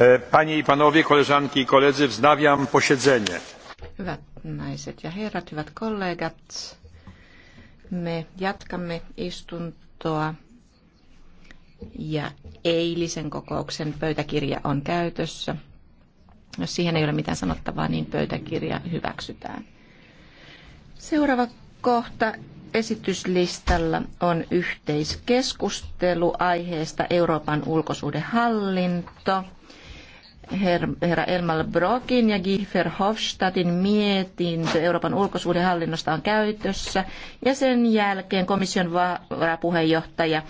E, panie i panowie, koleżanki i koledzy, wznawiam posiedzenie. Hyvät naiset ja herrat, hyvät kollegat, me jatkamme istuntoa ja eilisen kokouksen pöytäkirja on käytössä. Jos siihen ei ole mitään sanottavaa, niin pöytäkirja hyväksytään. Seuraava kohta esityslistalla on yhteiskeskustelu aiheesta Euroopan ulkosuhdehallinto. Herra Elmar Brokin ja Giefer Hofstadtin mietintö Euroopan ulkosuhdehallinnosta on käytössä. Ja sen jälkeen komission varapuheenjohtaja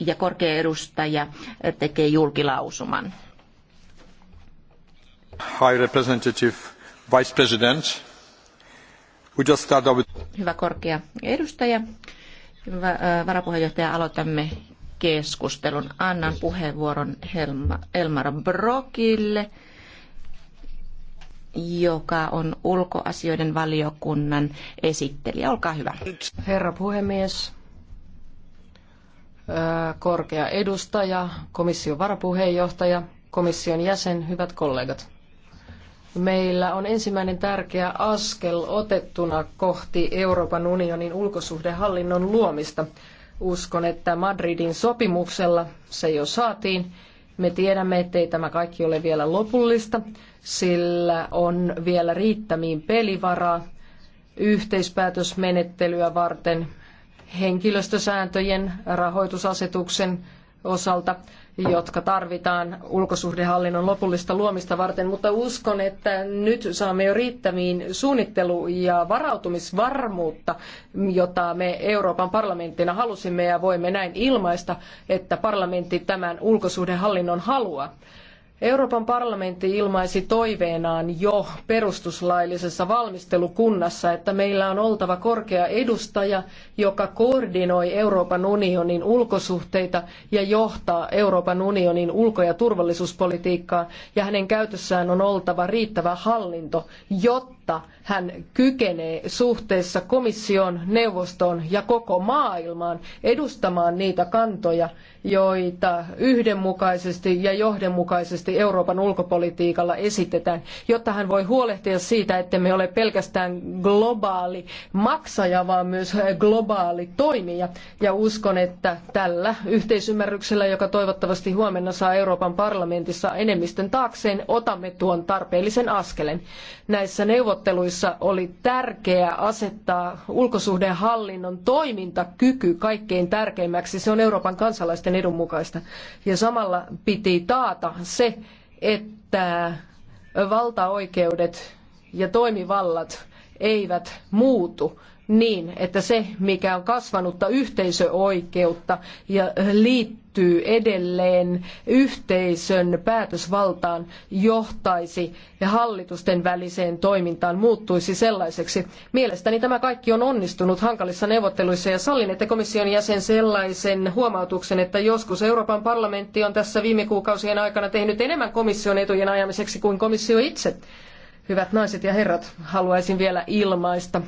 ja korkea edustaja tekee julkilausuman. High Representative Vice President Hyvä korkea edustaja. Varapuheenjohtaja, aloitamme keskustelun. Annan puheenvuoron Helma, Elmar Brokille, joka on ulkoasioiden valiokunnan esittelijä. Olkaa hyvä. Herra puhemies, korkea edustaja, komission varapuheenjohtaja, komission jäsen, hyvät kollegat meillä on ensimmäinen tärkeä askel otettuna kohti Euroopan unionin ulkosuhdehallinnon luomista. Uskon, että Madridin sopimuksella se jo saatiin. Me tiedämme, ettei tämä kaikki ole vielä lopullista, sillä on vielä riittämiin pelivaraa yhteispäätösmenettelyä varten henkilöstösääntöjen rahoitusasetuksen osalta jotka tarvitaan ulkosuhdehallinnon lopullista luomista varten, mutta uskon, että nyt saamme jo riittämiin suunnittelu- ja varautumisvarmuutta, jota me Euroopan parlamenttina halusimme ja voimme näin ilmaista, että parlamentti tämän ulkosuhdehallinnon haluaa. Euroopan parlamentti ilmaisi toiveenaan jo perustuslaillisessa valmistelukunnassa, että meillä on oltava korkea edustaja, joka koordinoi Euroopan unionin ulkosuhteita ja johtaa Euroopan unionin ulko- ja turvallisuuspolitiikkaa, ja hänen käytössään on oltava riittävä hallinto, jotta kautta hän kykenee suhteessa komission, neuvostoon ja koko maailmaan edustamaan niitä kantoja, joita yhdenmukaisesti ja johdonmukaisesti Euroopan ulkopolitiikalla esitetään, jotta hän voi huolehtia siitä, että me ole pelkästään globaali maksaja, vaan myös globaali toimija. Ja uskon, että tällä yhteisymmärryksellä, joka toivottavasti huomenna saa Euroopan parlamentissa enemmistön taakseen, otamme tuon tarpeellisen askelen. Näissä neuvot neuvotteluissa oli tärkeää asettaa ulkosuhdehallinnon toimintakyky kaikkein tärkeimmäksi. Se on Euroopan kansalaisten edun mukaista. Ja samalla piti taata se, että valtaoikeudet ja toimivallat eivät muutu niin, että se, mikä on kasvanutta yhteisöoikeutta ja liittyy edelleen yhteisön päätösvaltaan, johtaisi ja hallitusten väliseen toimintaan muuttuisi sellaiseksi. Mielestäni tämä kaikki on onnistunut hankalissa neuvotteluissa ja sallin, että komission jäsen sellaisen huomautuksen, että joskus Euroopan parlamentti on tässä viime kuukausien aikana tehnyt enemmän komission etujen ajamiseksi kuin komissio itse. Hyvät naiset ja herrat, haluaisin vielä ilmaista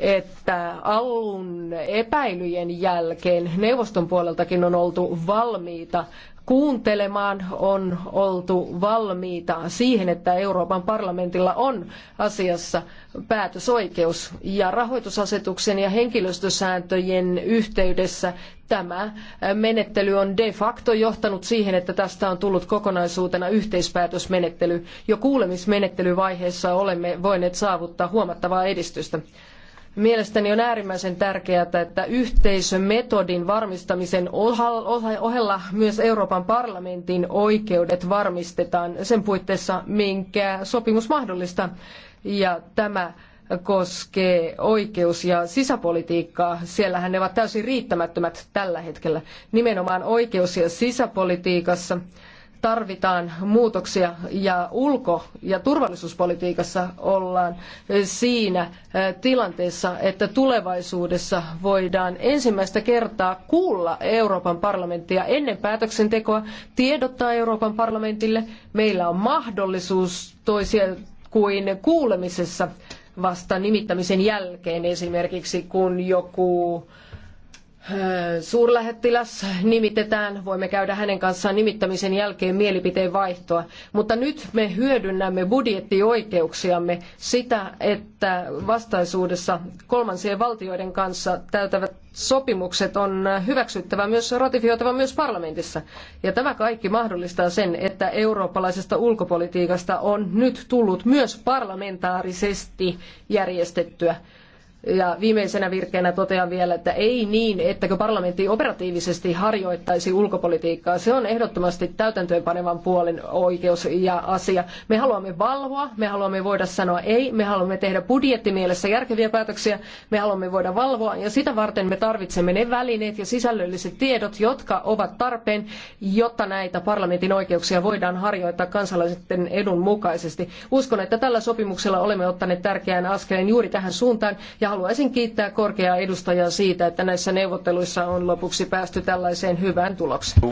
että alun epäilyjen jälkeen neuvoston puoleltakin on oltu valmiita kuuntelemaan, on oltu valmiita siihen, että Euroopan parlamentilla on asiassa päätösoikeus. Ja rahoitusasetuksen ja henkilöstösääntöjen yhteydessä tämä menettely on de facto johtanut siihen, että tästä on tullut kokonaisuutena yhteispäätösmenettely. Jo kuulemismenettelyvaiheessa olemme voineet saavuttaa huomattavaa edistystä. Mielestäni on äärimmäisen tärkeää, että yhteisömetodin varmistamisen ohella myös Euroopan parlamentin oikeudet varmistetaan sen puitteissa, minkä sopimus mahdollistaa. Ja tämä koskee oikeus- ja sisäpolitiikkaa. Siellähän ne ovat täysin riittämättömät tällä hetkellä. Nimenomaan oikeus- ja sisäpolitiikassa tarvitaan muutoksia ja ulko- ja turvallisuuspolitiikassa ollaan siinä eh, tilanteessa, että tulevaisuudessa voidaan ensimmäistä kertaa kuulla Euroopan parlamenttia ennen päätöksentekoa, tiedottaa Euroopan parlamentille. Meillä on mahdollisuus toisia kuin kuulemisessa vasta nimittämisen jälkeen esimerkiksi, kun joku suurlähettiläs nimitetään, voimme käydä hänen kanssaan nimittämisen jälkeen mielipiteen vaihtoa. Mutta nyt me hyödynnämme budjettioikeuksiamme sitä, että vastaisuudessa kolmansien valtioiden kanssa täytävät sopimukset on hyväksyttävä myös ratifioitava myös parlamentissa. Ja tämä kaikki mahdollistaa sen, että eurooppalaisesta ulkopolitiikasta on nyt tullut myös parlamentaarisesti järjestettyä ja viimeisenä virkkeenä totean vielä, että ei niin, ettäkö parlamentti operatiivisesti harjoittaisi ulkopolitiikkaa. Se on ehdottomasti täytäntöönpanevan puolen oikeus ja asia. Me haluamme valvoa, me haluamme voida sanoa ei, me haluamme tehdä budjettimielessä järkeviä päätöksiä, me haluamme voida valvoa ja sitä varten me tarvitsemme ne välineet ja sisällölliset tiedot, jotka ovat tarpeen, jotta näitä parlamentin oikeuksia voidaan harjoittaa kansalaisten edun mukaisesti. Uskon, että tällä sopimuksella olemme ottaneet tärkeän askeleen juuri tähän suuntaan ja haluaisin kiittää korkeaa edustajaa siitä, että näissä neuvotteluissa on lopuksi päästy tällaiseen hyvään tulokseen.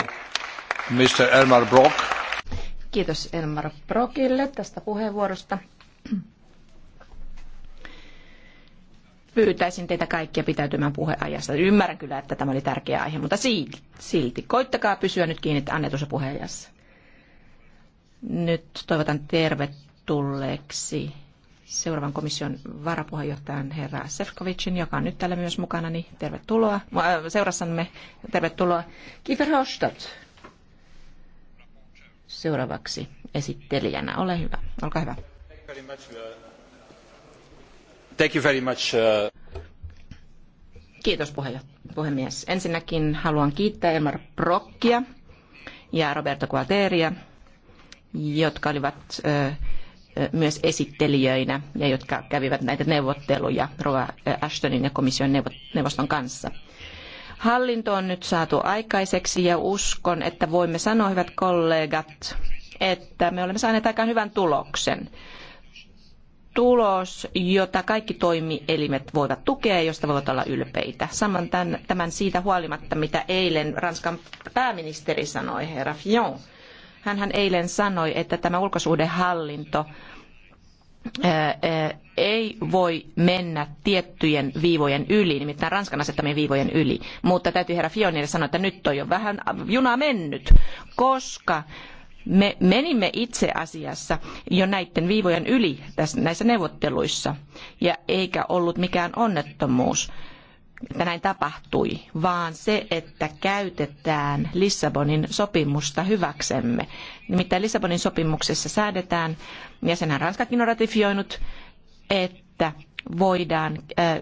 Mr. Elmar Brock. Kiitos Elmar Brockille tästä puheenvuorosta. Pyytäisin teitä kaikkia pitäytymään puheajasta. Ymmärrän kyllä, että tämä oli tärkeä aihe, mutta silti koittakaa pysyä nyt kiinni annetussa puheajassa. Nyt toivotan tervetulleeksi seuraavan komission varapuheenjohtajan herra Sefkovicin, joka on nyt täällä myös mukana, niin tervetuloa äh, seurassamme. Tervetuloa Kiefer Hostad. Seuraavaksi esittelijänä. Ole hyvä. Olkaa hyvä. Thank you very much. Uh, Kiitos puhemies. Ensinnäkin haluan kiittää Elmar Brockia ja Roberto Gualteria, jotka olivat äh, myös esittelijöinä ja jotka kävivät näitä neuvotteluja Rova Ashtonin ja komission neuvoston kanssa. Hallinto on nyt saatu aikaiseksi ja uskon, että voimme sanoa, hyvät kollegat, että me olemme saaneet aikaan hyvän tuloksen. Tulos, jota kaikki toimielimet voivat tukea ja josta voivat olla ylpeitä. Saman tämän, siitä huolimatta, mitä eilen Ranskan pääministeri sanoi, herra Fillon Hänhän eilen sanoi, että tämä ulkosuhdehallinto ei voi mennä tiettyjen viivojen yli, nimittäin Ranskan asettamien viivojen yli. Mutta täytyy herra Fionille sanoa, että nyt on jo vähän juna mennyt, koska me menimme itse asiassa jo näiden viivojen yli näissä neuvotteluissa, ja eikä ollut mikään onnettomuus että näin tapahtui, vaan se, että käytetään Lissabonin sopimusta hyväksemme. Nimittäin Lissabonin sopimuksessa säädetään, ja senhän Ranskakin on ratifioinut, että voidaan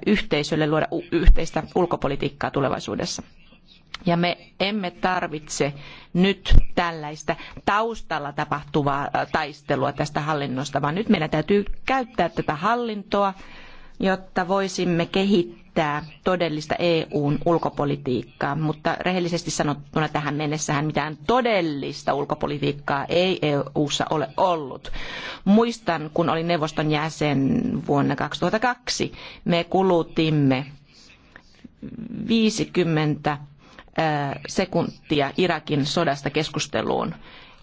yhteisölle luoda yhteistä ulkopolitiikkaa tulevaisuudessa. Ja me emme tarvitse nyt tällaista taustalla tapahtuvaa taistelua tästä hallinnosta, vaan nyt meidän täytyy käyttää tätä hallintoa, jotta voisimme kehittää kehittää todellista EUn ulkopolitiikkaa, mutta rehellisesti sanottuna tähän mennessähän mitään todellista ulkopolitiikkaa ei EUssa ole ollut. Muistan, kun olin neuvoston jäsen vuonna 2002, me kulutimme 50 sekuntia Irakin sodasta keskusteluun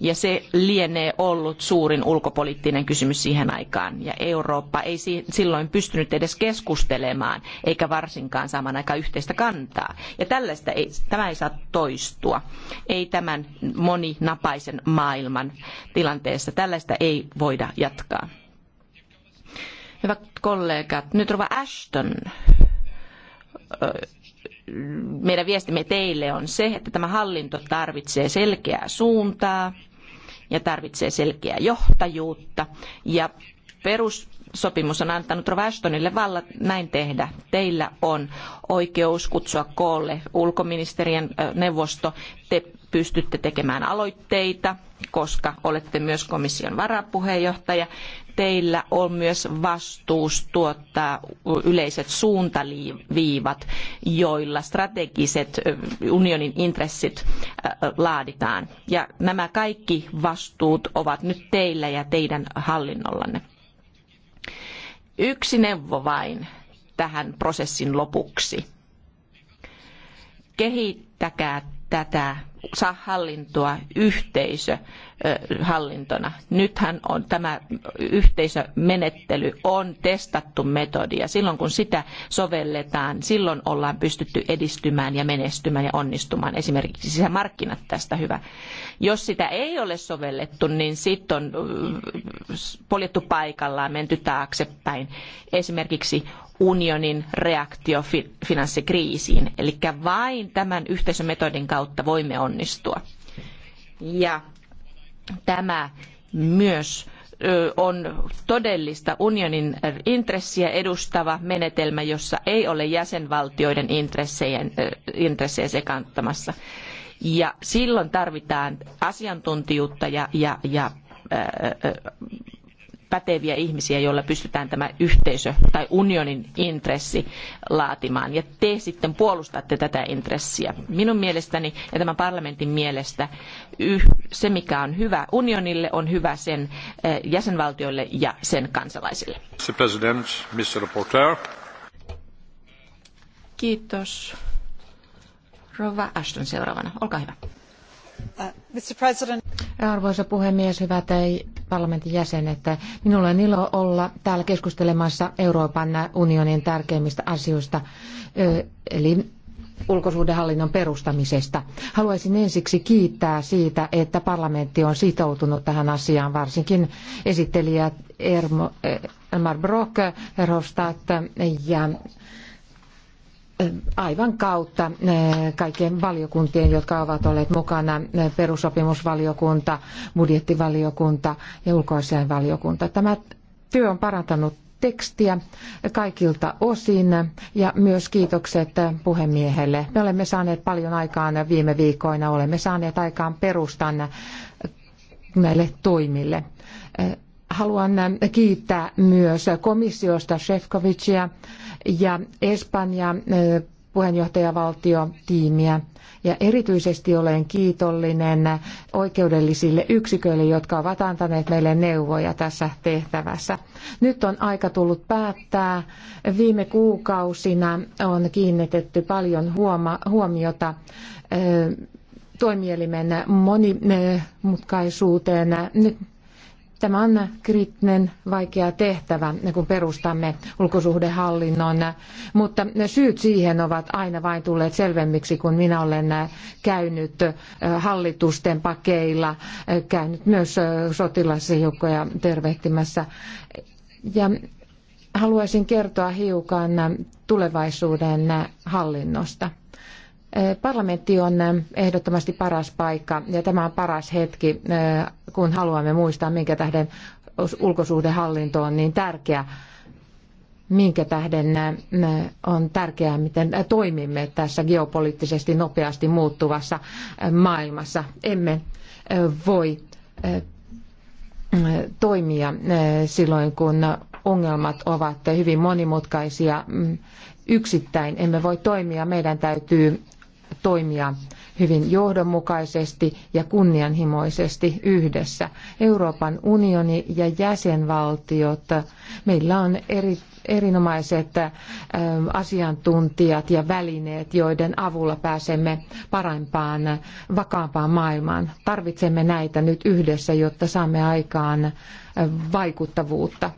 ja se lienee ollut suurin ulkopoliittinen kysymys siihen aikaan. Ja Eurooppa ei silloin pystynyt edes keskustelemaan, eikä varsinkaan saamaan aikaan yhteistä kantaa. Ja tällaista ei, tämä ei saa toistua. Ei tämän moninapaisen maailman tilanteessa. Tällaista ei voida jatkaa. Hyvät kollegat, nyt Rova Ashton meidän viestimme teille on se, että tämä hallinto tarvitsee selkeää suuntaa, ja tarvitsee selkeää johtajuutta. Ja perussopimus on antanut Rovastonille vallat näin tehdä. Teillä on oikeus kutsua koolle ulkoministerien neuvosto. Te pystytte tekemään aloitteita, koska olette myös komission varapuheenjohtaja teillä on myös vastuus tuottaa yleiset suuntaviivat, joilla strategiset unionin intressit laaditaan. Ja nämä kaikki vastuut ovat nyt teillä ja teidän hallinnollanne. Yksi neuvo vain tähän prosessin lopuksi. Kehittäkää tätä hallintoa yhteisöhallintona. Nythän on tämä yhteisömenettely on testattu metodi ja silloin kun sitä sovelletaan, silloin ollaan pystytty edistymään ja menestymään ja onnistumaan. Esimerkiksi sisämarkkinat tästä hyvä. Jos sitä ei ole sovellettu, niin sitten on poljettu paikallaan, menty taaksepäin. Esimerkiksi unionin reaktio finanssikriisiin. Eli vain tämän yhteisömetodin kautta voimme onnistua. Ja tämä myös on todellista unionin intressiä edustava menetelmä, jossa ei ole jäsenvaltioiden intressejä sekantamassa. Ja silloin tarvitaan asiantuntijuutta ja, ja, ja ää, ää, päteviä ihmisiä, joilla pystytään tämä yhteisö tai unionin intressi laatimaan. Ja te sitten puolustatte tätä intressiä. Minun mielestäni ja tämän parlamentin mielestä se, mikä on hyvä unionille, on hyvä sen eh, jäsenvaltioille ja sen kansalaisille. Kiitos. Rova Ashton seuraavana. Olkaa hyvä. Uh, Arvoisa puhemies, hyvät eh, parlamentin jäsenet, eh, minulla on ilo olla täällä keskustelemassa Euroopan unionin tärkeimmistä asioista, eh, eli ulkosuhdehallinnon perustamisesta. Haluaisin ensiksi kiittää siitä, että parlamentti on sitoutunut tähän asiaan, varsinkin esittelijät Elmar Brok, Verhofstadt ja aivan kautta eh, kaikkien valiokuntien, jotka ovat olleet mukana, eh, perusopimusvaliokunta, budjettivaliokunta ja ulkoasiainvaliokunta. Tämä työ on parantanut tekstiä kaikilta osin ja myös kiitokset puhemiehelle. Me olemme saaneet paljon aikaan viime viikkoina, olemme saaneet aikaan perustan näille toimille. Eh, Haluan kiittää myös komissiosta Shevkovicia ja Espanja puheenjohtajavaltiotiimiä. Ja erityisesti olen kiitollinen oikeudellisille yksiköille, jotka ovat antaneet meille neuvoja tässä tehtävässä. Nyt on aika tullut päättää. Viime kuukausina on kiinnitetty paljon huomiota toimielimen monimutkaisuuteen. Nyt Tämä on kriittinen vaikea tehtävä, kun perustamme ulkosuhdehallinnon, mutta syyt siihen ovat aina vain tulleet selvemmiksi, kun minä olen käynyt hallitusten pakeilla, käynyt myös sotilasjoukkoja tervehtimässä. Ja haluaisin kertoa hiukan tulevaisuuden hallinnosta. Parlamentti on ehdottomasti paras paikka ja tämä on paras hetki, eh, kun haluamme muistaa, minkä tähden ulkosuhdehallinto on niin tärkeä, minkä tähden eh, on tärkeää, miten toimimme tässä geopoliittisesti nopeasti muuttuvassa eh, maailmassa. Emme voi toimia silloin, kun ongelmat ovat hyvin monimutkaisia mm, yksittäin. Emme voi toimia, meidän täytyy toimia hyvin johdonmukaisesti ja kunnianhimoisesti yhdessä. Euroopan unioni ja jäsenvaltiot, meillä on eri, erinomaiset asiantuntijat ja välineet, joiden avulla pääsemme parempaan, vakaampaan maailmaan. Tarvitsemme näitä nyt yhdessä, jotta saamme aikaan vaikuttavuutta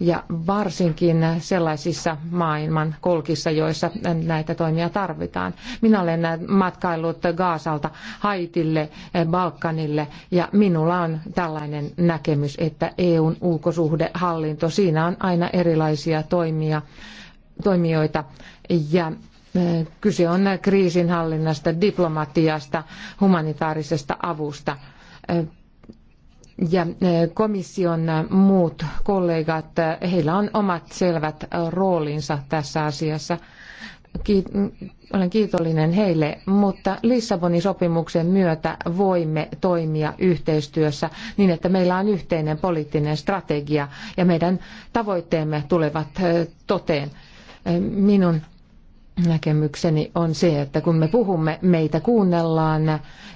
ja varsinkin sellaisissa maailman kolkissa, joissa näitä toimia tarvitaan. Minä olen matkaillut Gaasalta Haitille, Balkanille ja minulla on tällainen näkemys, että EUn ulkosuhdehallinto, siinä on aina erilaisia toimia, toimijoita ja Kyse on kriisinhallinnasta, diplomatiasta, humanitaarisesta avusta ja e, komission muut kollegat, e, heillä on omat selvät roolinsa tässä asiassa. olen kiitollinen heille, mutta Lissabonin sopimuksen myötä voimme toimia yhteistyössä niin, että meillä on yhteinen poliittinen strategia ja meidän tavoitteemme tulevat e, toteen. Minun näkemykseni on se, että kun me puhumme, meitä kuunnellaan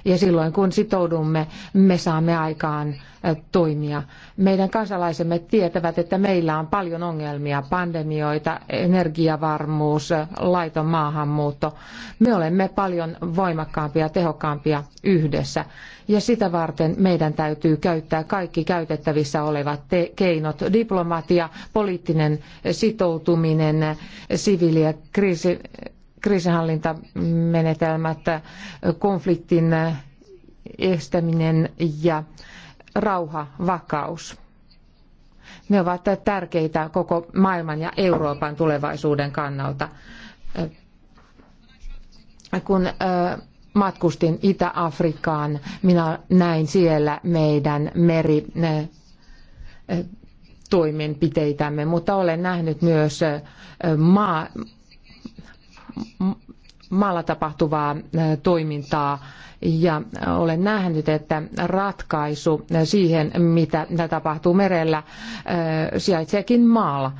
ja silloin kun sitoudumme, me saamme aikaan toimia. Meidän kansalaisemme tietävät, että meillä on paljon ongelmia, pandemioita, energiavarmuus, laiton maahanmuutto. Me olemme paljon voimakkaampia ja tehokkaampia yhdessä ja sitä varten meidän täytyy käyttää kaikki käytettävissä olevat keinot, diplomatia, poliittinen sitoutuminen, siviili- ja kriisi, kriisinhallintamenetelmät, konfliktin estäminen ja rauha, vakaus. Ne ovat tärkeitä koko maailman ja Euroopan tulevaisuuden kannalta. Kun matkustin itä afrikkaan Minä näin siellä meidän meri eh, eh, toimenpiteitämme, mutta olen nähnyt myös eh, maa, maalla tapahtuvaa toimintaa ja olen nähnyt, että ratkaisu siihen, mitä tapahtuu merellä, sijaitseekin maalla.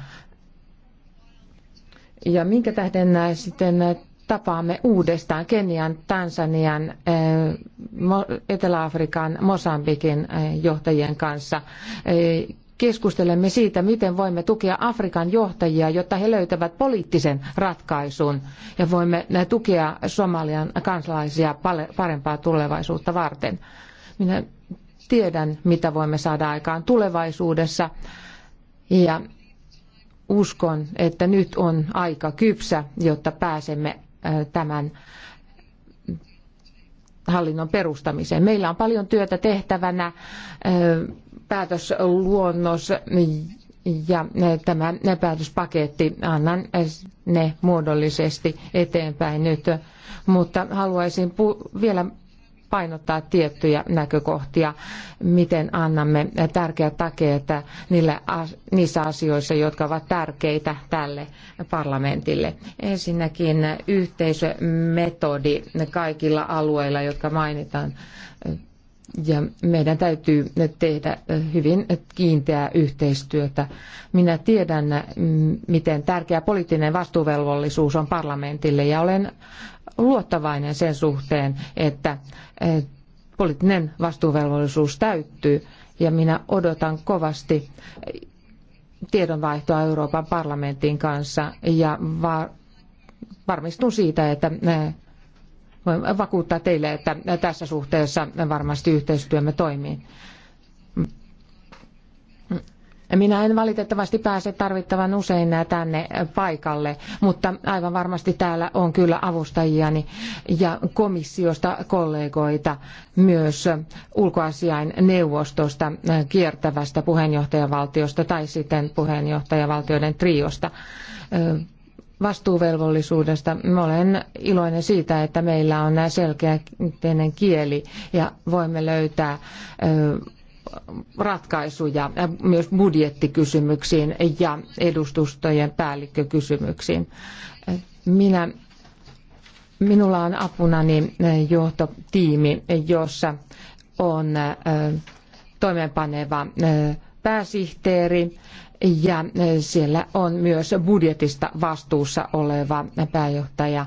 Ja minkä tähden sitten tapaamme uudestaan Kenian, Tansanian, eh, Etelä-Afrikan, Mosambikin eh, johtajien kanssa. Eh, keskustelemme siitä, miten voimme tukea Afrikan johtajia, jotta he löytävät poliittisen ratkaisun ja voimme tukea Somalian kansalaisia parempaa tulevaisuutta varten. Minä tiedän, mitä voimme saada aikaan tulevaisuudessa ja uskon, että nyt on aika kypsä, jotta pääsemme tämän hallinnon perustamiseen. Meillä on paljon työtä tehtävänä, päätösluonnos ja tämä päätöspaketti annan ne muodollisesti eteenpäin nyt, mutta haluaisin vielä painottaa tiettyjä näkökohtia, miten annamme tärkeät takeet niille, niissä asioissa, jotka ovat tärkeitä tälle parlamentille. Ensinnäkin yhteisömetodi kaikilla alueilla, jotka mainitaan ja meidän täytyy tehdä hyvin kiinteää yhteistyötä. Minä tiedän, miten tärkeä poliittinen vastuuvelvollisuus on parlamentille ja olen luottavainen sen suhteen, että poliittinen vastuuvelvollisuus täyttyy ja minä odotan kovasti tiedonvaihtoa Euroopan parlamentin kanssa ja varmistun siitä, että Voin vakuuttaa teille, että tässä suhteessa varmasti yhteistyömme toimii. Minä en valitettavasti pääse tarvittavan usein tänne paikalle, mutta aivan varmasti täällä on kyllä avustajiani ja komissiosta kollegoita myös ulkoasiain neuvostosta kiertävästä puheenjohtajavaltiosta tai sitten puheenjohtajavaltioiden triosta vastuuvelvollisuudesta. Mä olen iloinen siitä, että meillä on selkeä kieli ja voimme löytää ratkaisuja myös budjettikysymyksiin ja edustustojen päällikkökysymyksiin. Minä, minulla on apunani johtotiimi, jossa on toimeenpaneva pääsihteeri ja eh, siellä on myös budjetista vastuussa oleva pääjohtaja.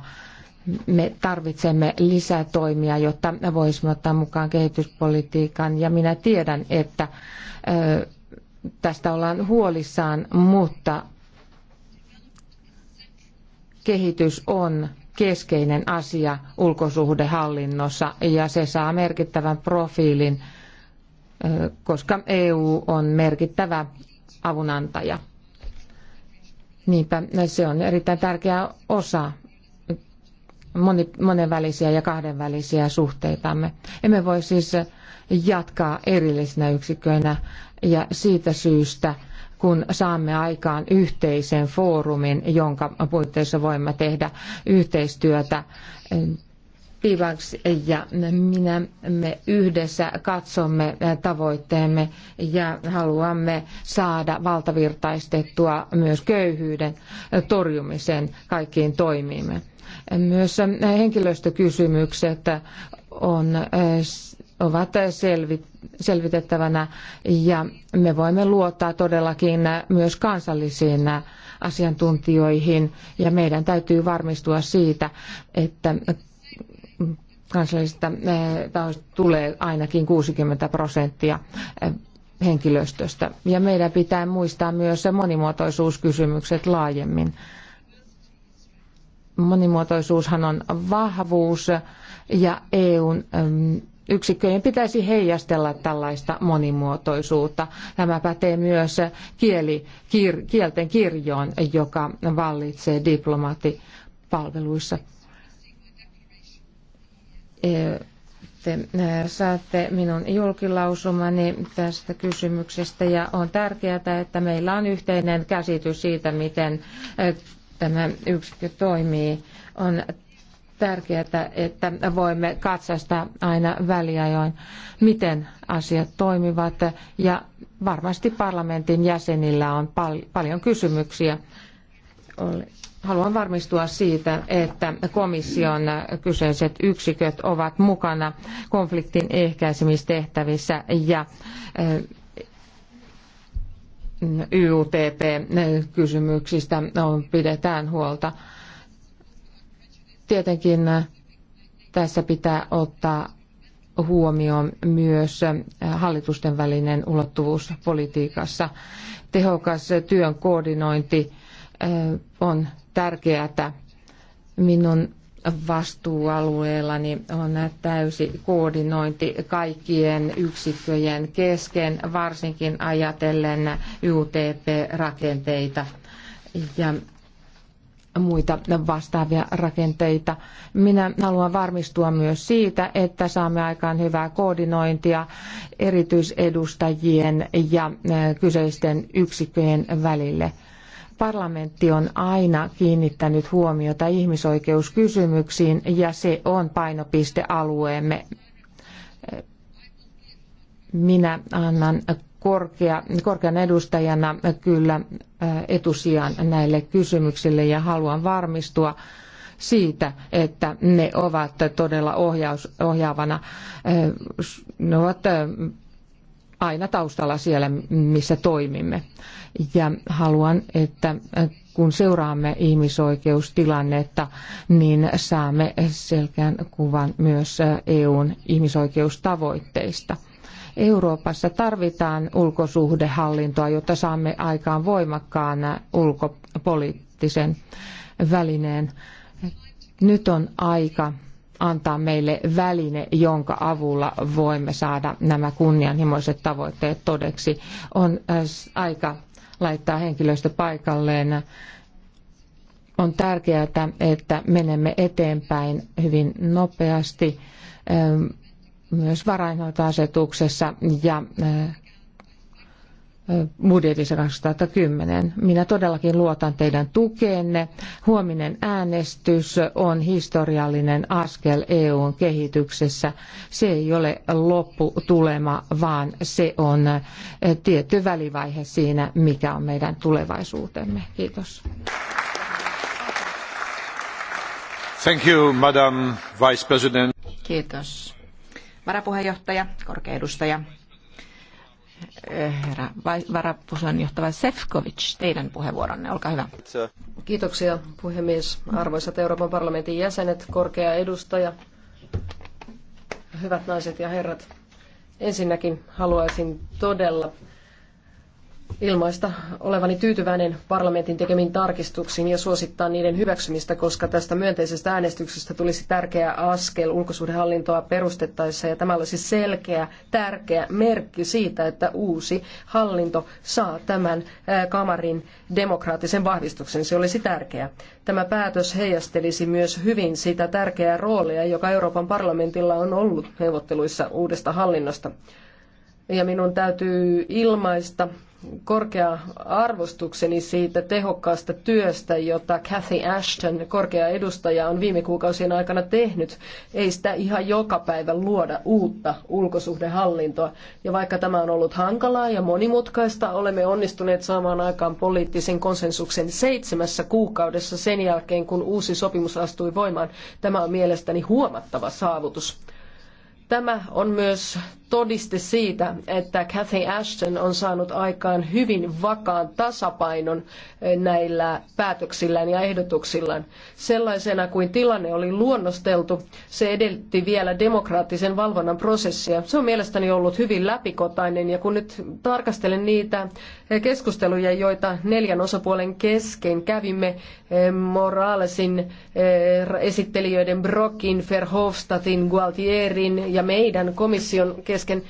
Me tarvitsemme lisätoimia, jotta voisimme ottaa mukaan kehityspolitiikan ja minä tiedän, että eh, tästä ollaan huolissaan, mutta kehitys on keskeinen asia ulkosuhdehallinnossa ja se saa merkittävän profiilin koska EU on merkittävä avunantaja. Niinpä se on erittäin tärkeä osa moni, monenvälisiä ja kahdenvälisiä suhteitamme. Emme voi siis jatkaa erillisinä yksikköinä ja siitä syystä, kun saamme aikaan yhteisen foorumin, jonka puitteissa voimme tehdä yhteistyötä Pivax ja minä me yhdessä katsomme tavoitteemme ja haluamme saada valtavirtaistettua myös köyhyyden torjumisen kaikkiin toimiimme. Myös henkilöstökysymykset on, ovat selvit, selvitettävänä ja me voimme luottaa todellakin myös kansallisiin asiantuntijoihin ja meidän täytyy varmistua siitä, että kansallisista eh, tahoista tulee ainakin 60 prosenttia eh, henkilöstöstä. Ja meidän pitää muistaa myös monimuotoisuuskysymykset laajemmin. Monimuotoisuushan on vahvuus ja EUn yksikköjen pitäisi heijastella tällaista monimuotoisuutta. Tämä pätee myös kieli, kielten kirjoon, joka vallitsee diplomaattipalveluissa te saatte minun julkilausumani tästä kysymyksestä ja on tärkeää, että meillä on yhteinen käsitys siitä, miten tämä yksikkö toimii. On tärkeää, että voimme katsasta aina väliajoin, miten asiat toimivat ja varmasti parlamentin jäsenillä on pal- paljon kysymyksiä haluan varmistua siitä, että komission kyseiset yksiköt ovat mukana konfliktin ehkäisemistehtävissä ja eh, YUTP-kysymyksistä eh, pidetään huolta. Tietenkin eh, tässä pitää ottaa huomioon myös hallitusten välinen ulottuvuus politiikassa. Tehokas työn koordinointi on tärkeää. Minun vastuualueellani on täysi koordinointi kaikkien yksikköjen kesken, varsinkin ajatellen UTP-rakenteita ja muita vastaavia rakenteita. Minä haluan varmistua myös siitä, että saamme aikaan hyvää koordinointia erityisedustajien ja kyseisten yksikköjen välille. Parlamentti on aina kiinnittänyt huomiota ihmisoikeuskysymyksiin ja se on painopistealueemme. Minä annan korkea, korkean edustajana kyllä etusijan näille kysymyksille ja haluan varmistua siitä, että ne ovat todella ohjaus, ohjaavana, ne ovat aina taustalla siellä, missä toimimme. Ja haluan, että kun seuraamme ihmisoikeustilannetta, niin saamme selkeän kuvan myös EUn ihmisoikeustavoitteista. Euroopassa tarvitaan ulkosuhdehallintoa, jotta saamme aikaan voimakkaan ulkopoliittisen välineen. Nyt on aika antaa meille väline, jonka avulla voimme saada nämä kunnianhimoiset tavoitteet todeksi. On äh, aika laittaa henkilöstö paikalleen. On tärkeää, että menemme eteenpäin hyvin nopeasti ähm, myös varainhoitoasetuksessa ja äh, budjetissa 2010. Minä todellakin luotan teidän tukeenne. Huominen äänestys on historiallinen askel EUn kehityksessä. Se ei ole lopputulema, vaan se on tietty välivaihe siinä, mikä on meidän tulevaisuutemme. Kiitos. Thank you, Madam Vice President. Kiitos. Varapuheenjohtaja, korkeedustaja. edustaja. Eh, herra johtava Sefcovic, teidän puheenvuoronne, olkaa hyvä. Kiitoksia puhemies, arvoisat Euroopan parlamentin jäsenet, korkea edustaja, hyvät naiset ja herrat. Ensinnäkin haluaisin todella ilmaista olevani tyytyväinen parlamentin tekemiin tarkistuksiin ja suosittaa niiden hyväksymistä, koska tästä myönteisestä äänestyksestä tulisi tärkeä askel ulkosuhdehallintoa perustettaessa ja tämä olisi selkeä, tärkeä merkki siitä, että uusi hallinto saa tämän kamarin demokraattisen vahvistuksen. Se olisi tärkeää. Tämä päätös heijastelisi myös hyvin sitä tärkeää roolia, joka Euroopan parlamentilla on ollut neuvotteluissa uudesta hallinnosta. Ja minun täytyy ilmaista korkea arvostukseni siitä tehokkaasta työstä, jota Cathy Ashton, korkea edustaja, on viime kuukausien aikana tehnyt. Ei sitä ihan joka päivä luoda uutta ulkosuhdehallintoa. Ja vaikka tämä on ollut hankalaa ja monimutkaista, olemme onnistuneet saamaan aikaan poliittisen konsensuksen seitsemässä kuukaudessa sen jälkeen, kun uusi sopimus astui voimaan. Tämä on mielestäni huomattava saavutus. Tämä on myös todiste siitä, että Cathy Ashton on saanut aikaan hyvin vakaan tasapainon eh, näillä päätöksillään ja ehdotuksillaan. Sellaisena kuin tilanne oli luonnosteltu, se edellytti vielä demokraattisen valvonnan prosessia. Se on mielestäni ollut hyvin läpikotainen ja kun nyt tarkastelen niitä eh, keskusteluja, joita neljän osapuolen kesken kävimme eh, Moralesin esittelijöiden Brokin, Verhofstadtin, Gualtierin ja meidän komission kesken, kesken,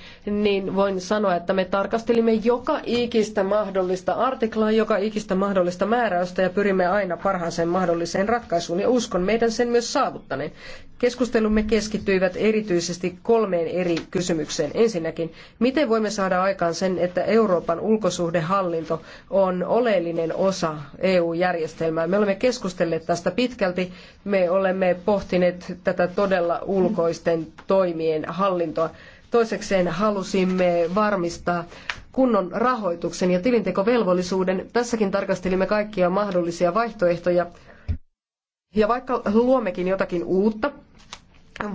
niin voin sanoa, että me tarkastelimme joka ikistä mahdollista artiklaa, joka ikistä mahdollista määräystä ja pyrimme aina parhaaseen mahdolliseen ratkaisuun ja uskon meidän sen myös saavuttaneen. Keskustelumme keskittyivät erityisesti kolmeen eri kysymykseen. Ensinnäkin, miten voimme saada aikaan sen, että Euroopan ulkosuhdehallinto on oleellinen osa EU-järjestelmää. Me olemme keskustelleet tästä pitkälti. Me olemme pohtineet tätä todella ulkoisten toimien hallintoa. Toisekseen halusimme varmistaa kunnon rahoituksen ja tilintekovelvollisuuden. Tässäkin tarkastelimme kaikkia mahdollisia vaihtoehtoja. Ja vaikka luommekin jotakin uutta,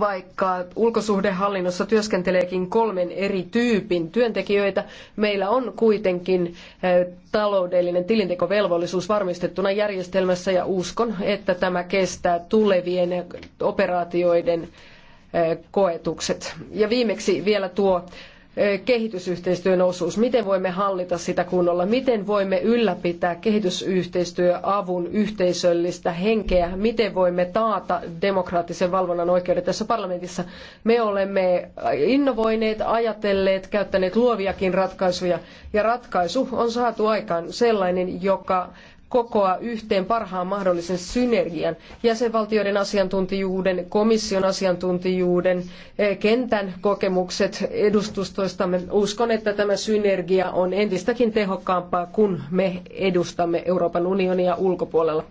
vaikka ulkosuhdehallinnossa työskenteleekin kolmen eri tyypin työntekijöitä, meillä on kuitenkin eh, taloudellinen tilintekovelvollisuus varmistettuna järjestelmässä ja uskon, että tämä kestää tulevien operaatioiden koetukset. Ja viimeksi vielä tuo kehitysyhteistyön osuus. Miten voimme hallita sitä kunnolla? Miten voimme ylläpitää kehitysyhteistyöavun yhteisöllistä henkeä? Miten voimme taata demokraattisen valvonnan oikeudet tässä parlamentissa? Me olemme innovoineet, ajatelleet, käyttäneet luoviakin ratkaisuja ja ratkaisu on saatu aikaan sellainen, joka kokoa yhteen parhaan mahdollisen synergian jäsenvaltioiden asiantuntijuuden, komission asiantuntijuuden, eh, kentän kokemukset edustustoistamme. Uskon, että tämä synergia on entistäkin tehokkaampaa, kun me edustamme Euroopan unionia ulkopuolella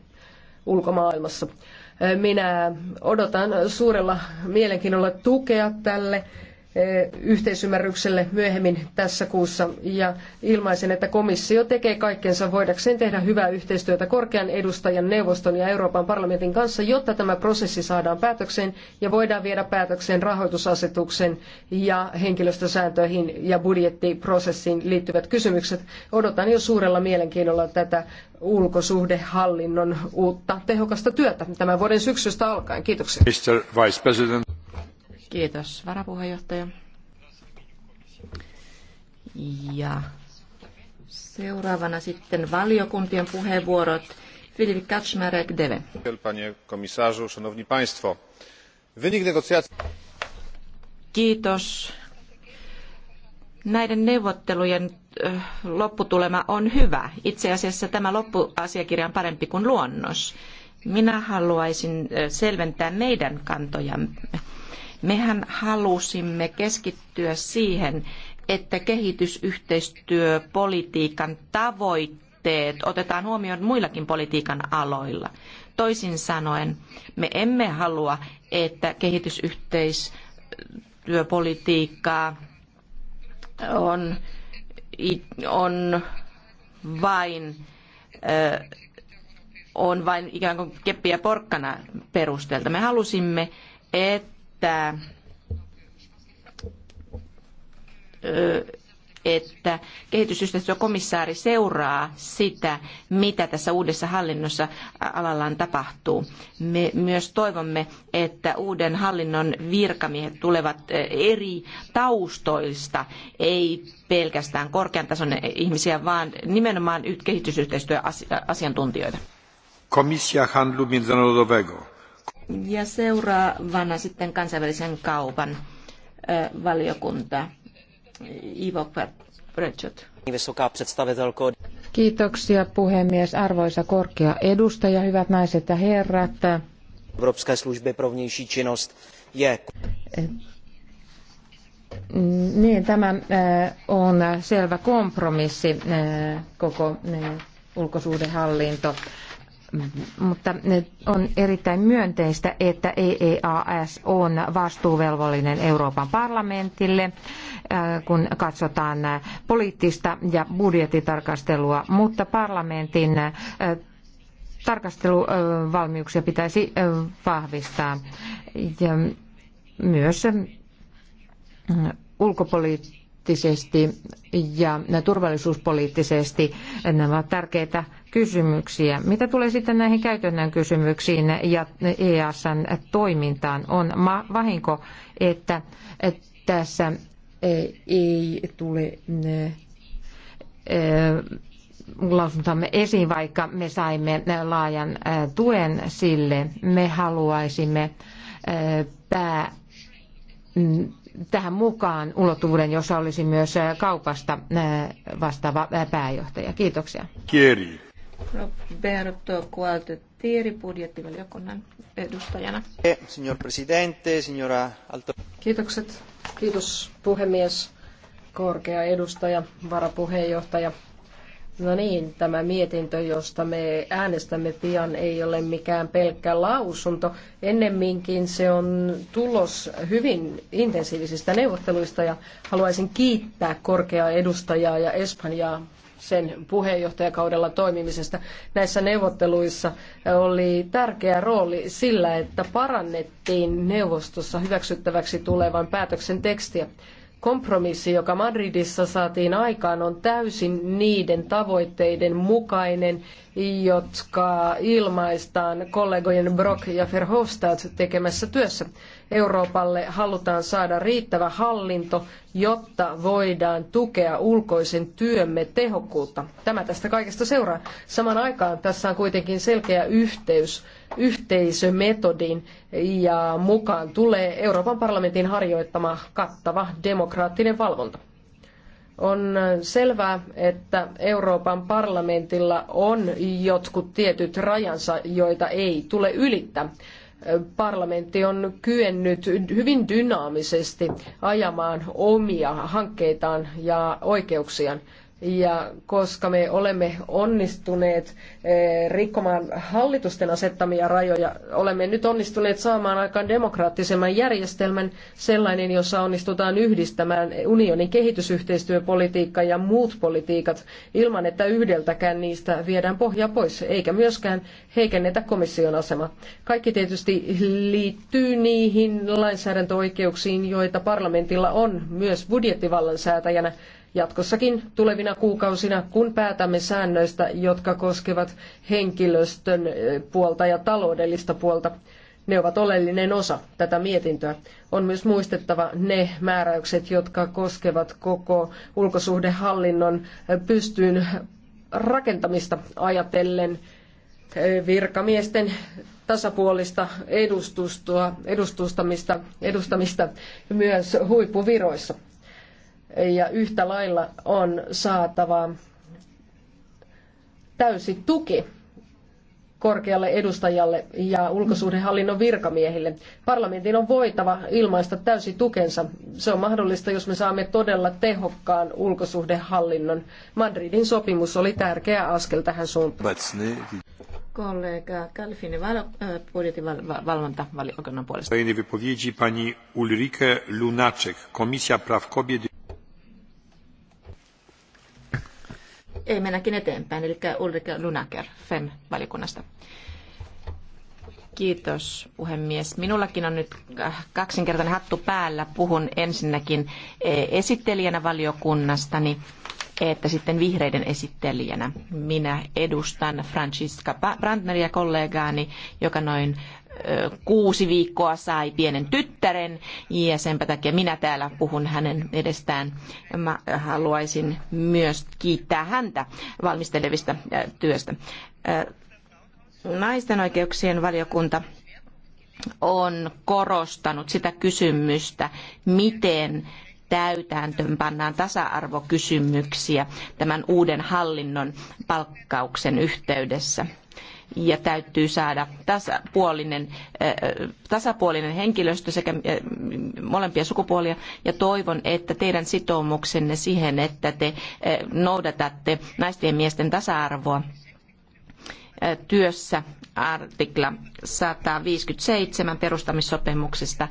ulkomaailmassa. Eh, minä odotan suurella mielenkiinnolla tukea tälle yhteisymmärrykselle myöhemmin tässä kuussa ja ilmaisen, että komissio tekee kaikkensa voidakseen tehdä hyvää yhteistyötä korkean edustajan neuvoston ja Euroopan parlamentin kanssa, jotta tämä prosessi saadaan päätökseen ja voidaan viedä päätökseen rahoitusasetuksen ja henkilöstösääntöihin ja budjettiprosessiin liittyvät kysymykset. Odotan jo suurella mielenkiinnolla tätä ulkosuhdehallinnon uutta tehokasta työtä tämän vuoden syksystä alkaen. Kiitoksia. Kiitos varapuheenjohtaja. Ja seuraavana sitten valiokuntien puheenvuorot. Filip Kaczmarek, Deve. Panie komisarzu, szanowni państwo. Wynik negocjacji... Kiitos. Näiden neuvottelujen lopputulema on hyvä. Itse asiassa tämä loppuasiakirja on parempi kuin luonnos. Minä haluaisin selventää meidän kantojamme Mehän halusimme keskittyä siihen, että kehitysyhteistyöpolitiikan tavoitteet otetaan huomioon muillakin politiikan aloilla. Toisin sanoen, me emme halua, että kehitysyhteistyöpolitiikkaa on, on vain on vain ikään kuin keppiä porkkana perusteelta. Me halusimme, että että, että kehitysyhteistyökomissaari seuraa sitä, mitä tässä uudessa hallinnossa alallaan tapahtuu. Me myös toivomme, että uuden hallinnon virkamiehet tulevat eri taustoista, ei pelkästään korkean tason ihmisiä, vaan nimenomaan kehitysyhteistyöasiantuntijoita. Komisja Handlu Międzynarodowego ja seuraavana sitten kansainvälisen kaupan valiokunta. Ivo Prechot. Kiitoksia puhemies, arvoisa korkea edustaja, hyvät naiset ja herrat. služby je... Niin, tämä on selvä kompromissi koko ulkosuudenhallinto mutta on erittäin myönteistä, että EEAS on vastuuvelvollinen Euroopan parlamentille, äh, kun katsotaan äh, poliittista ja budjettitarkastelua, mutta parlamentin äh, tarkasteluvalmiuksia pitäisi vahvistaa. Ja myös ulkopoliittisesti ja turvallisuuspoliittisesti nämä ovat tärkeitä kysymyksiä. Mitä tulee sitten näihin käytännön kysymyksiin ja EASn toimintaan, on vahinko, että tässä e, ei tule e, e, lausuntamme esiin, vaikka me saimme laajan tuen sille. Me haluaisimme pää mm, tähän mukaan ulottuvuuden, jossa olisi myös kaupasta vastaava pääjohtaja. Kiitoksia. Kieri. Roberto no, Gualtieri budjettivaliokunnan edustajana. Eh, signor Presidente, signora Alto. Kiitokset. Kiitos puhemies, korkea edustaja, varapuheenjohtaja. No niin, tämä mietintö, josta me äänestämme pian, ei ole mikään pelkkä lausunto. Ennemminkin se on tulos hyvin intensiivisistä neuvotteluista ja haluaisin kiittää korkeaa edustajaa ja Espanjaa sen puheenjohtajakaudella toimimisesta. Näissä neuvotteluissa oli tärkeä rooli sillä, että parannettiin neuvostossa hyväksyttäväksi tulevan päätöksen tekstiä. Kompromissi, joka Madridissa saatiin aikaan, on täysin niiden tavoitteiden mukainen, jotka ilmaistaan kollegojen Brok ja Verhofstadt tekemässä työssä. Euroopalle halutaan saada riittävä hallinto, jotta voidaan tukea ulkoisen työmme tehokkuutta. Tämä tästä kaikesta seuraa. Saman aikaan tässä on kuitenkin selkeä yhteys yhteisömetodin ja mukaan tulee Euroopan parlamentin harjoittama kattava demokraattinen valvonta. On selvää, että Euroopan parlamentilla on jotkut tietyt rajansa, joita ei tule ylittää parlamentti on kyennyt hyvin dynaamisesti ajamaan omia hankkeitaan ja oikeuksiaan. Ja koska me olemme onnistuneet eh, rikkomaan hallitusten asettamia rajoja, olemme nyt onnistuneet saamaan aikaan demokraattisemman järjestelmän, sellainen, jossa onnistutaan yhdistämään unionin kehitysyhteistyöpolitiikka ja muut politiikat ilman, että yhdeltäkään niistä viedään pohja pois, eikä myöskään heikennetä komission asemaa. Kaikki tietysti liittyy niihin lainsäädäntöoikeuksiin, joita parlamentilla on myös budjettivallan säätäjänä jatkossakin tulevina kuukausina, kun päätämme säännöistä, jotka koskevat henkilöstön eh, puolta ja taloudellista puolta. Ne ovat oleellinen osa tätä mietintöä. On myös muistettava ne määräykset, jotka koskevat koko ulkosuhdehallinnon eh, pystyyn rakentamista ajatellen eh, virkamiesten tasapuolista edustustamista, edustamista myös huippuviroissa ja yhtä lailla on saatava täysi tuki korkealle edustajalle ja ulkosuhdehallinnon virkamiehille. Parlamentin on voitava ilmaista täysi tukensa. Se on mahdollista, jos me saamme todella tehokkaan ulkosuhdehallinnon. Madridin sopimus oli tärkeä askel tähän suuntaan. Kollega Kalfini, val- budjetin val- puolesta. pani Ulrike Lunacek, Komisja Praw Kobiet ei mennäkin eteenpäin, eli Ulrike Lunaker FEM-valikunnasta. Kiitos puhemies. Minullakin on nyt kaksinkertainen hattu päällä. Puhun ensinnäkin e, esittelijänä valiokunnastani, että sitten vihreiden esittelijänä. Minä edustan Francisca Brandneria kollegaani, joka noin kuusi viikkoa sai pienen tyttären ja senpä takia minä täällä puhun hänen edestään. Mä haluaisin myös kiittää häntä valmistelevista työstä. Naisten oikeuksien valiokunta on korostanut sitä kysymystä, miten täytäntöön pannaan tasa-arvokysymyksiä tämän uuden hallinnon palkkauksen yhteydessä ja täytyy saada tasapuolinen, eh, tasapuolinen henkilöstö sekä eh, molempia sukupuolia ja toivon, että teidän sitoumuksenne siihen, että te eh, noudatatte naisten ja miesten tasa-arvoa työssä artikla 157 perustamissopimuksesta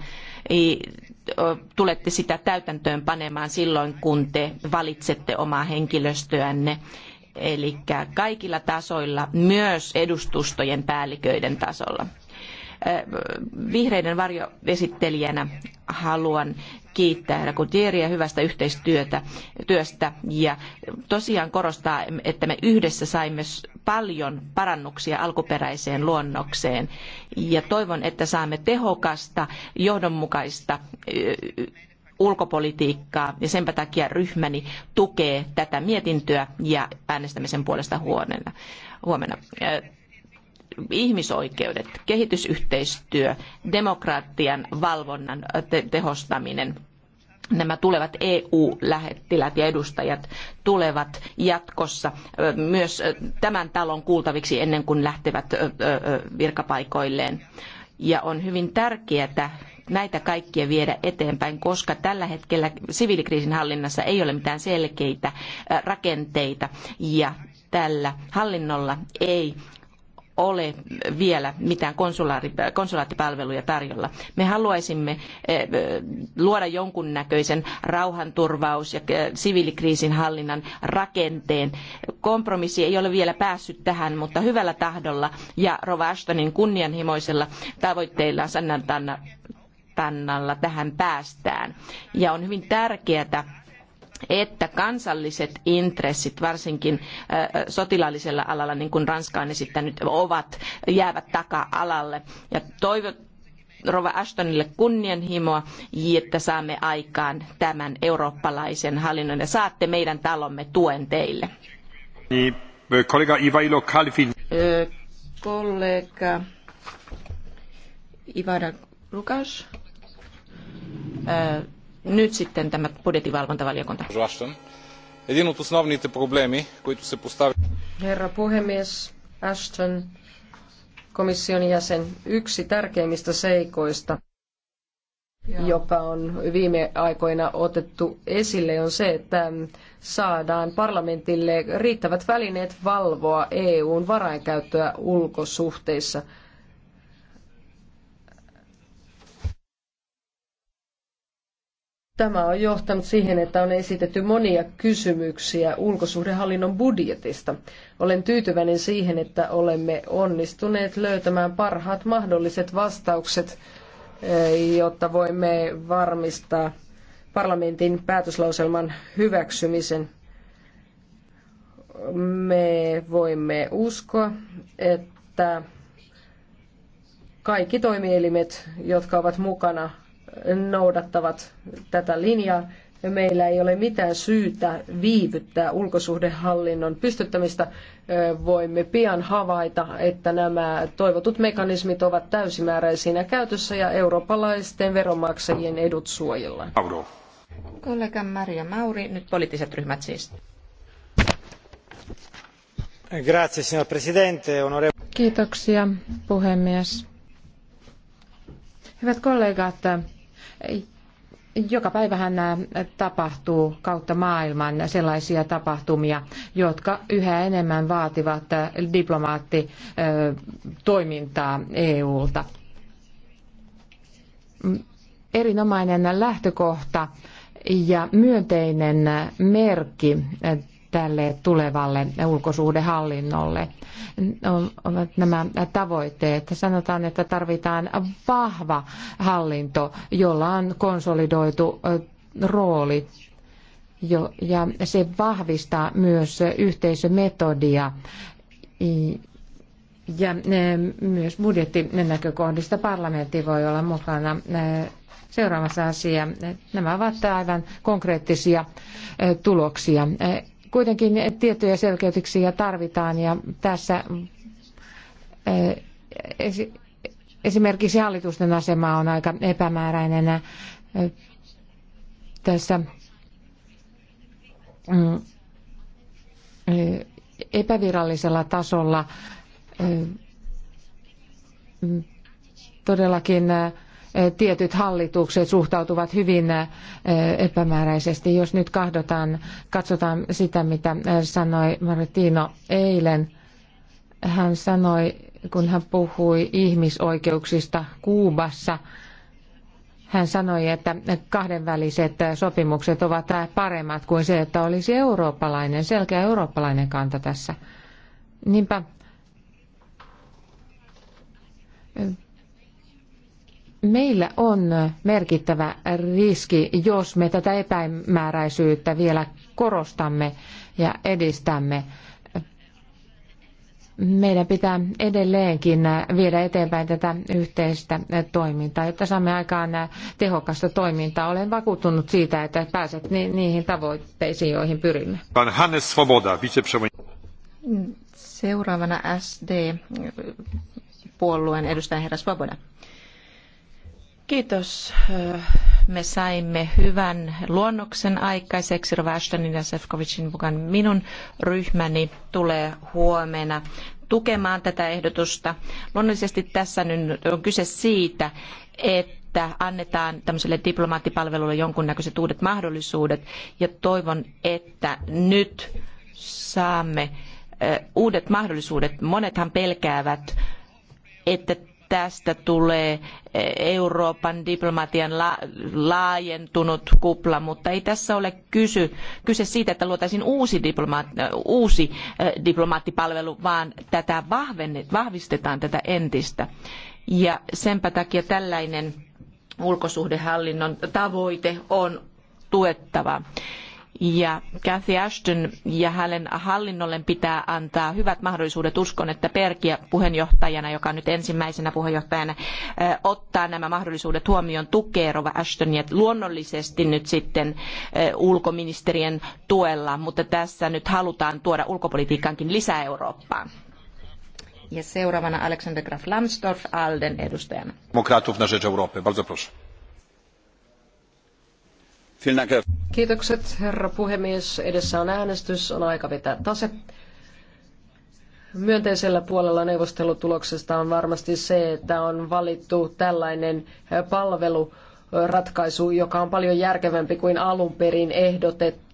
tulette sitä täytäntöön panemaan silloin, kun te valitsette omaa henkilöstöänne eli kaikilla tasoilla, myös edustustojen päälliköiden tasolla. Vihreiden varjoesittelijänä haluan kiittää herra Gutierrezia hyvästä yhteistyötä työstä ja tosiaan korostaa, että me yhdessä saimme paljon parannuksia alkuperäiseen luonnokseen ja toivon, että saamme tehokasta, johdonmukaista ulkopolitiikkaa ja senpä takia ryhmäni tukee tätä mietintöä ja äänestämisen puolesta huomenna. huomenna ihmisoikeudet, kehitysyhteistyö, demokratian valvonnan tehostaminen, nämä tulevat EU-lähettilät ja edustajat tulevat jatkossa myös tämän talon kuultaviksi ennen kuin lähtevät virkapaikoilleen ja on hyvin tärkeää näitä kaikkia viedä eteenpäin, koska tällä hetkellä siviilikriisinhallinnassa ei ole mitään selkeitä rakenteita ja tällä hallinnolla ei ole vielä mitään konsulaattipalveluja tarjolla. Me haluaisimme eh, luoda jonkunnäköisen rauhanturvaus- ja eh, siviilikriisinhallinnan rakenteen. Kompromissi ei ole vielä päässyt tähän, mutta hyvällä tahdolla ja Rova Ashtonin kunnianhimoisella tavoitteilla Sannan Tannalla tähän päästään. Ja on hyvin tärkeää, että kansalliset intressit, varsinkin sotilaallisella alalla, niin kuin Ranska on esittänyt, ovat, jäävät taka-alalle. Ja toivot, Rova Ashtonille kunnianhimoa, että saamme aikaan tämän eurooppalaisen hallinnon ja saatte meidän talomme tuen teille. Niin, kollega Ivailo Kalfin. Kollega Ivara Lukas nyt sitten tämä budjetivalvontavaliokunta. Един от Herra puhemies, Ashton, komission jäsen, yksi tärkeimmistä seikoista, joka on viime aikoina otettu esille, on se, että saadaan parlamentille riittävät välineet valvoa EUn varainkäyttöä ulkosuhteissa – Tämä on johtanut siihen, että on esitetty monia kysymyksiä ulkosuhdehallinnon budjetista. Olen tyytyväinen siihen, että olemme onnistuneet löytämään parhaat mahdolliset vastaukset, eh, jotta voimme varmistaa parlamentin päätöslauselman hyväksymisen. Me voimme uskoa, että kaikki toimielimet, jotka ovat mukana noudattavat tätä linjaa. Meillä ei ole mitään syytä viivyttää ulkosuhdehallinnon pystyttämistä. Voimme pian havaita, että nämä toivotut mekanismit ovat täysimääräisinä käytössä ja eurooppalaisten veronmaksajien edut suojellaan. Kollega Maria Mauri, nyt poliittiset ryhmät siis. Grazie, signor Presidente. Onore... Kiitoksia, puhemies. Hyvät kollegat, joka päivähän tapahtuu kautta maailman sellaisia tapahtumia, jotka yhä enemmän vaativat äh, diplomaattitoimintaa äh, EUlta. Mm, erinomainen lähtökohta ja myönteinen merkki äh, tälle tulevalle ulkosuhdehallinnolle ovat nämä tavoitteet. Sanotaan, että tarvitaan vahva hallinto, jolla on konsolidoitu rooli ja se vahvistaa myös yhteisömetodia ja myös budjettinäkökohdista parlamentti voi olla mukana seuraavassa asia. Nämä ovat aivan konkreettisia tuloksia. Kuitenkin tiettyjä selkeytyksiä tarvitaan ja tässä eh, esimerkiksi hallitusten asema on aika epämääräinen eh, tässä mm, eh, epävirallisella tasolla mm, todellakin tietyt hallitukset suhtautuvat hyvin epämääräisesti. Jos nyt kahdotaan, katsotaan sitä, mitä sanoi Martino eilen, hän sanoi, kun hän puhui ihmisoikeuksista Kuubassa, hän sanoi, että kahdenväliset sopimukset ovat paremmat kuin se, että olisi eurooppalainen, selkeä eurooppalainen kanta tässä. Niinpä Meillä on merkittävä riski, jos me tätä epämääräisyyttä vielä korostamme ja edistämme. Meidän pitää edelleenkin viedä eteenpäin tätä yhteistä toimintaa, jotta saamme aikaan tehokasta toimintaa. Olen vakuuttunut siitä, että pääset ni- niihin tavoitteisiin, joihin pyrimme. Hannes Svoboda, Seuraavana SD-puolueen edustaja herra Svoboda. Kiitos. Me saimme hyvän luonnoksen aikaiseksi Rovashtanin ja Sefcovicin mukaan. Minun ryhmäni tulee huomenna tukemaan tätä ehdotusta. Luonnollisesti tässä nyt on kyse siitä, että annetaan tämmöiselle diplomaattipalvelulle jonkunnäköiset uudet mahdollisuudet ja toivon, että nyt saamme uudet mahdollisuudet. Monethan pelkäävät, että tästä tulee e, Euroopan diplomatian laajentunut kupla, mutta ei tässä ole kysy, kyse siitä, että luotaisiin uusi, e, uusi e, diplomaattipalvelu, vaan tätä vahvistetaan tätä entistä. Ja senpä takia tällainen ulkosuhdehallinnon tavoite on tuettava. Ja Cathy Ashton ja hänen hallinnolleen pitää antaa hyvät mahdollisuudet. Uskon, että belgia puheenjohtajana, joka nyt ensimmäisenä puheenjohtajana ottaa nämä mahdollisuudet huomioon, tukee rouva Ashtonia luonnollisesti nyt sitten ulkoministerien tuella, mutta tässä nyt halutaan tuoda ulkopolitiikkaankin lisää Eurooppaa. Ja seuraavana Alexander Graf Lambsdorff Alden edustajana. na rzecz Europy. Bardzo proszę. Kiitokset, herra puhemies. Edessä on äänestys, on aika vetää tase. Myönteisellä puolella neuvostelutuloksesta on varmasti se, että on valittu tällainen palveluratkaisu, joka on paljon järkevämpi kuin alun perin ehdotettu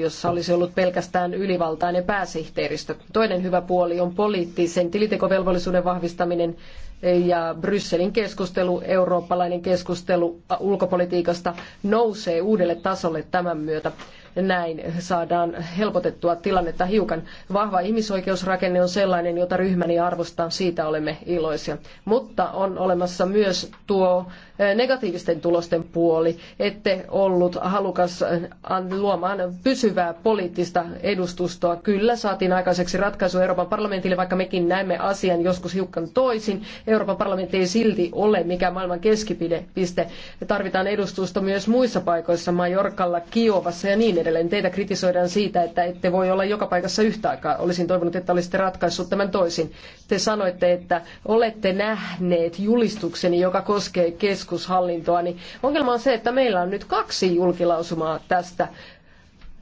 jossa olisi ollut pelkästään ylivaltainen pääsihteeristö. Toinen hyvä puoli on poliittisen tilitekovelvollisuuden vahvistaminen ja Brysselin keskustelu, eurooppalainen keskustelu ulkopolitiikasta nousee uudelle tasolle tämän myötä. Näin saadaan helpotettua tilannetta hiukan. Vahva ihmisoikeusrakenne on sellainen, jota ryhmäni arvostaa, siitä olemme iloisia. Mutta on olemassa myös tuo negatiivisten tulosten puoli. Ette ollut halukas äh, luomaan pysyvää poliittista edustustoa. Kyllä saatiin aikaiseksi ratkaisu Euroopan parlamentille, vaikka mekin näemme asian joskus hiukan toisin. Euroopan parlamentti ei silti ole mikään maailman keskipiste. Tarvitaan edustusta myös muissa paikoissa, Majorkalla, Kiovassa ja niin edelleen. Teitä kritisoidaan siitä, että ette voi olla joka paikassa yhtä aikaa. Olisin toivonut, että olisitte ratkaissut tämän toisin. Te sanoitte, että olette nähneet julistukseni, joka koskee keskustelua keskushallintoa, niin ongelma on se, että meillä on nyt kaksi julkilausumaa tästä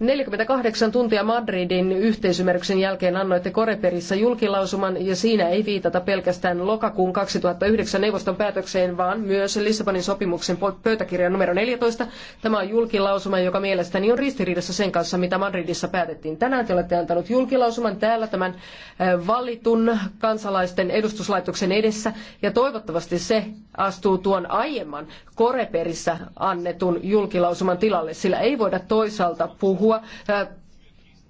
48 tuntia Madridin yhteisymmärryksen jälkeen annoitte Koreperissä julkilausuman ja siinä ei viitata pelkästään lokakuun 2009 neuvoston päätökseen, vaan myös Lissabonin sopimuksen pöytäkirjan numero 14. Tämä on julkilausuma, joka mielestäni on ristiriidassa sen kanssa, mitä Madridissa päätettiin. Tänään te olette antanut julkilausuman täällä tämän valitun kansalaisten edustuslaitoksen edessä ja toivottavasti se astuu tuon aiemman Koreperissä annetun julkilausuman tilalle, sillä ei voida toisaalta puhua puhua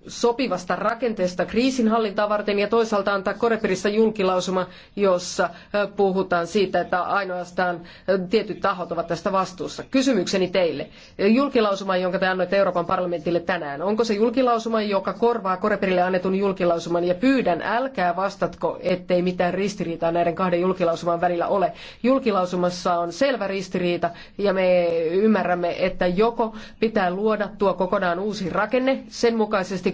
sopivasta rakenteesta kriisinhallintaa varten ja toisaalta antaa Koreperissä julkilausuma, jossa puhutaan siitä, että ainoastaan tietyt tahot ovat tästä vastuussa. Kysymykseni teille. Julkilausuma, jonka te annoitte Euroopan parlamentille tänään, onko se julkilausuma, joka korvaa Koreperille annetun julkilausuman ja pyydän älkää vastatko, ettei mitään ristiriitaa näiden kahden julkilausuman välillä ole. Julkilausumassa on selvä ristiriita ja me ymmärrämme, että joko pitää luoda tuo kokonaan uusi rakenne sen mukaisesti,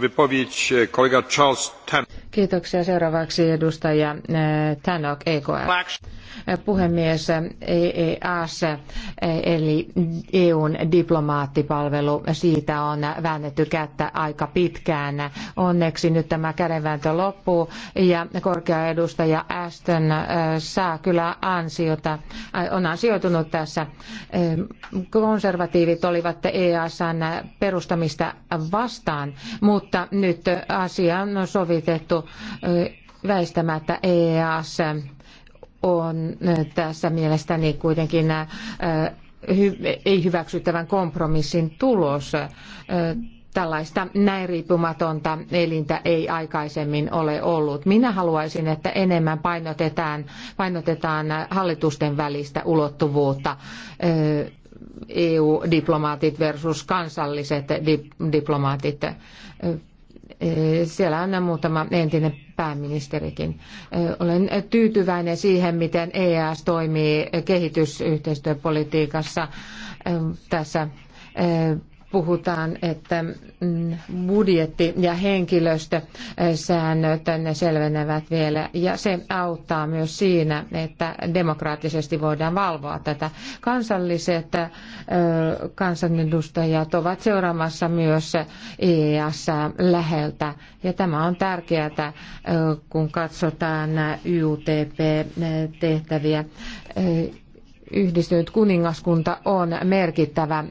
Wypowiedź e, kolega Charles Tannock. Kiitoksia. Seuraavaksi edustaja eh, Tanok EKR. Puhemies EEAS eh, eli EUn diplomaattipalvelu, siitä on väännetty kättä aika pitkään. Onneksi nyt tämä kädenvääntö loppuu ja korkea edustaja Ashton eh, saa kyllä ansiota, on ansioitunut tässä. Konservatiivit olivat EASan perustamista vastaan, mutta nyt asia on sovitettu väistämättä EAS on tässä mielestäni kuitenkin ei hyväksyttävän kompromissin tulos. Tällaista näin riippumatonta elintä ei aikaisemmin ole ollut. Minä haluaisin, että enemmän painotetaan, painotetaan hallitusten välistä ulottuvuutta. EU-diplomaatit versus kansalliset diplomaatit Eh, siellä on muutama entinen pääministerikin. Eh, olen tyytyväinen siihen, miten EAS toimii kehitysyhteistyöpolitiikassa eh, tässä puhutaan, että mm, budjetti- ja henkilöstösäännöt ne selvenevät vielä ja se auttaa myös siinä, että demokraattisesti voidaan valvoa tätä. Kansalliset kansanedustajat ovat seuraamassa myös EAS läheltä ja tämä on tärkeää, kun katsotaan UTP-tehtäviä yhdistynyt kuningaskunta on merkittävä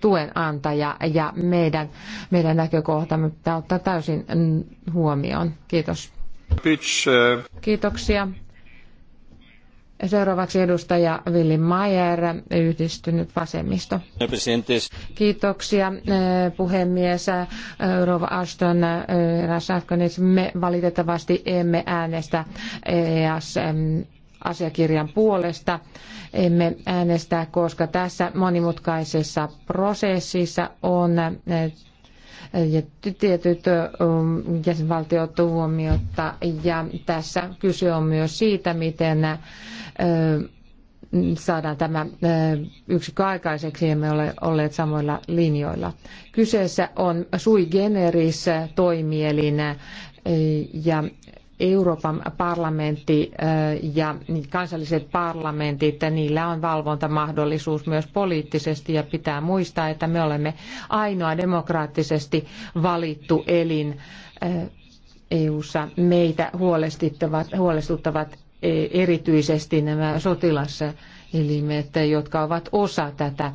tuen antaja ja meidän, meidän näkökohtamme pitää ottaa täysin mm, huomioon. Kiitos. Kiitoksia. Seuraavaksi edustaja Willi Mayer, yhdistynyt vasemmisto. Kiitoksia puhemies Rova Ashton, Rashafkanits. Me valitettavasti emme äänestä EAS asiakirjan puolesta. Emme äänestä, koska tässä monimutkaisessa prosessissa on äh, ja tietyt ähm, jäsenvaltiot huomiota. Ja tässä kyse on myös siitä, miten äh, saadaan tämä äh, yksikö aikaiseksi, emme ole olleet samoilla linjoilla. Kyseessä on sui generis toimielin ja Euroopan parlamentti ja kansalliset parlamentit, niillä on valvontamahdollisuus myös poliittisesti ja pitää muistaa, että me olemme ainoa demokraattisesti valittu elin EU:ssa. Meitä huolestuttavat, huolestuttavat e, erityisesti nämä sotilaselimet, jotka ovat osa tätä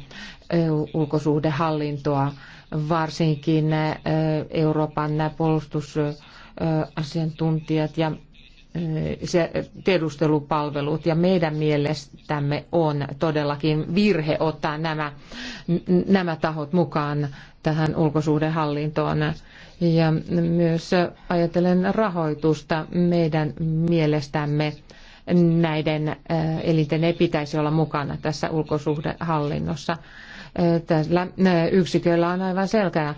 e ulkosuhdehallintoa, varsinkin Euroopan puolustus asiantuntijat ja se tiedustelupalvelut ja meidän mielestämme on todellakin virhe ottaa nämä, nämä tahot mukaan tähän ulkosuhdehallintoon. Ja myös ajatellen rahoitusta meidän mielestämme näiden elinten ei pitäisi olla mukana tässä ulkosuhdehallinnossa. Tällä yksiköllä on aivan selkeä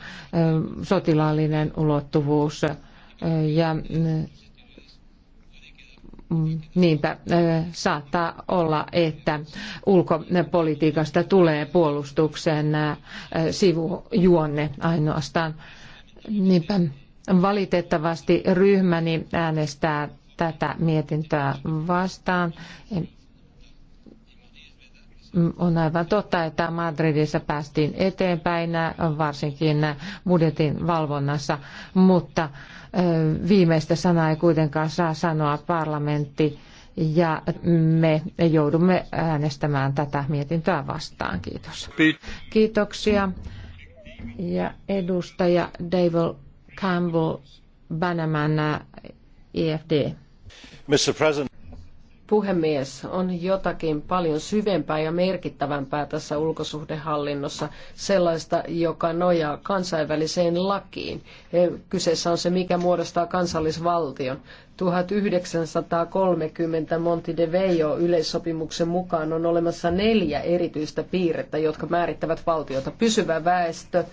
sotilaallinen ulottuvuus ja mm, niinpä saattaa olla, että ulkopolitiikasta tulee puolustuksen sivujuonne ainoastaan. Niinpä valitettavasti ryhmäni äänestää tätä mietintöä vastaan. On aivan totta, että Madridissa päästiin eteenpäin, varsinkin budjetin valvonnassa, mutta viimeistä sanaa ei kuitenkaan saa sanoa parlamentti ja me joudumme äänestämään tätä mietintöä vastaan. Kiitos. Kiitoksia. Ja edustaja David Campbell Bannerman, EFD. Mr. President puhemies, on jotakin paljon syvempää ja merkittävämpää tässä ulkosuhdehallinnossa, sellaista, joka nojaa kansainväliseen lakiin. Eh, kyseessä on se, mikä muodostaa kansallisvaltion. 1930 Montevideo yleissopimuksen mukaan on olemassa neljä erityistä piirrettä, jotka määrittävät valtiota. Pysyvä väestö,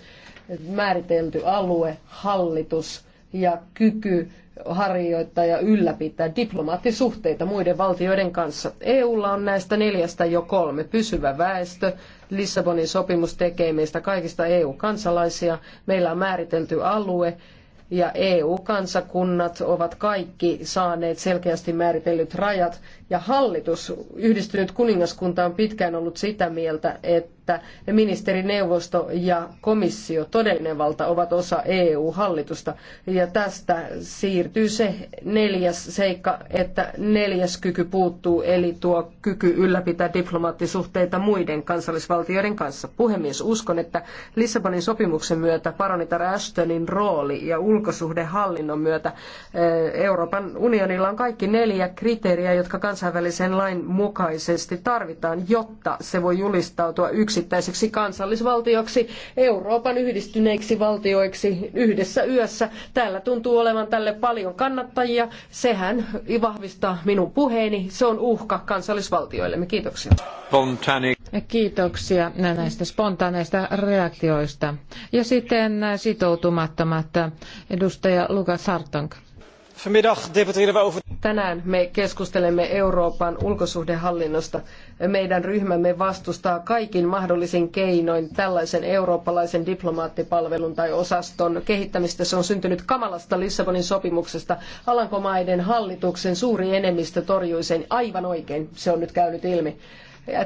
määritelty alue, hallitus ja kyky harjoittaa ja ylläpitää diplomaattisuhteita muiden valtioiden kanssa. EUlla on näistä neljästä jo kolme. Pysyvä väestö, Lissabonin sopimus tekee meistä kaikista EU-kansalaisia, meillä on määritelty alue ja EU-kansakunnat ovat kaikki saaneet selkeästi määritellyt rajat ja hallitus, yhdistynyt kuningaskunta on pitkään ollut sitä mieltä, että että ministerineuvosto ja komissio, todellinen valta, ovat osa EU-hallitusta. Ja tästä siirtyy se neljäs seikka, että neljäs kyky puuttuu, eli tuo kyky ylläpitää diplomaattisuhteita muiden kansallisvaltioiden kanssa. Puhemies, uskon, että Lissabonin sopimuksen myötä paronitar Ashtonin rooli ja ulkosuhdehallinnon myötä eh, Euroopan unionilla on kaikki neljä kriteeriä, jotka kansainvälisen lain mukaisesti tarvitaan, jotta se voi julistautua yksi yksittäiseksi kansallisvaltioksi, Euroopan yhdistyneiksi valtioiksi yhdessä yössä. Täällä tuntuu olevan tälle paljon kannattajia. Sehän vahvistaa minun puheeni. Se on uhka kansallisvaltioillemme. Kiitoksia. Spontani. Kiitoksia näistä spontaaneista reaktioista. Ja sitten sitoutumattomat edustaja Lukas Hartong. Vanmiddag debatteren we over Tänään me keskustelemme Euroopan ulkosuhdehallinnosta. Meidän ryhmämme vastustaa kaikin mahdollisin keinoin tällaisen eurooppalaisen diplomaattipalvelun tai osaston kehittämistä. Se on syntynyt kamalasta Lissabonin sopimuksesta. Alankomaiden hallituksen suuri enemmistö torjui sen aivan oikein. Se on nyt käynyt ilmi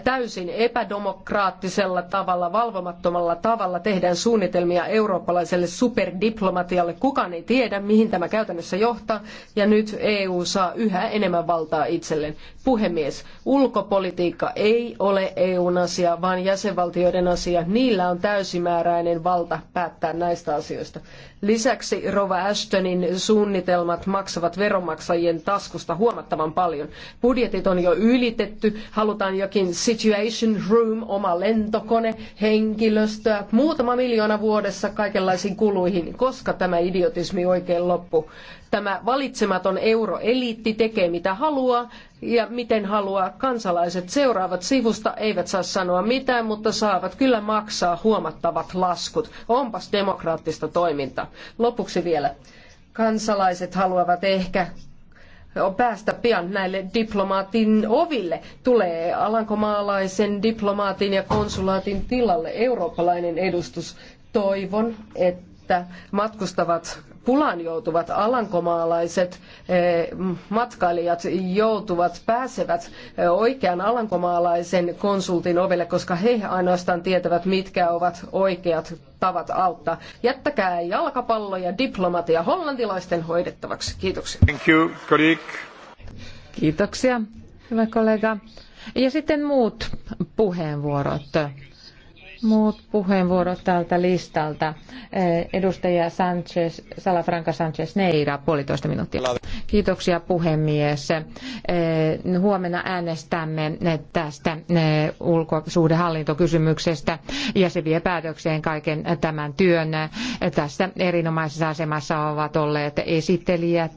täysin epädemokraattisella tavalla, valvomattomalla tavalla tehdään suunnitelmia eurooppalaiselle superdiplomatialle. Kukaan ei tiedä, mihin tämä käytännössä johtaa, ja nyt EU saa yhä enemmän valtaa itselleen. Puhemies, ulkopolitiikka ei ole EUn asia, vaan jäsenvaltioiden asia. Niillä on täysimääräinen valta päättää näistä asioista. Lisäksi Rova Ashtonin suunnitelmat maksavat veronmaksajien taskusta huomattavan paljon. Budjetit on jo ylitetty, halutaan jokin situation room, oma lentokone, henkilöstöä, muutama miljoona vuodessa kaikenlaisiin kuluihin. Koska tämä idiotismi oikein loppuu? tämä valitsematon euroeliitti tekee mitä haluaa ja miten haluaa. Kansalaiset seuraavat sivusta, eivät saa sanoa mitään, mutta saavat kyllä maksaa huomattavat laskut. Onpas demokraattista toimintaa. Lopuksi vielä. Kansalaiset haluavat ehkä päästä pian näille diplomaatin oville. Tulee alankomaalaisen diplomaatin ja konsulaatin tilalle eurooppalainen edustus. Toivon, että matkustavat pulan joutuvat alankomaalaiset eh, matkailijat joutuvat, pääsevät eh, oikean alankomaalaisen konsultin ovelle, koska he ainoastaan tietävät, mitkä ovat oikeat tavat auttaa. Jättäkää jalkapallo ja diplomatia hollantilaisten hoidettavaksi. Kiitoksia. Thank you, colleague. Kiitoksia, hyvä kollega. Ja sitten muut puheenvuorot muut puheenvuorot tältä listalta. Eh, edustaja Sanchez, Salafranca Sanchez Neira, puolitoista minuuttia. Kiitoksia puhemies. Eh, huomenna äänestämme tästä eh, ulkosuhdehallintokysymyksestä ja se vie päätökseen kaiken tämän työn. Tässä erinomaisessa asemassa ovat olleet esittelijät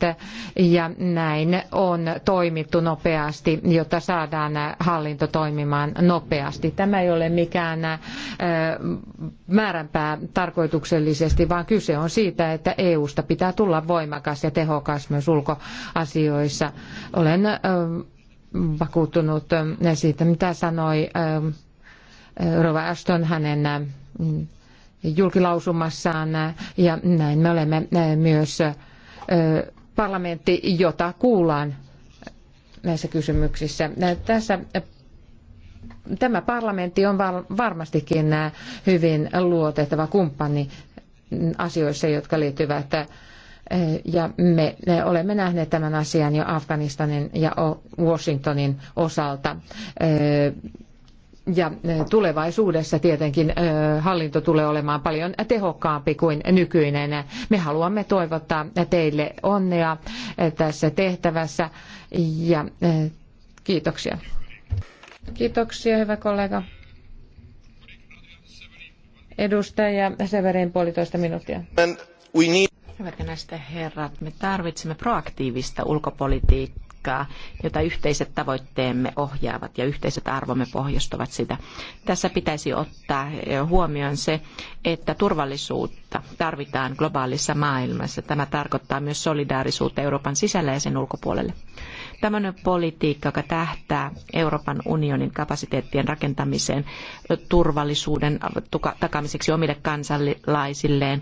ja näin on toimittu nopeasti, jotta saadaan hallinto toimimaan nopeasti. Tämä ei ole mikään määränpää tarkoituksellisesti, vaan kyse on siitä, että EUsta pitää tulla voimakas ja tehokas myös ulkoasioissa. Olen vakuuttunut siitä, mitä sanoi Rova Ashton hänen julkilausumassaan ja näin me olemme myös parlamentti, jota kuullaan näissä kysymyksissä. Tässä tämä parlamentti on varmastikin äh, hyvin luotettava kumppani asioissa, jotka liittyvät äh, ja me, me olemme nähneet tämän asian jo Afganistanin ja Washingtonin osalta. Äh, ja tulevaisuudessa tietenkin hallinto tulee olemaan paljon tehokkaampi kuin nykyinen. Me haluamme toivottaa teille onnea tässä tehtävässä ja kiitoksia. Kiitoksia, hyvä kollega. Edustaja Severin puolitoista minuuttia. Hyvät näistä herrat, me tarvitsemme proaktiivista ulkopolitiikkaa politiikkaa, jota yhteiset tavoitteemme ohjaavat ja yhteiset arvomme pohjustavat sitä. Tässä pitäisi ottaa huomioon se, että turvallisuutta tarvitaan globaalissa maailmassa. Tämä tarkoittaa myös solidaarisuutta Euroopan sisällä ja sen ulkopuolelle. Tämmöinen politiikka, joka tähtää Euroopan unionin kapasiteettien rakentamiseen turvallisuuden takaamiseksi omille kansalaisilleen,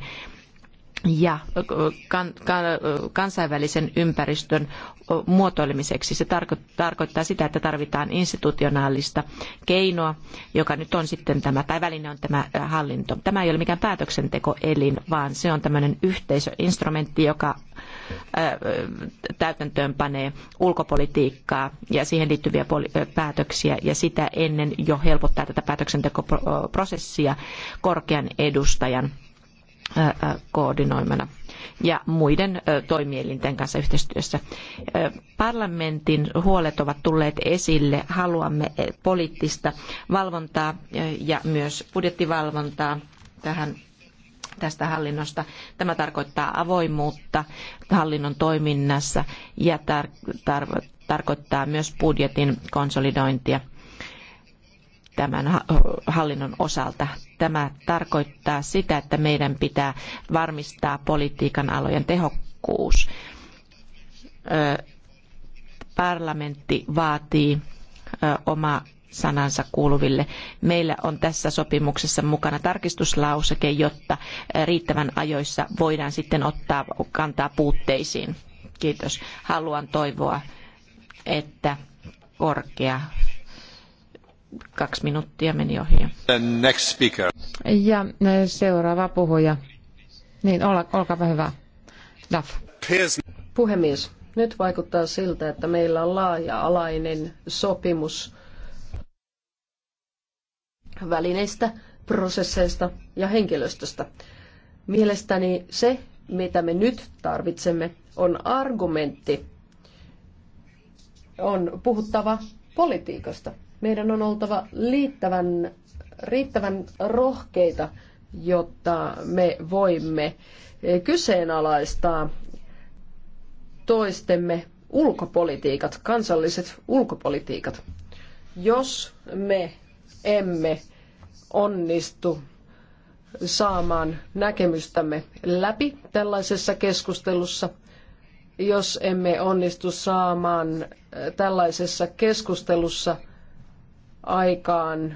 ja kansainvälisen ympäristön muotoilemiseksi. Se tarkoittaa sitä, että tarvitaan institutionaalista keinoa, joka nyt on sitten tämä, tai väline on tämä hallinto. Tämä ei ole mikään päätöksentekoelin, vaan se on tämmöinen yhteisöinstrumentti, joka täytäntöön panee ulkopolitiikkaa ja siihen liittyviä päätöksiä ja sitä ennen jo helpottaa tätä päätöksentekoprosessia korkean edustajan koordinoimana ja muiden toimielinten kanssa yhteistyössä. Parlamentin huolet ovat tulleet esille. Haluamme poliittista valvontaa ja myös budjettivalvontaa tähän tästä hallinnosta. Tämä tarkoittaa avoimuutta hallinnon toiminnassa ja tar tar tarkoittaa myös budjetin konsolidointia tämän hallinnon osalta. Tämä tarkoittaa sitä, että meidän pitää varmistaa politiikan alojen tehokkuus. Parlamentti vaatii oma sanansa kuuluville. Meillä on tässä sopimuksessa mukana tarkistuslauseke, jotta riittävän ajoissa voidaan sitten ottaa kantaa puutteisiin. Kiitos. Haluan toivoa, että korkea Kaksi minuuttia meni ohi. The next speaker. Ja eh, seuraava puhuja. Niin, olkaa hyvä. Duff. Puhemies, nyt vaikuttaa siltä, että meillä on laaja-alainen sopimus välineistä, prosesseista ja henkilöstöstä. Mielestäni se, mitä me nyt tarvitsemme, on argumentti. On puhuttava politiikasta. Meidän on oltava liittävän, riittävän rohkeita, jotta me voimme kyseenalaistaa toistemme ulkopolitiikat, kansalliset ulkopolitiikat. Jos me emme onnistu saamaan näkemystämme läpi tällaisessa keskustelussa, jos emme onnistu saamaan tällaisessa keskustelussa – aikaan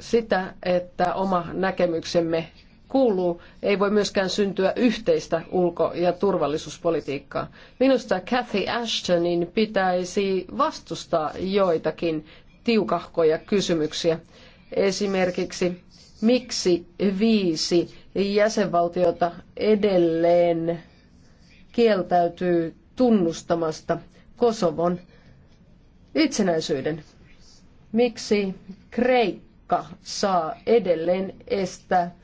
sitä, että oma näkemyksemme kuuluu, ei voi myöskään syntyä yhteistä ulko- ja turvallisuuspolitiikkaa. Minusta Cathy Ashtonin pitäisi vastustaa joitakin tiukahkoja kysymyksiä. Esimerkiksi, miksi viisi jäsenvaltiota edelleen kieltäytyy tunnustamasta Kosovon itsenäisyyden? miksi Kreikka saa edelleen estää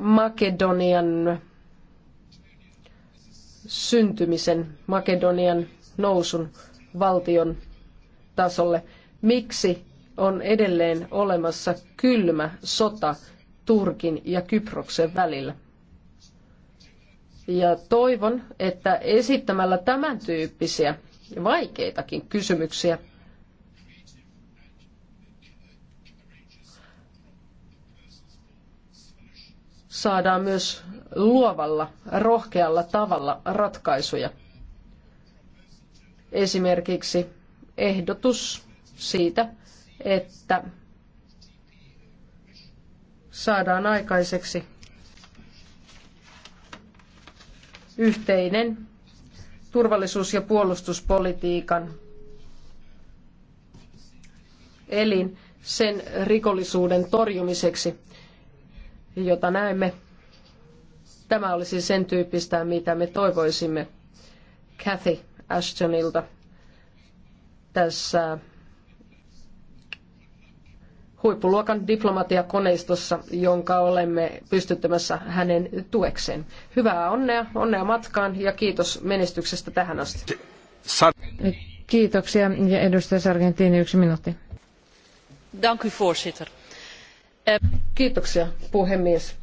Makedonian syntymisen, Makedonian nousun valtion tasolle. Miksi on edelleen olemassa kylmä sota Turkin ja Kyproksen välillä? Ja toivon, että esittämällä tämän tyyppisiä vaikeitakin kysymyksiä saadaan myös luovalla, rohkealla tavalla ratkaisuja. Esimerkiksi ehdotus siitä, että saadaan aikaiseksi yhteinen turvallisuus- ja puolustuspolitiikan elin sen rikollisuuden torjumiseksi, jota näemme. Tämä olisi sen tyyppistä, mitä me toivoisimme Cathy Ashtonilta tässä huippuluokan diplomatiakoneistossa, jonka olemme pystyttämässä hänen tuekseen. Hyvää onnea, onnea matkaan ja kiitos menestyksestä tähän asti. Kiitoksia. Ja edustaja Sargentini, yksi minuutti. Dank u, voorzitter. Kiitoksia puhemies.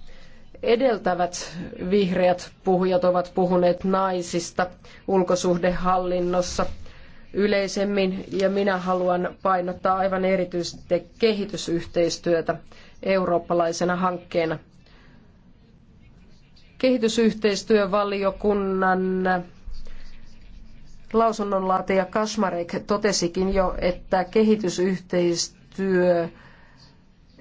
Edeltävät vihreät puhujat ovat puhuneet naisista ulkosuhdehallinnossa yleisemmin ja minä haluan painottaa aivan erityisesti kehitysyhteistyötä eurooppalaisena hankkeena. Kehitysyhteistyövaliokunnan lausunnonlaatija Kasmarek totesikin jo, että kehitysyhteistyö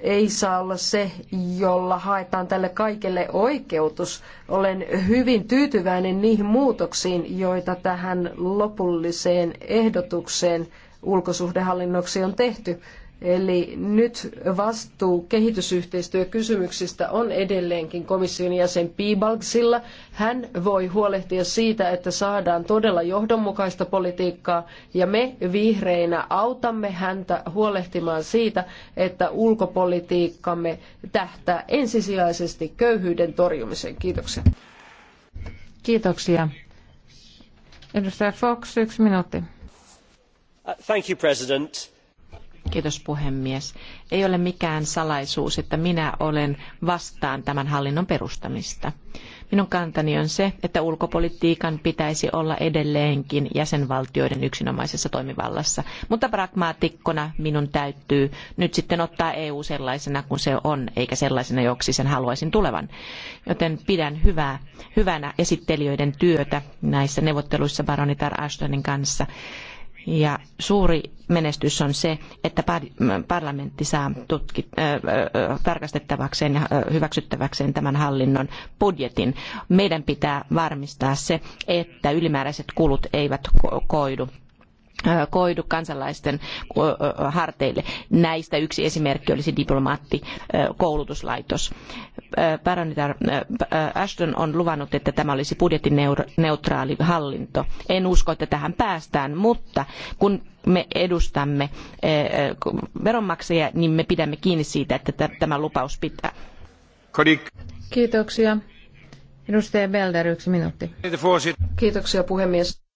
ei saa olla se, jolla haetaan tälle kaikelle oikeutus. Olen hyvin tyytyväinen niihin muutoksiin, joita tähän lopulliseen ehdotukseen ulkosuhdehallinnoksi on tehty. Eli nyt vastuu kehitysyhteistyökysymyksistä on edelleenkin komission jäsen Piebalgsilla. Hän voi huolehtia siitä, että saadaan todella johdonmukaista politiikkaa ja me vihreinä autamme häntä huolehtimaan siitä, että ulkopolitiikkamme tähtää ensisijaisesti köyhyyden torjumiseen. Kiitoksia. Kiitoksia. Edustaja Fox, yksi minuutti. Uh, thank you, President Kiitos puhemies. Ei ole mikään salaisuus, että minä olen vastaan tämän hallinnon perustamista. Minun kantani on se, että ulkopolitiikan pitäisi olla edelleenkin jäsenvaltioiden yksinomaisessa toimivallassa. Mutta pragmaatikkona minun täytyy nyt sitten ottaa EU sellaisena kuin se on, eikä sellaisena, joksi sen haluaisin tulevan. Joten pidän hyvää, hyvänä esittelijöiden työtä näissä neuvotteluissa baronitar Ashtonin kanssa ja suuri menestys on se, että parlamentti saa tutki, tarkastettavakseen ja hyväksyttäväkseen tämän hallinnon budjetin. Meidän pitää varmistaa se, että ylimääräiset kulut eivät koidu koidu kansalaisten harteille. Näistä yksi esimerkki olisi diplomaattikoulutuslaitos. Baronitar Ashton on luvannut, että tämä olisi budjettineutraali hallinto. En usko, että tähän päästään, mutta kun me edustamme veronmaksajia, niin me pidämme kiinni siitä, että tämä lupaus pitää. Kiitoksia. Edustaja Belder, yksi minuutti. Kiitoksia puhemies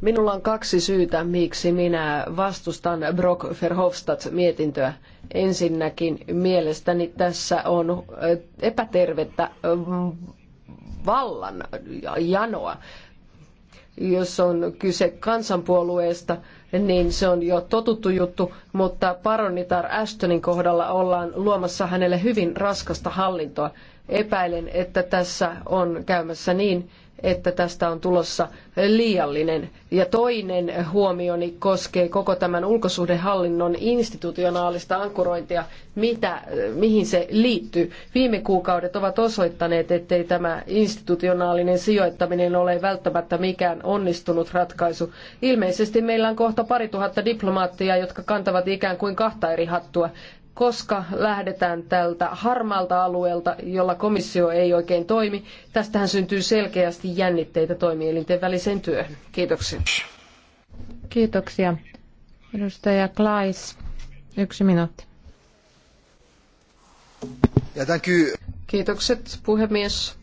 Minulla on kaksi syytä, miksi minä vastustan Brock Verhofstadt mietintöä. Ensinnäkin mielestäni tässä on epätervettä vallan janoa. Jos on kyse kansanpuolueesta, niin se on jo totuttu juttu, mutta paronitar Ashtonin kohdalla ollaan luomassa hänelle hyvin raskasta hallintoa. Epäilen, että tässä on käymässä niin, että tästä on tulossa liiallinen. Ja toinen huomioni koskee koko tämän ulkosuhdehallinnon institutionaalista ankurointia, mitä, mihin se liittyy. Viime kuukaudet ovat osoittaneet, ettei tämä institutionaalinen sijoittaminen ole välttämättä mikään onnistunut ratkaisu. Ilmeisesti meillä on kohta pari tuhatta diplomaattia, jotka kantavat ikään kuin kahta eri hattua koska lähdetään tältä harmaalta alueelta, jolla komissio ei oikein toimi. Tästähän syntyy selkeästi jännitteitä toimielinten väliseen työhön. Kiitoksia. Kiitoksia. Edustaja Klais, yksi minuutti. Ja Kiitokset puhemies.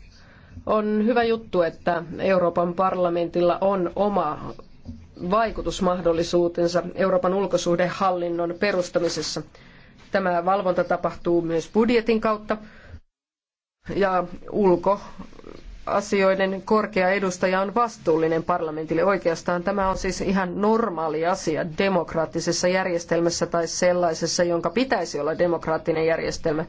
On hyvä juttu, että Euroopan parlamentilla on oma vaikutusmahdollisuutensa Euroopan ulkosuhdehallinnon perustamisessa. Tämä valvonta tapahtuu myös budjetin kautta ja ulkoasioiden korkea edustaja on vastuullinen parlamentille. Oikeastaan tämä on siis ihan normaali asia demokraattisessa järjestelmässä tai sellaisessa, jonka pitäisi olla demokraattinen järjestelmä.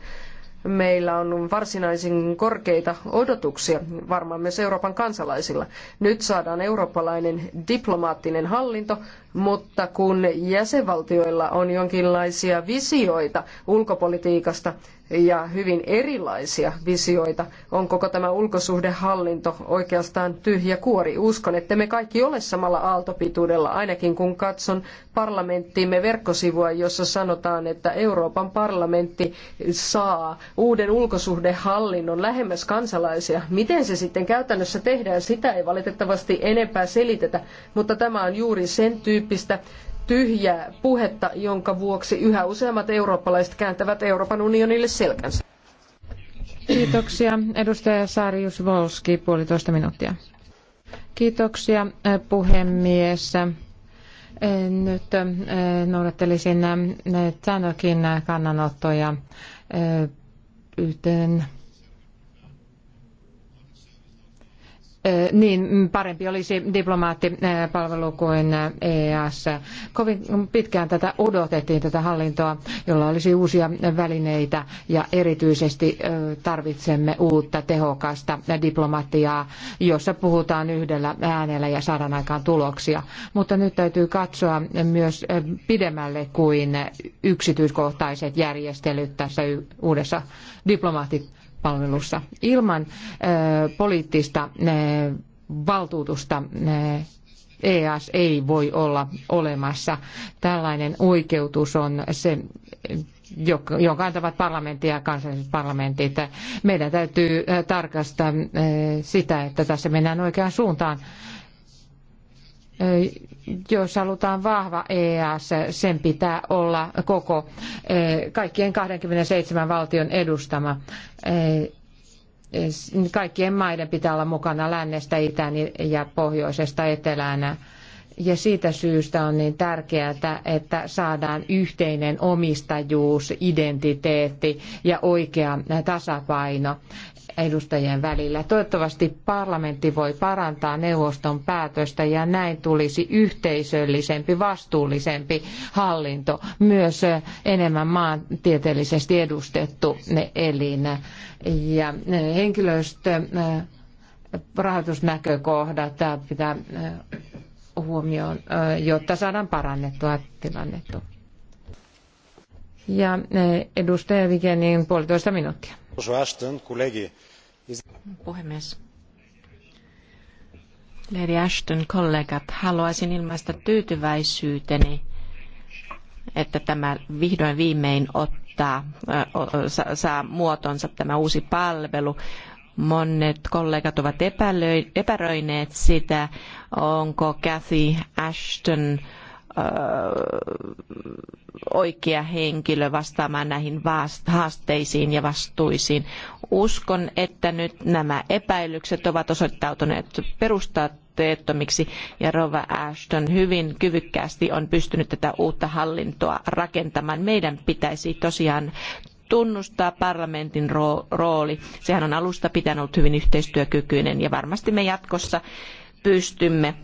Meillä on varsinaisin korkeita odotuksia, varmaan myös Euroopan kansalaisilla. Nyt saadaan eurooppalainen diplomaattinen hallinto, mutta kun jäsenvaltioilla on jonkinlaisia visioita ulkopolitiikasta ja hyvin erilaisia visioita, on koko tämä ulkosuhdehallinto oikeastaan tyhjä kuori. Uskon, että me kaikki ole samalla aaltopituudella, ainakin kun katson parlamenttiimme verkkosivua, jossa sanotaan, että Euroopan parlamentti saa uuden ulkosuhdehallinnon lähemmäs kansalaisia. Miten se sitten käytännössä tehdään, sitä ei valitettavasti enempää selitetä, mutta tämä on juuri sen tyyppi tyyppistä tyhjää puhetta, jonka vuoksi yhä useammat eurooppalaiset kääntävät Euroopan unionille selkänsä. Kiitoksia. Edustaja Saarius Volski, puolitoista minuuttia. Kiitoksia äh, puhemies. Äh, nyt äh, noudattelisin Tsanokin kannanottoja yhteen niin parempi olisi diplomaattipalvelu kuin EAS. Kovin pitkään tätä odotettiin, tätä hallintoa, jolla olisi uusia välineitä ja erityisesti tarvitsemme uutta tehokasta diplomatiaa, jossa puhutaan yhdellä äänellä ja saadaan aikaan tuloksia. Mutta nyt täytyy katsoa myös pidemmälle kuin yksityiskohtaiset järjestelyt tässä uudessa diplomaattipalvelussa palvelussa. Ilman poliittista valtuutusta EAS ei voi olla olemassa. Tällainen oikeutus on se, jonka antavat parlamentti ja kansalliset parlamentit. Meidän täytyy tarkastaa sitä, että tässä mennään oikeaan suuntaan jos halutaan vahva EAS, sen pitää olla koko eh, kaikkien 27 valtion edustama. Eh, kaikkien maiden pitää olla mukana lännestä, itään ja pohjoisesta etelään. Ja siitä syystä on niin tärkeää, että saadaan yhteinen omistajuus, identiteetti ja oikea tasapaino edustajien välillä. Toivottavasti parlamentti voi parantaa neuvoston päätöstä ja näin tulisi yhteisöllisempi, vastuullisempi hallinto, myös enemmän maantieteellisesti edustettu elin ja henkilöstö äh, rahoitusnäkökohdat pitää äh, huomioon, äh, jotta saadaan parannettua tilannetta. Ja edustaja Vigenin puolitoista minuuttia. Lady Ashton, kollegat, haluaisin ilmaista tyytyväisyyteni, että tämä vihdoin viimein ottaa, saa muotonsa tämä uusi palvelu. Monet kollegat ovat epäröineet sitä, onko Cathy Ashton oikea henkilö vastaamaan näihin haasteisiin ja vastuisiin. Uskon, että nyt nämä epäilykset ovat osoittautuneet perusteettomiksi ja Rova Ashton hyvin kyvykkäästi on pystynyt tätä uutta hallintoa rakentamaan. Meidän pitäisi tosiaan tunnustaa parlamentin rooli. Sehän on alusta pitäen ollut hyvin yhteistyökykyinen ja varmasti me jatkossa pystymme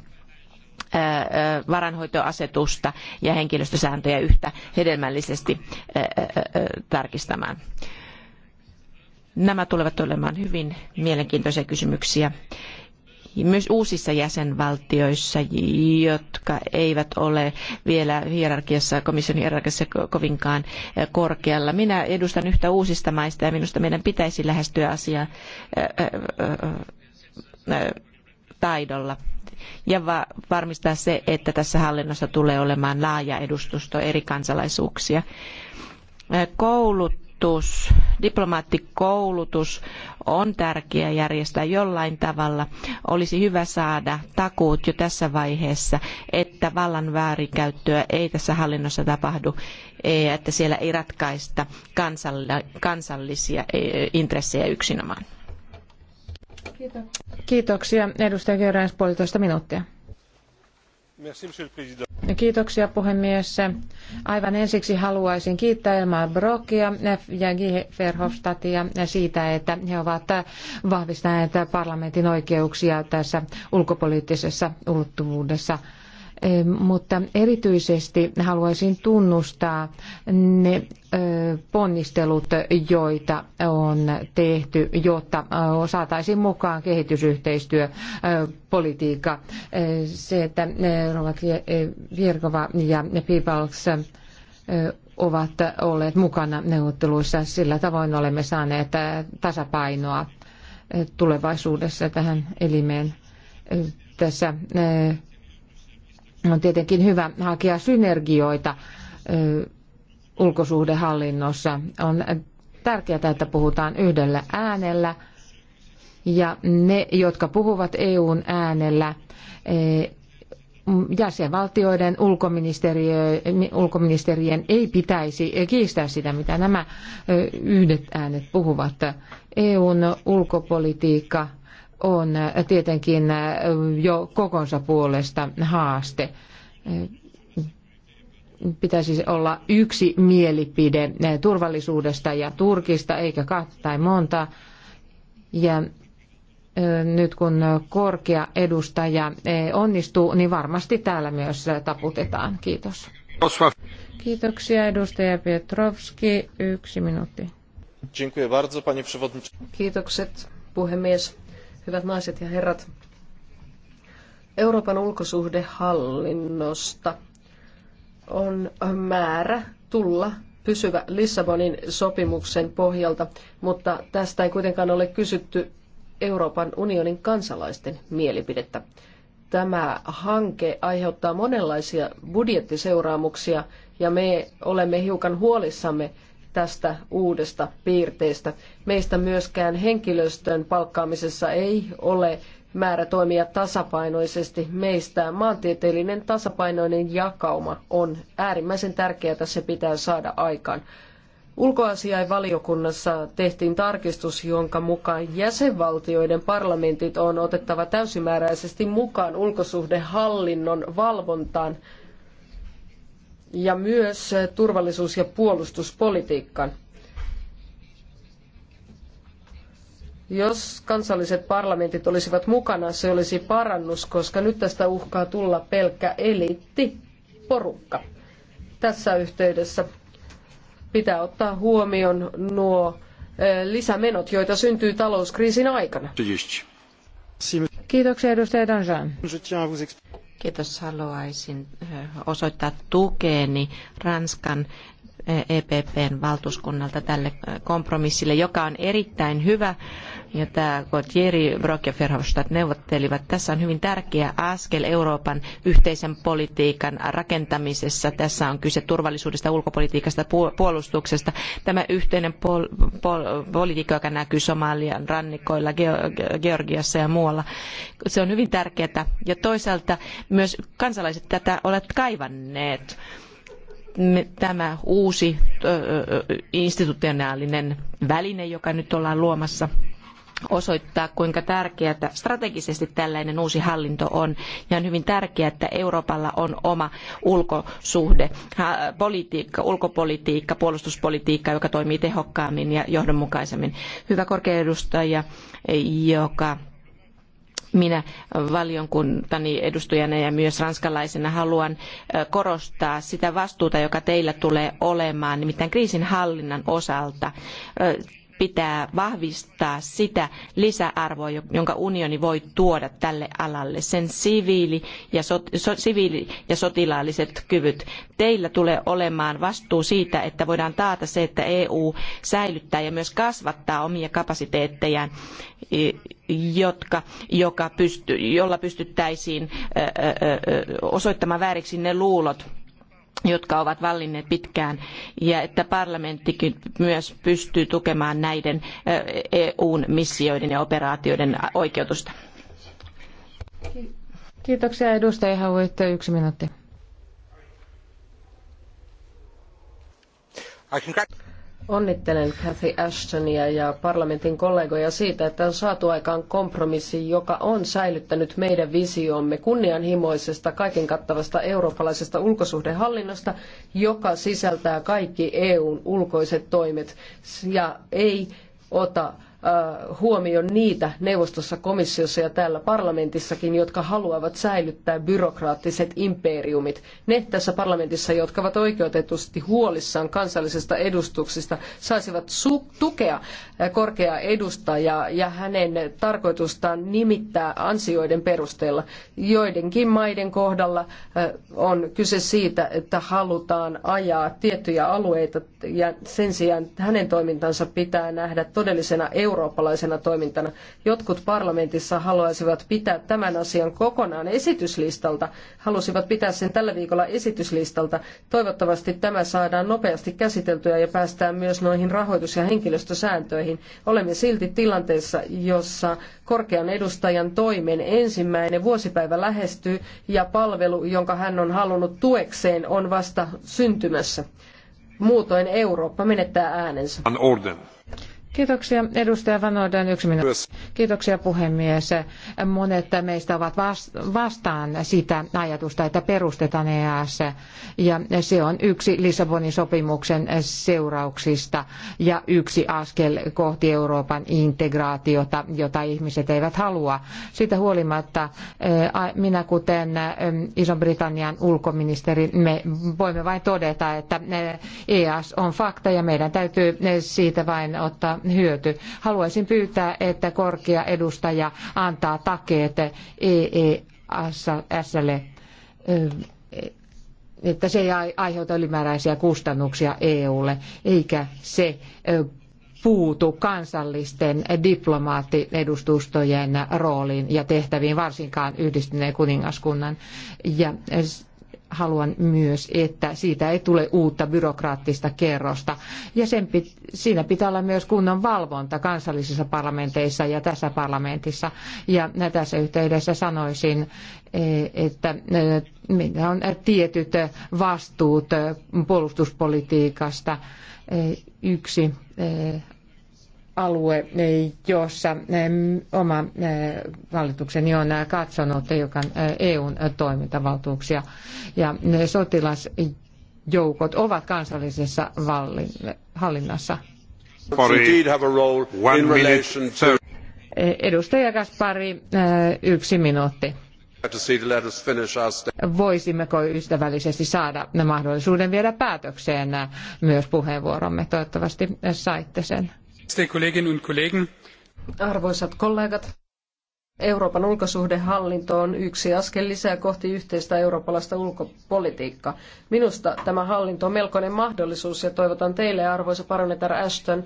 varanhoitoasetusta ja henkilöstösääntöjä yhtä hedelmällisesti tarkistamaan. Nämä tulevat olemaan hyvin mielenkiintoisia kysymyksiä myös uusissa jäsenvaltioissa, jotka eivät ole vielä hierarkiassa, komission hierarkiassa kovinkaan korkealla. Minä edustan yhtä uusista maista ja minusta meidän pitäisi lähestyä asiaa taidolla ja varmistaa se, että tässä hallinnossa tulee olemaan laaja edustusto eri kansalaisuuksia. koulutus, diplomaattikoulutus on tärkeää järjestää jollain tavalla. Olisi hyvä saada takuut jo tässä vaiheessa, että vallan väärinkäyttöä ei tässä hallinnossa tapahdu, e, että siellä ei ratkaista kansallisia e, intressejä yksinomaan. Kiitoksia. Edustaja Kerääns puolitoista minuuttia. Kiitoksia puhemies. Aivan ensiksi haluaisin kiittää Elmar Brokia ja Gihe Verhofstadtia siitä, että he ovat vahvistaneet parlamentin oikeuksia tässä ulkopoliittisessa ulottuvuudessa mutta erityisesti haluaisin tunnustaa ne ponnistelut, joita on tehty, jotta saataisiin mukaan kehitysyhteistyöpolitiikka. Se, että Rova Virkova ja Peoples ovat olleet mukana neuvotteluissa, sillä tavoin olemme saaneet tasapainoa tulevaisuudessa tähän elimeen tässä on tietenkin hyvä hakea synergioita ulkosuhdehallinnossa. On tärkeää, että puhutaan yhdellä äänellä ja ne, jotka puhuvat EUn äänellä, jäsenvaltioiden ulkoministerien ei pitäisi kiistää sitä, mitä nämä yhdet äänet puhuvat. EUn ulkopolitiikka on tietenkin jo kokonsa puolesta haaste. Pitäisi olla yksi mielipide turvallisuudesta ja Turkista, eikä kahta tai monta. Ja nyt kun korkea edustaja onnistuu, niin varmasti täällä myös taputetaan. Kiitos. Kiitoksia edustaja Petrovski. Yksi minuutti. Kiitokset puhemies. Hyvät naiset ja herrat, Euroopan ulkosuhdehallinnosta on määrä tulla pysyvä Lissabonin sopimuksen pohjalta, mutta tästä ei kuitenkaan ole kysytty Euroopan unionin kansalaisten mielipidettä. Tämä hanke aiheuttaa monenlaisia budjettiseuraamuksia ja me olemme hiukan huolissamme tästä uudesta piirteestä. Meistä myöskään henkilöstön palkkaamisessa ei ole määrä toimia tasapainoisesti. Meistä maantieteellinen tasapainoinen jakauma on äärimmäisen tärkeää, että se pitää saada aikaan. Ulkoasiainvaliokunnassa tehtiin tarkistus, jonka mukaan jäsenvaltioiden parlamentit on otettava täysimääräisesti mukaan ulkosuhdehallinnon valvontaan – ja myös turvallisuus- ja puolustuspolitiikan. Jos kansalliset parlamentit olisivat mukana, se olisi parannus, koska nyt tästä uhkaa tulla pelkkä eliittiporukka. Tässä yhteydessä pitää ottaa huomioon nuo eh, lisämenot, joita syntyy talouskriisin aikana. Kiitoksia edustaja Kiitos. Haluaisin eh, osoittaa tukeeni Ranskan EPPn eh, e valtuuskunnalta tälle eh, kompromissille, joka on erittäin hyvä tämä Gautieri, Brock ja Verhofstadt neuvottelivat. Tässä on hyvin tärkeä askel Euroopan yhteisen politiikan rakentamisessa. Tässä on kyse turvallisuudesta, ulkopolitiikasta, puolustuksesta. Tämä yhteinen pol- pol- politiikka, joka näkyy Somalian rannikoilla, Georgiassa ja muualla, se on hyvin tärkeää. Ja toisaalta myös kansalaiset tätä ovat kaivanneet tämä uusi institutionaalinen väline, joka nyt ollaan luomassa – osoittaa, kuinka tärkeää strategisesti tällainen uusi hallinto on. Ja on hyvin tärkeää, että Euroopalla on oma ulkosuhde, politiikka, ulkopolitiikka, puolustuspolitiikka, joka toimii tehokkaammin ja johdonmukaisemmin. Hyvä korkeaedustaja, joka minä valiokuntani edustajana ja myös ranskalaisena haluan korostaa sitä vastuuta, joka teillä tulee olemaan, nimittäin kriisinhallinnan osalta pitää vahvistaa sitä lisäarvoa, jonka unioni voi tuoda tälle alalle, sen siviili- ja, so, so, siviili- ja sotilaalliset kyvyt. Teillä tulee olemaan vastuu siitä, että voidaan taata se, että EU säilyttää ja myös kasvattaa omia kapasiteettejaan, jotka, joka pysty, jolla pystyttäisiin osoittamaan vääriksi ne luulot, jotka ovat vallinneet pitkään, ja että parlamenttikin myös pystyy tukemaan näiden EUn eh, e missioiden ja operaatioiden oikeutusta. Kiitoksia edustaja Hauitte. Yksi minuutti. Onnittelen Cathy Ashtonia ja parlamentin kollegoja siitä, että on saatu aikaan kompromissi, joka on säilyttänyt meidän visiomme kunnianhimoisesta, kaiken kattavasta eurooppalaisesta ulkosuhdehallinnosta, joka sisältää kaikki EUn ulkoiset toimet ja ei ota Äh, huomioon niitä neuvostossa, komissiossa ja täällä parlamentissakin, jotka haluavat säilyttää byrokraattiset imperiumit. Ne tässä parlamentissa, jotka ovat oikeutetusti huolissaan kansallisesta edustuksista, saisivat tukea äh, korkeaa edustajaa ja hänen tarkoitustaan nimittää ansioiden perusteella. Joidenkin maiden kohdalla äh, on kyse siitä, että halutaan ajaa tiettyjä alueita ja sen sijaan hänen toimintansa pitää nähdä todellisena EU eurooppalaisena toimintana. Jotkut parlamentissa haluaisivat pitää tämän asian kokonaan esityslistalta, halusivat pitää sen tällä viikolla esityslistalta. Toivottavasti tämä saadaan nopeasti käsiteltyä ja päästään myös noihin rahoitus- ja henkilöstösääntöihin. Olemme silti tilanteessa, jossa korkean edustajan toimen ensimmäinen vuosipäivä lähestyy ja palvelu, jonka hän on halunnut tuekseen, on vasta syntymässä. Muutoin Eurooppa menettää äänensä. Kiitoksia edustaja Van Orden, yksi minuutti. Kiitoksia puhemies. Monet meistä ovat vastaan sitä ajatusta, että perustetaan EAS ja se on yksi Lissabonin sopimuksen seurauksista ja yksi askel kohti Euroopan integraatiota, jota ihmiset eivät halua. Siitä huolimatta eh, minä kuten eh, Iso-Britannian ulkoministeri, me voimme vain todeta, että EAS eh, e on fakta ja meidän täytyy siitä vain ottaa hyöty. Haluaisin pyytää, että korkea edustaja antaa takeet EESlle, e että se ei aiheuta ylimääräisiä kustannuksia EUlle, eikä se puutu kansallisten diplomaattiedustustojen rooliin ja tehtäviin, varsinkaan yhdistyneen kuningaskunnan. Ja haluan myös, että siitä ei tule uutta byrokraattista kerrosta. Ja sen pit, siinä pitää olla myös kunnon valvonta kansallisissa parlamenteissa ja tässä parlamentissa. Ja tässä yhteydessä sanoisin, e, että e, meillä on tietyt vastuut puolustuspolitiikasta. E, yksi alue, jossa oma hallitukseni on katsonut hiukan EUn toimintavaltuuksia ja sotilasjoukot ovat kansallisessa hallinnassa. E, edustaja Kaspari, yksi minuutti. Voisimmeko ystävällisesti saada mahdollisuuden viedä päätökseen myös puheenvuoromme? Toivottavasti saitte sen. Arvoisat kollegat, Euroopan ulkosuhdehallinto on yksi askel lisää kohti yhteistä eurooppalaista ulkopolitiikkaa. Minusta tämä hallinto on melkoinen mahdollisuus ja toivotan teille, arvoisa parlamentaari Ashton,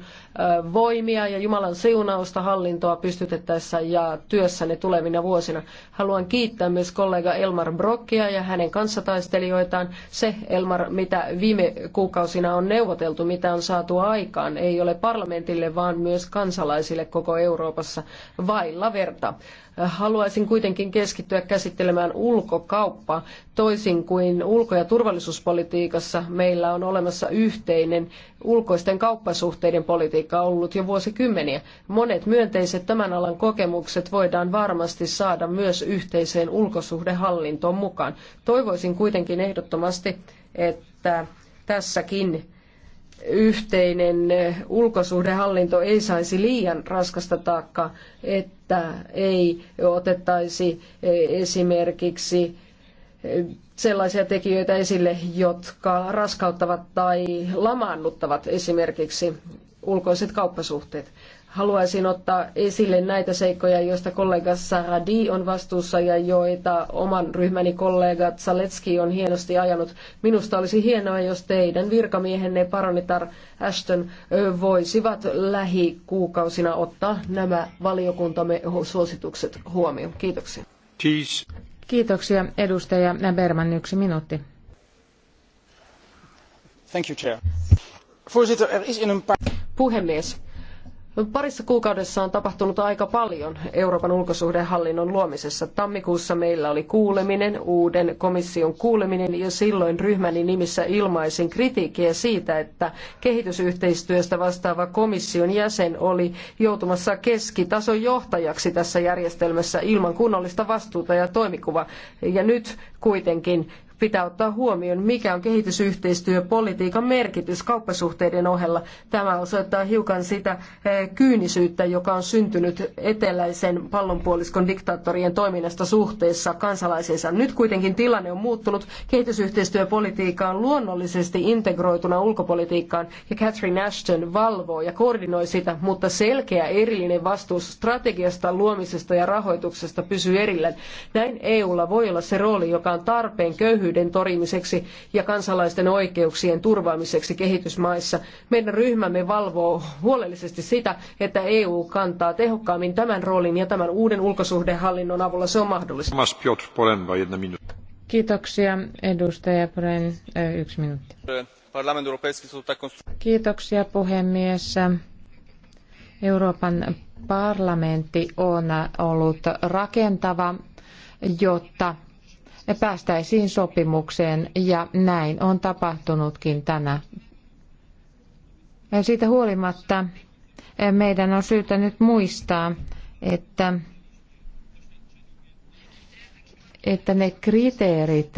voimia ja Jumalan siunausta hallintoa pystytettäessä ja työssänne tulevina vuosina. Haluan kiittää myös kollega Elmar Brockia ja hänen kanssataistelijoitaan. Se, Elmar, mitä viime kuukausina on neuvoteltu, mitä on saatu aikaan, ei ole parlamentille, vaan myös kansalaisille koko Euroopassa vailla verta. Haluaisin kuitenkin keskittyä käsittelemään ulkokauppaa toisin kuin ulko- ja turvallisuuspolitiikassa. Meillä on olemassa yhteinen ulkoisten kauppasuhteiden politiikka ollut jo vuosikymmeniä. Monet myönteiset tämän alan kokemukset voidaan varmasti saada myös yhteiseen ulkosuhdehallintoon mukaan. Toivoisin kuitenkin ehdottomasti, että tässäkin yhteinen ulkosuhdehallinto ei saisi liian raskasta taakkaa, että ei otettaisi esimerkiksi sellaisia tekijöitä esille, jotka raskauttavat tai lamaannuttavat esimerkiksi ulkoiset kauppasuhteet haluaisin ottaa esille näitä seikkoja, joista kollega Saradi on vastuussa ja joita oman ryhmäni kollega Zaletski on hienosti ajanut. Minusta olisi hienoa, jos teidän virkamiehenne Paronitar Ashton voisivat lähikuukausina ottaa nämä valiokuntamme suositukset huomioon. Kiitoksia. Cheese. Kiitoksia edustaja Berman, yksi minuutti. Thank you, chair. Voorzitter, er is in een paar... Puhemies, Parissa kuukaudessa on tapahtunut aika paljon Euroopan ulkosuhdehallinnon luomisessa. Tammikuussa meillä oli kuuleminen, uuden komission kuuleminen, ja silloin ryhmäni nimissä ilmaisin kritiikkiä siitä, että kehitysyhteistyöstä vastaava komission jäsen oli joutumassa keskitason johtajaksi tässä järjestelmässä ilman kunnollista vastuuta ja toimikuvaa. Ja nyt kuitenkin Pitää ottaa huomioon, mikä on kehitysyhteistyöpolitiikan merkitys kauppasuhteiden ohella. Tämä osoittaa hiukan sitä eh, kyynisyyttä, joka on syntynyt eteläisen pallonpuoliskon diktaattorien toiminnasta suhteessa kansalaisiinsa. Nyt kuitenkin tilanne on muuttunut. Kehitysyhteistyöpolitiikka on luonnollisesti integroituna ulkopolitiikkaan ja Catherine Ashton valvoo ja koordinoi sitä, mutta selkeä erillinen vastuu strategiasta, luomisesta ja rahoituksesta pysyy erillään. Näin EUlla voi olla se rooli, joka on tarpeen köyhyyden köyhyyden torjumiseksi ja kansalaisten oikeuksien turvaamiseksi kehitysmaissa. Meidän ryhmämme valvoo huolellisesti sitä, että EU kantaa tehokkaammin tämän roolin ja tämän uuden ulkosuhdehallinnon avulla se on mahdollista. Kiitoksia, edustaja Bren. Yksi minuutti. Kiitoksia, puhemies. Euroopan parlamentti on ollut rakentava, jotta päästäisiin sopimukseen ja näin on tapahtunutkin tänä. Siitä huolimatta eh, meidän on syytä nyt muistaa, että että ne kriteerit,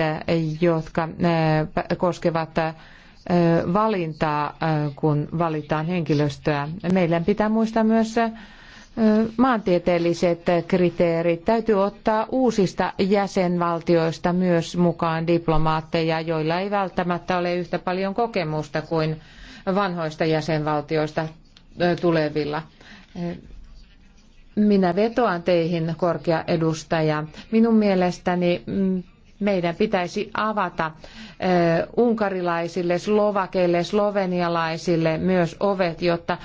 jotka eh, koskevat eh, valintaa, kun valitaan henkilöstöä. Meidän pitää muistaa myös maantieteelliset kriteerit täytyy ottaa uusista jäsenvaltioista myös mukaan diplomaatteja, joilla ei välttämättä ole yhtä paljon kokemusta kuin vanhoista jäsenvaltioista tulevilla. Minä vetoan teihin, korkea edustaja. Minun mielestäni mm, meidän pitäisi avata unkarilaisille, slovakeille, slovenialaisille myös ovet, jotta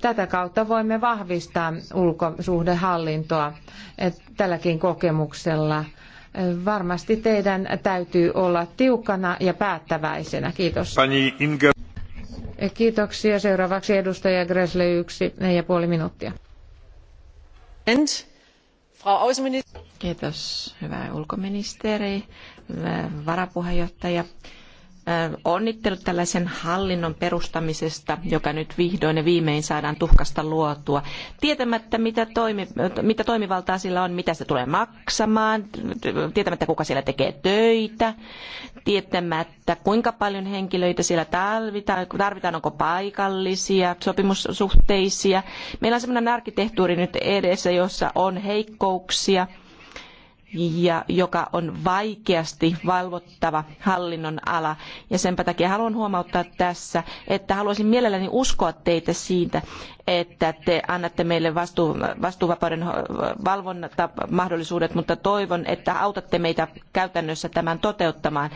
tätä kautta voimme vahvistaa ulkosuhdehallintoa tälläkin kokemuksella. Varmasti teidän täytyy olla tiukkana ja päättäväisenä. Kiitos. E, kiitoksia. Seuraavaksi edustaja Gresle yksi ja puoli minuuttia. And Frau Außenministeri. Kiitos, hyvä ulkoministeri, varapuheenjohtaja onnittelut tällaisen hallinnon perustamisesta, joka nyt vihdoin ja viimein saadaan tuhkasta luotua, tietämättä mitä, toimi, mitä toimivaltaa sillä on, mitä se tulee maksamaan, tietämättä kuka siellä tekee töitä, tietämättä kuinka paljon henkilöitä siellä tarvitaan, tarvitaan onko paikallisia, sopimussuhteisia. Meillä on sellainen arkkitehtuuri nyt edessä, jossa on heikkouksia, ja joka on vaikeasti valvottava hallinnon ala. Ja sen takia haluan huomauttaa tässä, että haluaisin mielelläni uskoa teitä siitä, että te annatte meille vastuu, vastuuvapauden valvontamahdollisuudet, mutta toivon, että autatte meitä käytännössä tämän toteuttamaan.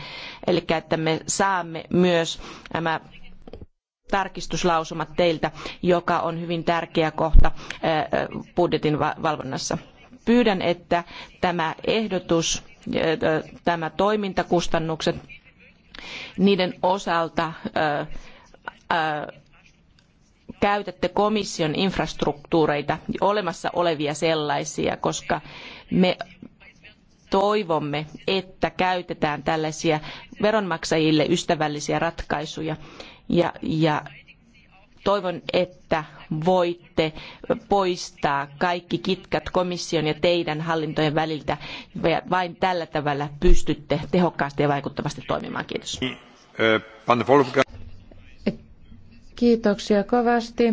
Eli että me saamme myös nämä tarkistuslausumat teiltä, joka on hyvin tärkeä kohta budjetin valvonnassa. Pyydän, että tämä ehdotus, tämä toimintakustannukset niiden osalta käytätte komission infrastruktuureita, olemassa olevia sellaisia, koska me toivomme, että käytetään tällaisia veronmaksajille ystävällisiä ratkaisuja ja, ja toivon, että voitte poistaa kaikki kitkat komission ja teidän hallintojen väliltä. Vain tällä tavalla pystytte tehokkaasti ja vaikuttavasti toimimaan. Kiitos. Kiitoksia kovasti.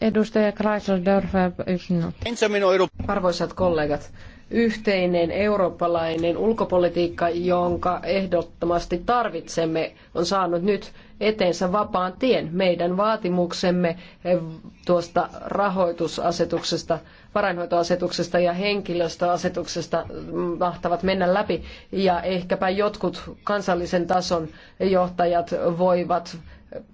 Edustaja Kreisel Dörfer, Arvoisat kollegat, yhteinen eurooppalainen ulkopolitiikka, jonka ehdottomasti tarvitsemme, on saanut nyt eteensä vapaan tien. Meidän vaatimuksemme eh, tuosta rahoitusasetuksesta, varainhoitoasetuksesta ja henkilöstöasetuksesta mm, mahtavat mennä läpi. Ja ehkäpä jotkut kansallisen tason johtajat voivat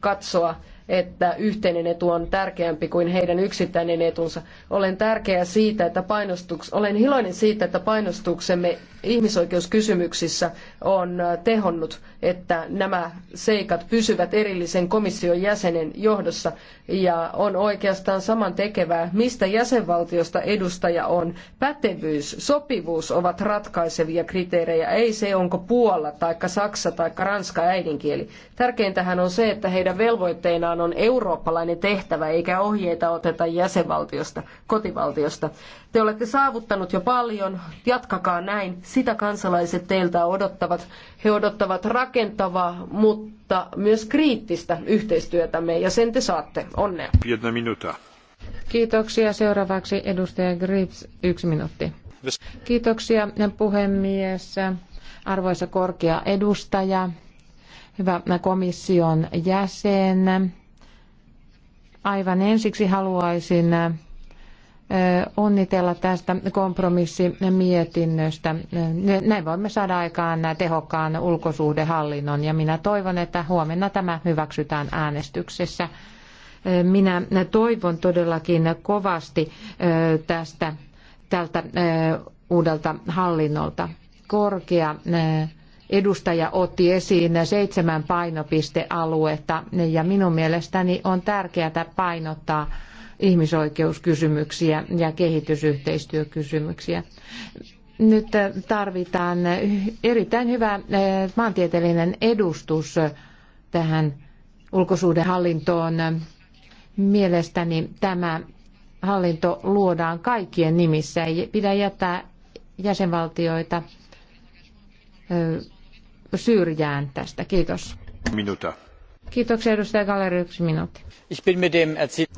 katsoa että yhteinen etu on tärkeämpi kuin heidän yksittäinen etunsa. Olen tärkeä siitä, että painostuks, olen iloinen siitä, että painostuksemme ihmisoikeuskysymyksissä on äh, tehonnut, että nämä seikat pysyvät erillisen komission jäsenen johdossa ja on oikeastaan saman tekevää, mistä jäsenvaltiosta edustaja on. Pätevyys, sopivuus ovat ratkaisevia kriteerejä, ei se onko Puola tai Saksa tai Ranska äidinkieli. Tärkeintähän on se, että heidän velvoitteinaan tavallaan on eurooppalainen tehtävä, eikä ohjeita oteta jäsenvaltiosta, kotivaltiosta. Te olette saavuttanut jo paljon, jatkakaa näin. Sitä kansalaiset teiltä odottavat. He odottavat rakentavaa, mutta myös kriittistä yhteistyötämme, ja sen te saatte. Onnea. Jedna minuta. Kiitoksia. Seuraavaksi edustaja Grips, yksi minuutti. Kiitoksia puhemies, arvoisa korkea edustaja, hyvä komission jäsen. Aivan ensiksi haluaisin onnitella tästä kompromissimietinnöstä. Näin voimme saada aikaan tehokkaan ulkosuhdehallinnon ja minä toivon, että huomenna tämä hyväksytään äänestyksessä. Minä toivon todellakin kovasti tästä tältä uudelta hallinnolta. Korkea edustaja otti esiin seitsemän painopistealuetta ja minun mielestäni on tärkeää painottaa ihmisoikeuskysymyksiä ja kehitysyhteistyökysymyksiä. Nyt tarvitaan erittäin hyvä eh, maantieteellinen edustus tähän ulkosuhdehallintoon. Mielestäni tämä hallinto luodaan kaikkien nimissä. Ei pidä jättää jäsenvaltioita eh, syrjään tästä. Kiitos. Minuta. Kiitoksia edustaja Galeri, yksi minuutti.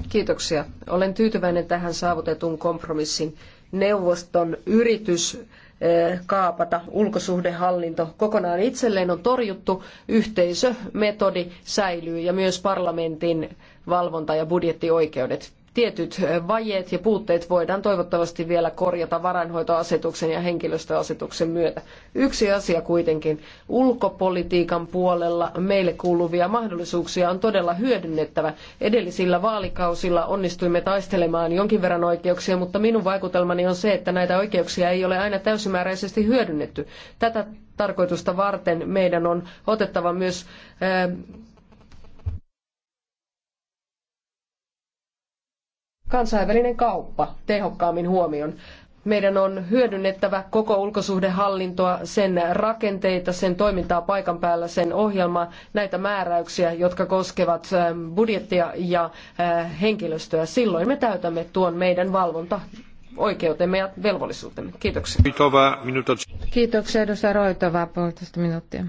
Kiitoksia. Olen tyytyväinen tähän saavutetun kompromissin. Neuvoston yritys eh, kaapata ulkosuhdehallinto kokonaan itselleen on torjuttu, yhteisömetodi säilyy ja myös parlamentin valvonta- ja budjettioikeudet tietyt vajeet ja puutteet voidaan toivottavasti vielä korjata varainhoitoasetuksen ja henkilöstöasetuksen myötä. Yksi asia kuitenkin, ulkopolitiikan puolella meille kuuluvia mahdollisuuksia on todella hyödynnettävä. Edellisillä vaalikausilla onnistuimme taistelemaan jonkin verran oikeuksia, mutta minun vaikutelmani on se, että näitä oikeuksia ei ole aina täysimääräisesti hyödynnetty. Tätä tarkoitusta varten meidän on otettava myös kansainvälinen kauppa tehokkaammin huomioon. Meidän on hyödynnettävä koko ulkosuhdehallintoa, sen rakenteita, sen toimintaa paikan päällä, sen ohjelmaa, näitä määräyksiä, jotka koskevat ähm, budjettia ja äh, henkilöstöä. Silloin me täytämme tuon meidän valvonta oikeutemme ja velvollisuutemme. Kiitoksia. Kiitoksia edustaja Roitova, puolitoista minuuttia.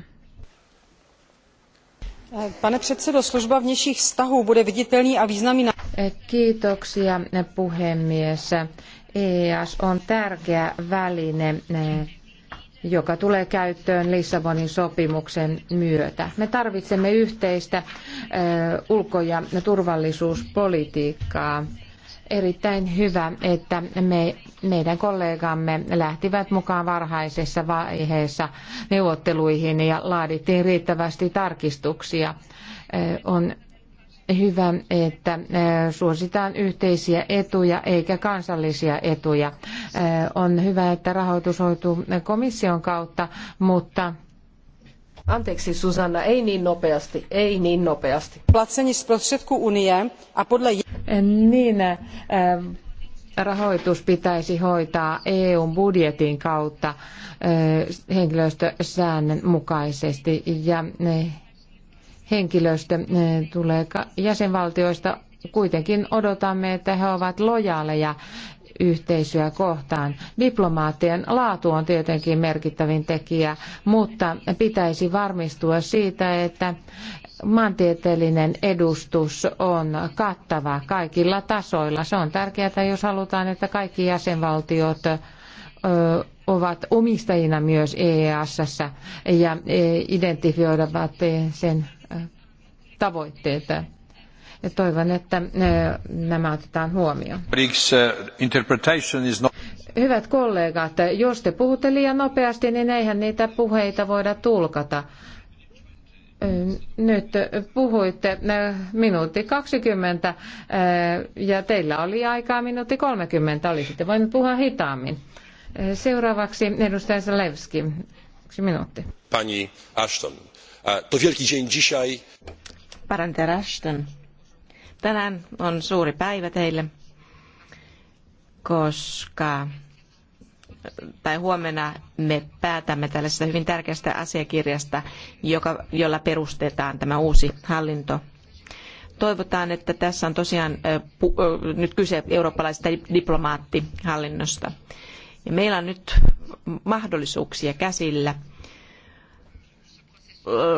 Pane předsedo, služba vnějších vztahů bude viditelný a významný... E, Kiitoksia e, puhemies. EAS on tärkeä väline, e, joka tulee käyttöön Lissabonin sopimuksen myötä. Me tarvitsemme yhteistä ulko- ja turvallisuuspolitiikkaa erittäin hyvä, että me, meidän kollegamme lähtivät mukaan varhaisessa vaiheessa neuvotteluihin ja laadittiin riittävästi tarkistuksia. On hyvä, että suositaan yhteisiä etuja eikä kansallisia etuja. On hyvä, että rahoitus hoituu komission kautta, mutta Anteeksi Susanna, ei niin nopeasti, ei niin nopeasti. Placení z prostředků unie a podle... Niin, äh, rahoitus pitäisi hoitaa EUn budjetin kautta äh, henkilöstösäännön mukaisesti ja äh, henkilöstö äh, tulee jäsenvaltioista. Kuitenkin odotamme, että he ovat lojaaleja yhteisöä kohtaan. Diplomaattien laatu on tietenkin merkittävin tekijä, mutta pitäisi varmistua siitä, että maantieteellinen edustus on kattava kaikilla tasoilla. Se on tärkeää, jos halutaan, että kaikki jäsenvaltiot ovat omistajina myös EEAS ja e, identifioivat sen tavoitteita ja toivon, että äh, nämä otetaan huomioon. Äh, Hyvät kollegat, jos te puhutte liian nopeasti, niin eihän niitä puheita voida tulkata. Nyt puhuitte äh, minuutti 20 ja teillä oli aikaa minuutti 30. Olisitte voinut puhua hitaammin. Seuraavaksi edustaja Zalewski. Yksi minuutti. Pani Ashton, to wielki dzień dzisiaj. Parantera Ashton, Tänään on suuri päivä teille, koska tai huomenna me päätämme tällaisesta hyvin tärkeästä asiakirjasta, joka, jolla perustetaan tämä uusi hallinto. Toivotaan, että tässä on tosiaan nyt kyse eurooppalaisesta diplomaattihallinnosta. Ja meillä on nyt mahdollisuuksia käsillä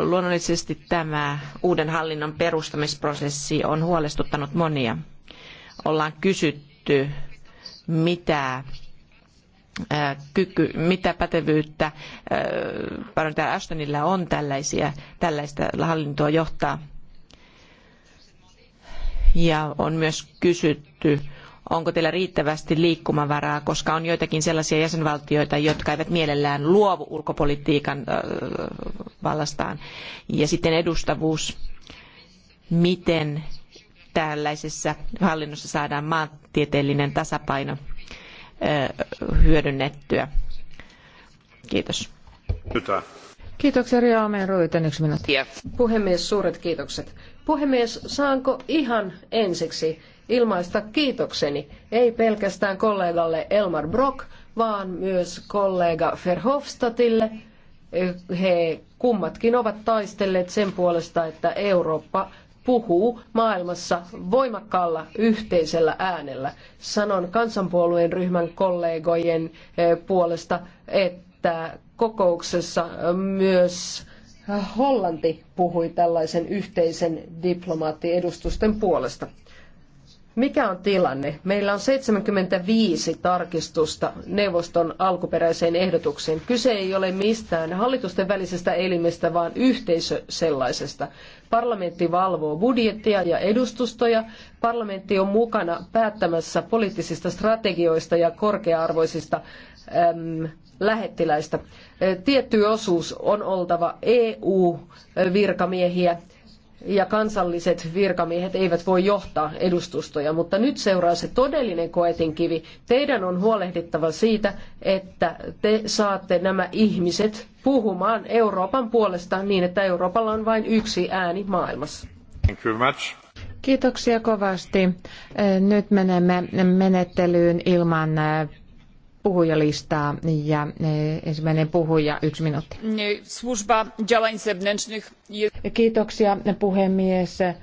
luonnollisesti tämä uuden hallinnon perustamisprosessi on huolestuttanut monia. Ollaan kysytty, mitä kyky, mitä pätevyyttä parantaja Ashtonilla on tällaisia, tällaista hallintoa johtaa. Ja on myös kysytty, onko teillä riittävästi liikkumavaraa, koska on joitakin sellaisia jäsenvaltioita, jotka eivät mielellään luovu ulkopolitiikan vallastaan. Ja sitten edustavuus. Miten tällaisessa hallinnossa saadaan maantieteellinen tasapaino hyödynnettyä? Kiitos. Hyvä. Kiitoksia Ria Ameen Ruiten yksi minuutti. Puhemies, suuret kiitokset. Puhemies, saanko ihan ensiksi ilmaista kiitokseni, ei pelkästään kollegalle Elmar Brok, vaan myös kollega Verhofstadtille. He kummatkin ovat taistelleet sen puolesta, että Eurooppa puhuu maailmassa voimakkaalla yhteisellä äänellä. Sanon kansanpuolueen ryhmän kollegojen eh, puolesta, että kokouksessa eh, myös eh, Hollanti puhui tällaisen yhteisen diplomaattiedustuksen puolesta. Mikä on tilanne? Meillä on 75 tarkistusta neuvoston alkuperäiseen ehdotukseen. Kyse ei ole mistään hallitusten välisestä elimestä, vaan yhteisö sellaisesta. Parlamentti valvoo budjettia ja edustustoja. Parlamentti on mukana päättämässä poliittisista strategioista ja korkea-arvoisista äm, lähettiläistä. Tietty osuus on oltava EU-virkamiehiä ja kansalliset virkamiehet eivät voi johtaa edustustoja, mutta nyt seuraa se todellinen koetinkivi. Teidän on huolehdittava siitä, että te saatte nämä ihmiset puhumaan Euroopan puolesta niin, että Euroopalla on vain yksi ääni maailmassa. Kiitoksia kovasti. Nyt menemme menettelyyn ilman puhujalistaa ja e, ensimmäinen puhuja yksi minuutti. E, Kiitoksia puhemies. E,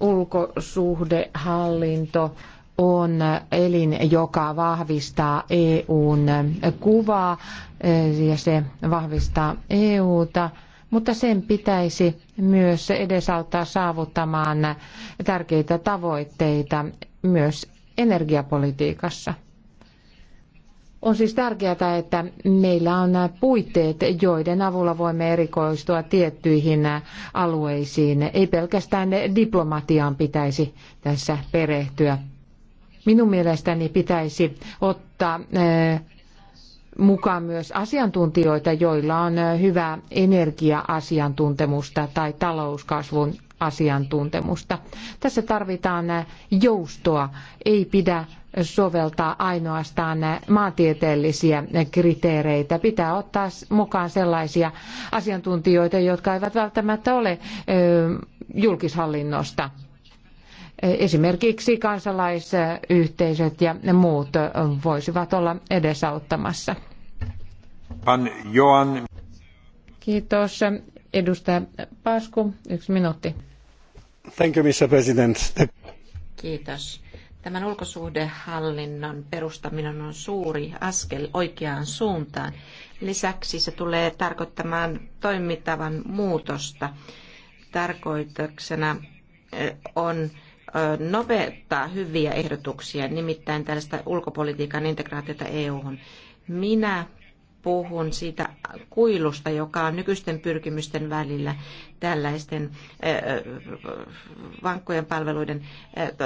ulkosuhdehallinto on elin, joka vahvistaa EUn kuvaa ja se vahvistaa EUta, mutta sen pitäisi myös edesauttaa saavuttamaan tärkeitä tavoitteita myös energiapolitiikassa. On siis tärkeää, että meillä on puitteet, joiden avulla voimme erikoistua tiettyihin alueisiin. Ei pelkästään diplomatiaan pitäisi tässä perehtyä. Minun mielestäni pitäisi ottaa eh, mukaan myös asiantuntijoita, joilla on eh, hyvää energia-asiantuntemusta tai talouskasvun asiantuntemusta. Tässä tarvitaan joustoa, ei pidä soveltaa ainoastaan maantieteellisiä kriteereitä. Pitää ottaa mukaan sellaisia asiantuntijoita, jotka eivät välttämättä ole julkishallinnosta. Esimerkiksi kansalaisyhteisöt ja muut voisivat olla edesauttamassa. Kiitos. Edustaja Pasku, yksi minuutti. Thank you, Mr. President. Kiitos. Tämän ulkosuhdehallinnon perustaminen on suuri askel oikeaan suuntaan. Lisäksi se tulee tarkoittamaan toimintavan muutosta. Tarkoituksena on nopeuttaa hyviä ehdotuksia, nimittäin tällaista ulkopolitiikan integraatiota EU-hun. Minä puhun siitä kuilusta, joka on nykyisten pyrkimysten välillä tällaisten vankkojen palveluiden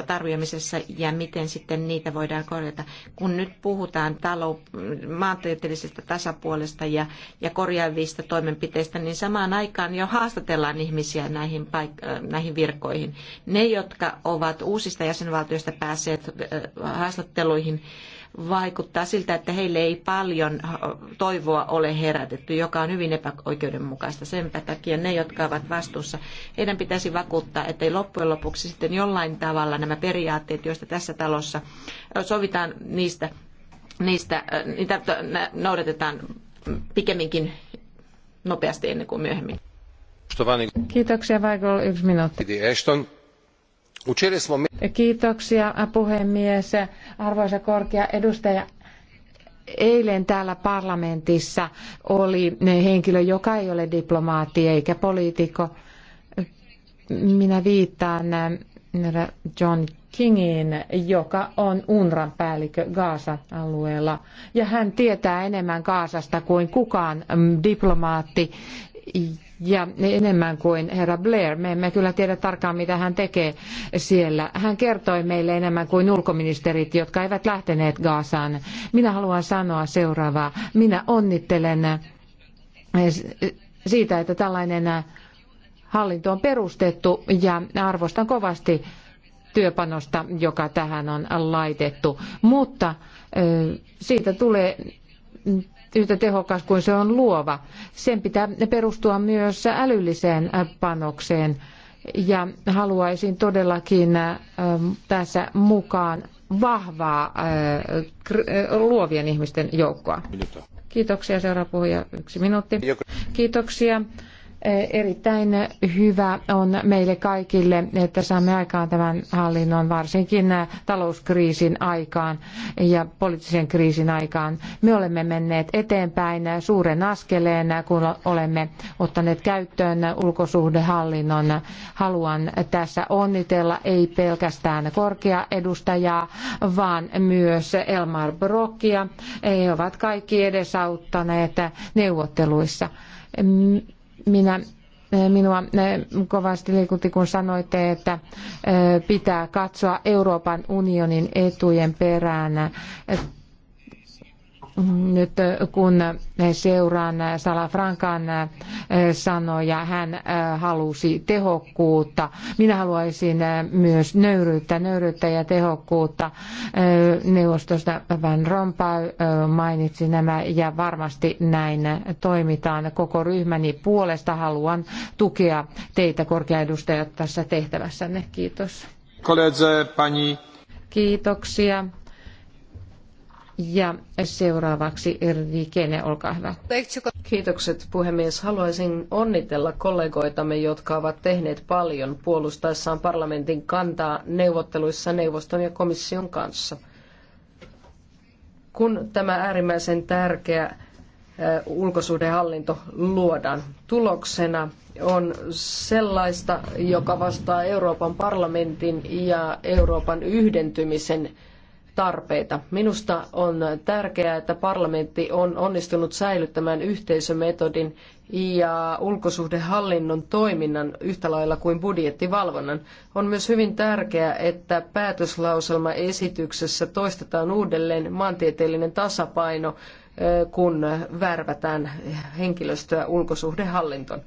tarjoamisessa ja miten sitten niitä voidaan korjata. Kun nyt puhutaan talou- maantieteellisestä tasapuolesta ja, ja korjaavista toimenpiteistä, niin samaan aikaan jo haastatellaan ihmisiä näihin, paik- näihin virkoihin. Ne, jotka ovat uusista jäsenvaltioista päässeet haastatteluihin, vaikuttaa siltä, että heille ei paljon toivoa ole herätetty, joka on hyvin epäoikeudenmukaista. Sen takia ne, jotka ovat vastuussa, heidän pitäisi vakuuttaa, ettei loppujen lopuksi sitten jollain tavalla nämä periaatteet, joista tässä talossa sovitaan niistä, niistä niitä noudatetaan pikemminkin nopeasti ennen kuin myöhemmin. Kiitoksia, vaikka Yksi minuutti. Kiitoksia puhemies. Arvoisa korkea edustaja, eilen täällä parlamentissa oli henkilö, joka ei ole diplomaatti eikä poliitikko. Minä viittaan John Kingiin, joka on UNRAN päällikkö Gaasa-alueella. Ja hän tietää enemmän Gaasasta kuin kukaan diplomaatti ja enemmän kuin herra Blair. Me emme kyllä tiedä tarkkaan, mitä hän tekee siellä. Hän kertoi meille enemmän kuin ulkoministerit, jotka eivät lähteneet Gaasaan. Minä haluan sanoa seuraavaa. Minä onnittelen eh, siitä, että tällainen eh, hallinto on perustettu ja arvostan kovasti työpanosta, joka tähän on laitettu. Mutta eh, siitä tulee yhtä tehokas kuin se on luova. Sen pitää perustua myös älylliseen panokseen. Ja haluaisin todellakin äh, tässä mukaan vahvaa äh, äh, luovien ihmisten joukkoa. Kiitoksia. Seuraava puhuja yksi minuutti. Kiitoksia. Erittäin hyvä on meille kaikille, että saamme aikaan tämän hallinnon, varsinkin talouskriisin aikaan ja poliittisen kriisin aikaan. Me olemme menneet eteenpäin suuren askeleen, kun olemme ottaneet käyttöön ulkosuhdehallinnon. Haluan tässä onnitella ei pelkästään korkea edustajaa, vaan myös Elmar Brokia. He ovat kaikki edesauttaneet neuvotteluissa minä eh, minua eh, kovasti liikutti, kun sanoitte, että eh, pitää katsoa Euroopan unionin etujen perään nyt kun seuraan Salafrankan sanoja, hän äh, halusi tehokkuutta. Minä haluaisin äh, myös nöyryyttä, nöyryyttä ja tehokkuutta. Äh, neuvostosta Van Rompuy mainitsi nämä ja varmasti näin toimitaan. Koko ryhmäni puolesta haluan tukea teitä korkeaedustajat tässä tehtävässänne. Kiitos. Koledze, pani. Kiitoksia. Ja seuraavaksi Rikene, olkaa hyvä. Kiitokset puhemies. Haluaisin onnitella kollegoitamme, jotka ovat tehneet paljon puolustaessaan parlamentin kantaa neuvotteluissa neuvoston ja komission kanssa. Kun tämä äärimmäisen tärkeä ulkosuhdehallinto luodaan. Tuloksena on sellaista, joka vastaa Euroopan parlamentin ja Euroopan yhdentymisen tarpeita. Minusta on tärkeää, että parlamentti on onnistunut säilyttämään yhteisömetodin ja ulkosuhdehallinnon toiminnan yhtä lailla kuin budjettivalvonnan. On myös hyvin tärkeää, että päätöslauselmaesityksessä toistetaan uudelleen maantieteellinen tasapaino, eh, kun värvätään henkilöstöä ulkosuhdehallintoon.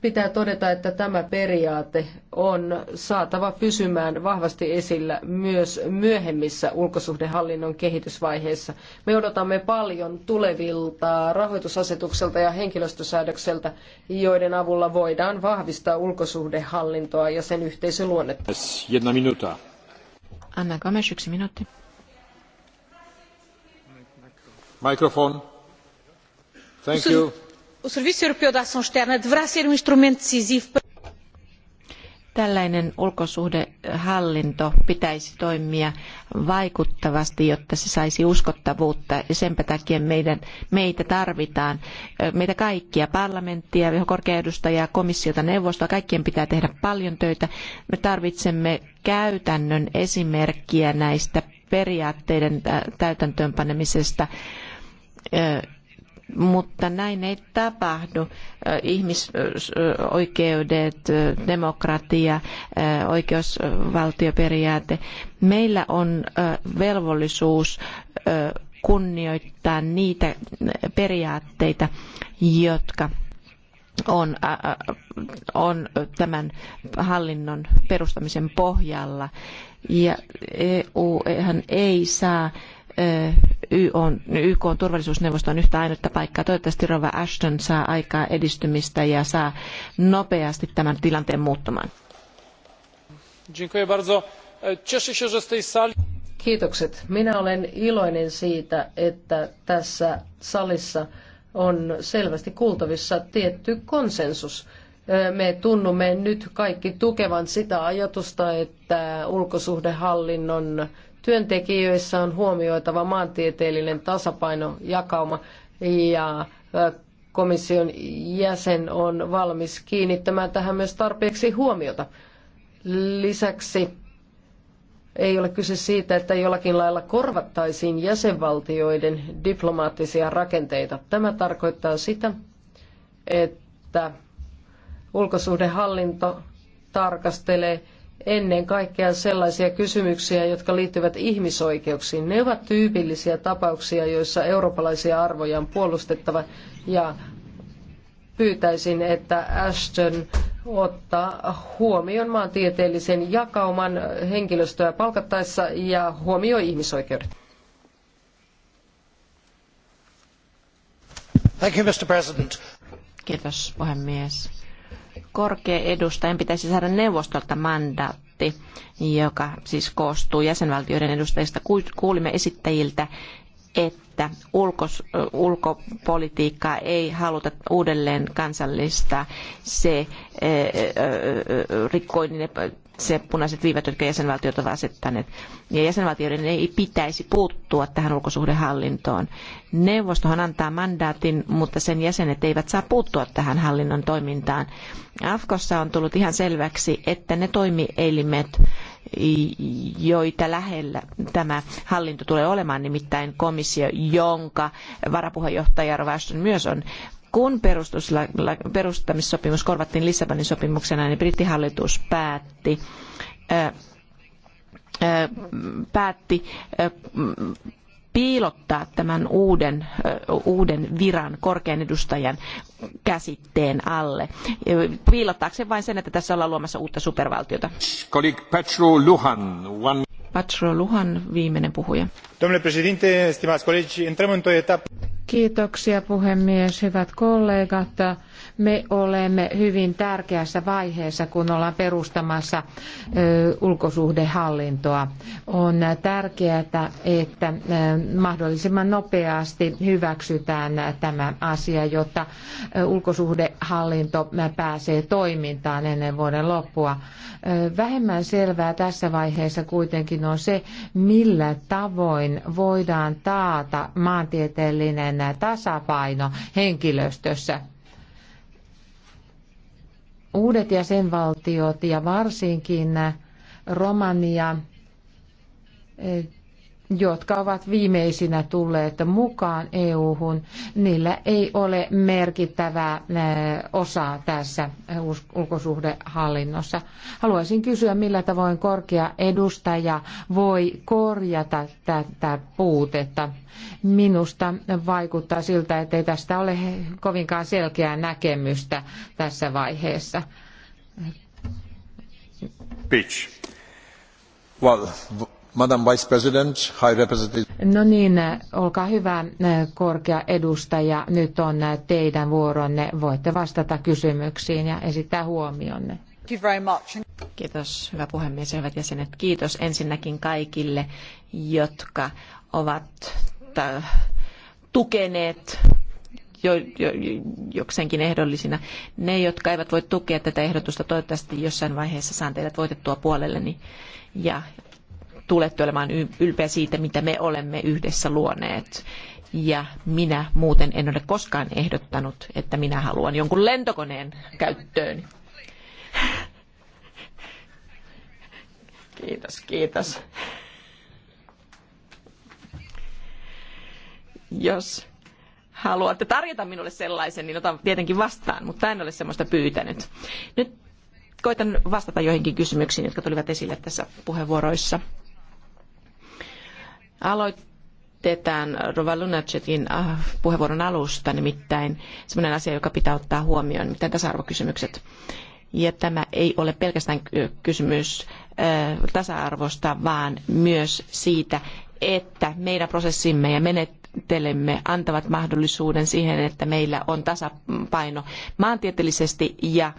Pitää todeta, että tämä periaate on saatava pysymään vahvasti esillä myös myöhemmissä ulkosuhdehallinnon kehitysvaiheissa. Me odotamme paljon tulevilta rahoitusasetukselta ja henkilöstösäädökseltä, joiden avulla voidaan vahvistaa ulkosuhdehallintoa ja sen yhteisön luonnetta. Anna Gomes, yksi minuutti. Mikrofon. Thank you. O Serviço Europeu de Ação Externa deverá ser um instrumento decisivo para tällainen ulkosuhdehallinto pitäisi toimia vaikuttavasti, jotta se saisi uskottavuutta ja senpä takia meidän, meitä tarvitaan, meitä kaikkia, parlamenttia, korkea edustajaa, komissiota, neuvostoa, kaikkien pitää tehdä paljon töitä. Me tarvitsemme käytännön esimerkkiä näistä periaatteiden täytäntöönpanemisesta mutta näin ei tapahdu. Ihmisoikeudet, demokratia, oikeusvaltioperiaate. Meillä on velvollisuus kunnioittaa niitä periaatteita, jotka on, on tämän hallinnon perustamisen pohjalla. Ja EU e ei saa YK on turvallisuusneuvosto on yhtä ainutta paikkaa. Toivottavasti Rova Ashton saa aikaa edistymistä ja saa nopeasti tämän tilanteen muuttumaan. Kiitokset. Minä olen iloinen siitä, että tässä salissa on selvästi kuultavissa tietty konsensus me tunnumme nyt kaikki tukevan sitä ajatusta, että ulkosuhdehallinnon Työntekijöissä on huomioitava maantieteellinen tasapaino, jakauma ja komission jäsen on valmis kiinnittämään tähän myös tarpeeksi huomiota. Lisäksi ei ole kyse siitä, että jollakin lailla korvattaisiin jäsenvaltioiden diplomaattisia rakenteita. Tämä tarkoittaa sitä, että ulkosuhdehallinto tarkastelee ennen kaikkea sellaisia kysymyksiä, jotka liittyvät ihmisoikeuksiin. Ne ovat tyypillisiä tapauksia, joissa eurooppalaisia arvoja on puolustettava ja pyytäisin, että Ashton ottaa huomioon maantieteellisen jakauman henkilöstöä palkattaessa ja huomioi ihmisoikeudet. Thank you, Mr. President. Kiitos puhemies korkea edustajan pitäisi saada neuvostolta mandaatti, joka siis koostuu jäsenvaltioiden edustajista. Kuulimme esittäjiltä, että ulkos, ulkopolitiikkaa ei haluta uudelleen kansallistaa. Se eh, eh, eh, rikkoi niin se punaiset viivat, jotka jäsenvaltiot ovat asettaneet. Ja jäsenvaltioiden ei pitäisi puuttua tähän ulkosuhdehallintoon. Neuvostohan antaa mandaatin, mutta sen jäsenet eivät saa puuttua tähän hallinnon toimintaan. Afkossa on tullut ihan selväksi, että ne toimielimet, joita lähellä tämä hallinto tulee olemaan, nimittäin komissio, jonka varapuheenjohtaja Rovaston myös on, kun perustamissopimus korvattiin Lissabonin sopimuksena, niin brittihallitus päätti päätti piilottaa tämän uuden, uuden viran korkean edustajan käsitteen alle. Piilottaakseen vain sen, että tässä ollaan luomassa uutta supervaltiota. Petro Luhan, one... Patro Luhan, viimeinen puhuja. Domnule președinte, stimați colegi, intrăm într-o etapă. Kiitoksia puhemies, hyvät kollegat. Me olemme hyvin tärkeässä vaiheessa, kun ollaan perustamassa ulkosuhdehallintoa. On tärkeää, että mahdollisimman nopeasti hyväksytään tämä asia, jotta ulkosuhdehallinto pääsee toimintaan ennen vuoden loppua. Vähemmän selvää tässä vaiheessa kuitenkin on se, millä tavoin voidaan taata maantieteellinen tasapaino henkilöstössä Uudet jäsenvaltiot ja varsinkin Romania eh, jotka ovat viimeisinä tulleet mukaan EU-hun, niillä ei ole merkittävää osaa tässä ulkosuhdehallinnossa. Haluaisin kysyä, millä tavoin korkea edustaja voi korjata tätä puutetta. Minusta vaikuttaa siltä, ettei tästä ole kovinkaan selkeää näkemystä tässä vaiheessa. Pitch. Well, Madam Vice President, High Representative. No niin, olkaa hyvä korkea edustaja. Nyt on teidän vuoronne. Voitte vastata kysymyksiin ja esittää huomionne. Kiitos, hyvä puhemies ja hyvät jäsenet. Kiitos ensinnäkin kaikille, jotka ovat tukeneet jo, jo, joksenkin ehdollisina. Ne, jotka eivät voi tukea tätä ehdotusta, toivottavasti jossain vaiheessa saan teidät voitettua puolelleni ja tulette olemaan ylpeä siitä, mitä me olemme yhdessä luoneet. Ja minä muuten en ole koskaan ehdottanut, että minä haluan jonkun lentokoneen käyttöön. Kiitos, kiitos. Jos haluatte tarjota minulle sellaisen, niin otan tietenkin vastaan, mutta en ole sellaista pyytänyt. Nyt koitan vastata joihinkin kysymyksiin, jotka tulivat esille tässä puheenvuoroissa. Aloitetaan Rova Lunacekin äh, puheenvuoron alusta, nimittäin sellainen asia, joka pitää ottaa huomioon, nimittäin tasa-arvokysymykset. Ja tämä ei ole pelkästään kysymys äh, tasa-arvosta, vaan myös siitä, että meidän prosessimme ja menet, käsittelemme antavat mahdollisuuden siihen, että meillä on tasapaino maantieteellisesti ja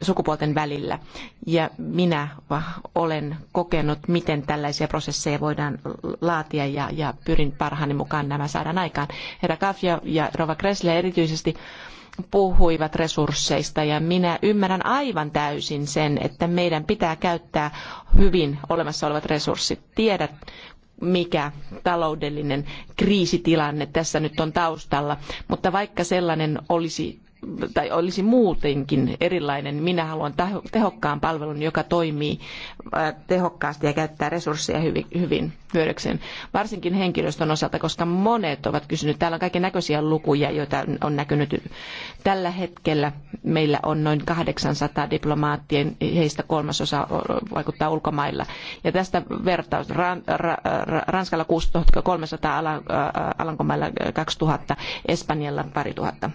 sukupuolten välillä. Ja minä olen kokenut, miten tällaisia prosesseja voidaan laatia ja, ja pyrin parhaani mukaan nämä saadaan aikaan. Herra Kafja ja Rova Kressle erityisesti puhuivat resursseista ja minä ymmärrän aivan täysin sen, että meidän pitää käyttää hyvin olemassa olevat resurssit. Tiedät, mikä taloudellinen kriisitilanne tässä nyt on taustalla. Mutta vaikka sellainen olisi tai olisi muutenkin erilainen. Minä haluan tehokkaan palvelun, joka toimii äh, tehokkaasti ja käyttää resursseja hyvin hyödykseen, varsinkin henkilöstön osalta, koska monet ovat kysyneet. Täällä on kaiken näköisiä lukuja, joita on näkynyt. Tällä hetkellä meillä on noin 800 diplomaattia, heistä kolmasosa vaikuttaa ulkomailla. Ja tästä vertaus, Ranskalla 6300, Alankomailla 2000, Espanjalla pari tuhatta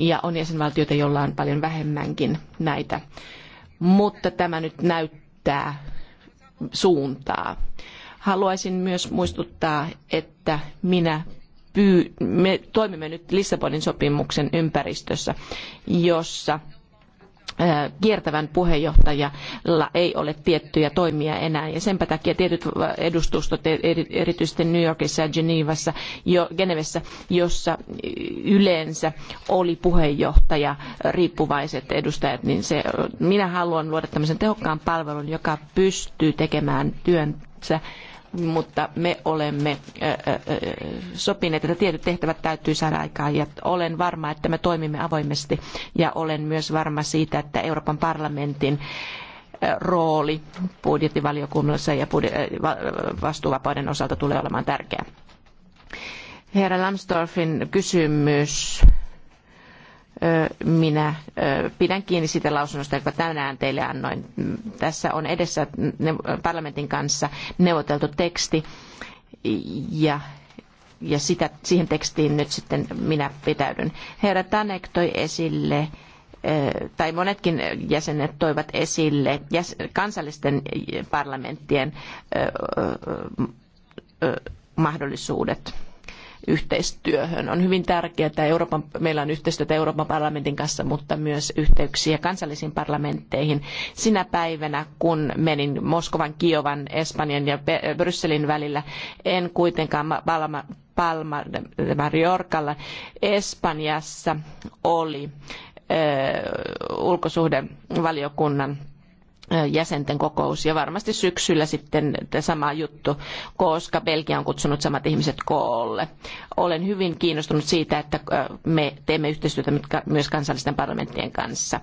ja on jäsenvaltioita, joilla on paljon vähemmänkin näitä. Mutta tämä nyt näyttää suuntaa. Haluaisin myös muistuttaa, että minä pyy- me toimimme nyt Lissabonin sopimuksen ympäristössä, jossa kiertävän puheenjohtajalla ei ole tiettyjä toimia enää. Ja senpä takia tietyt edustustot, e- erityisesti New Yorkissa ja Genevassa, jo, Genevessä, jossa yleensä oli puheenjohtaja riippuvaiset edustajat, niin se, minä haluan luoda tämmöisen tehokkaan palvelun, joka pystyy tekemään työnsä mutta me olemme sopineet, että tietyt tehtävät täytyy saada aikaan ja olen varma, että me toimimme avoimesti ja olen myös varma siitä, että Euroopan parlamentin rooli budjettivaliokunnassa ja vastuuvapauden osalta tulee olemaan tärkeä. Herra Lambsdorffin kysymys minä pidän kiinni siitä lausunnosta, joka tänään teille annoin. Tässä on edessä parlamentin kanssa neuvoteltu teksti ja ja sitä, siihen tekstiin nyt sitten minä pitäydyn. Herra Tanek toi esille, tai monetkin jäsenet toivat esille kansallisten parlamenttien mahdollisuudet yhteistyöhön. On hyvin tärkeää, että Euroopan, meillä on yhteistyötä Euroopan parlamentin kanssa, mutta myös yhteyksiä kansallisiin parlamentteihin. Sinä päivänä, kun menin Moskovan, Kiovan, Espanjan ja Brysselin välillä, en kuitenkaan Palma, Palma de Mallorcalla, Espanjassa oli ulkosuhdevaliokunnan jäsenten kokous ja varmasti syksyllä sitten sama juttu, koska Belgia on kutsunut samat ihmiset koolle. Olen hyvin kiinnostunut siitä, että me teemme yhteistyötä myös kansallisten parlamenttien kanssa.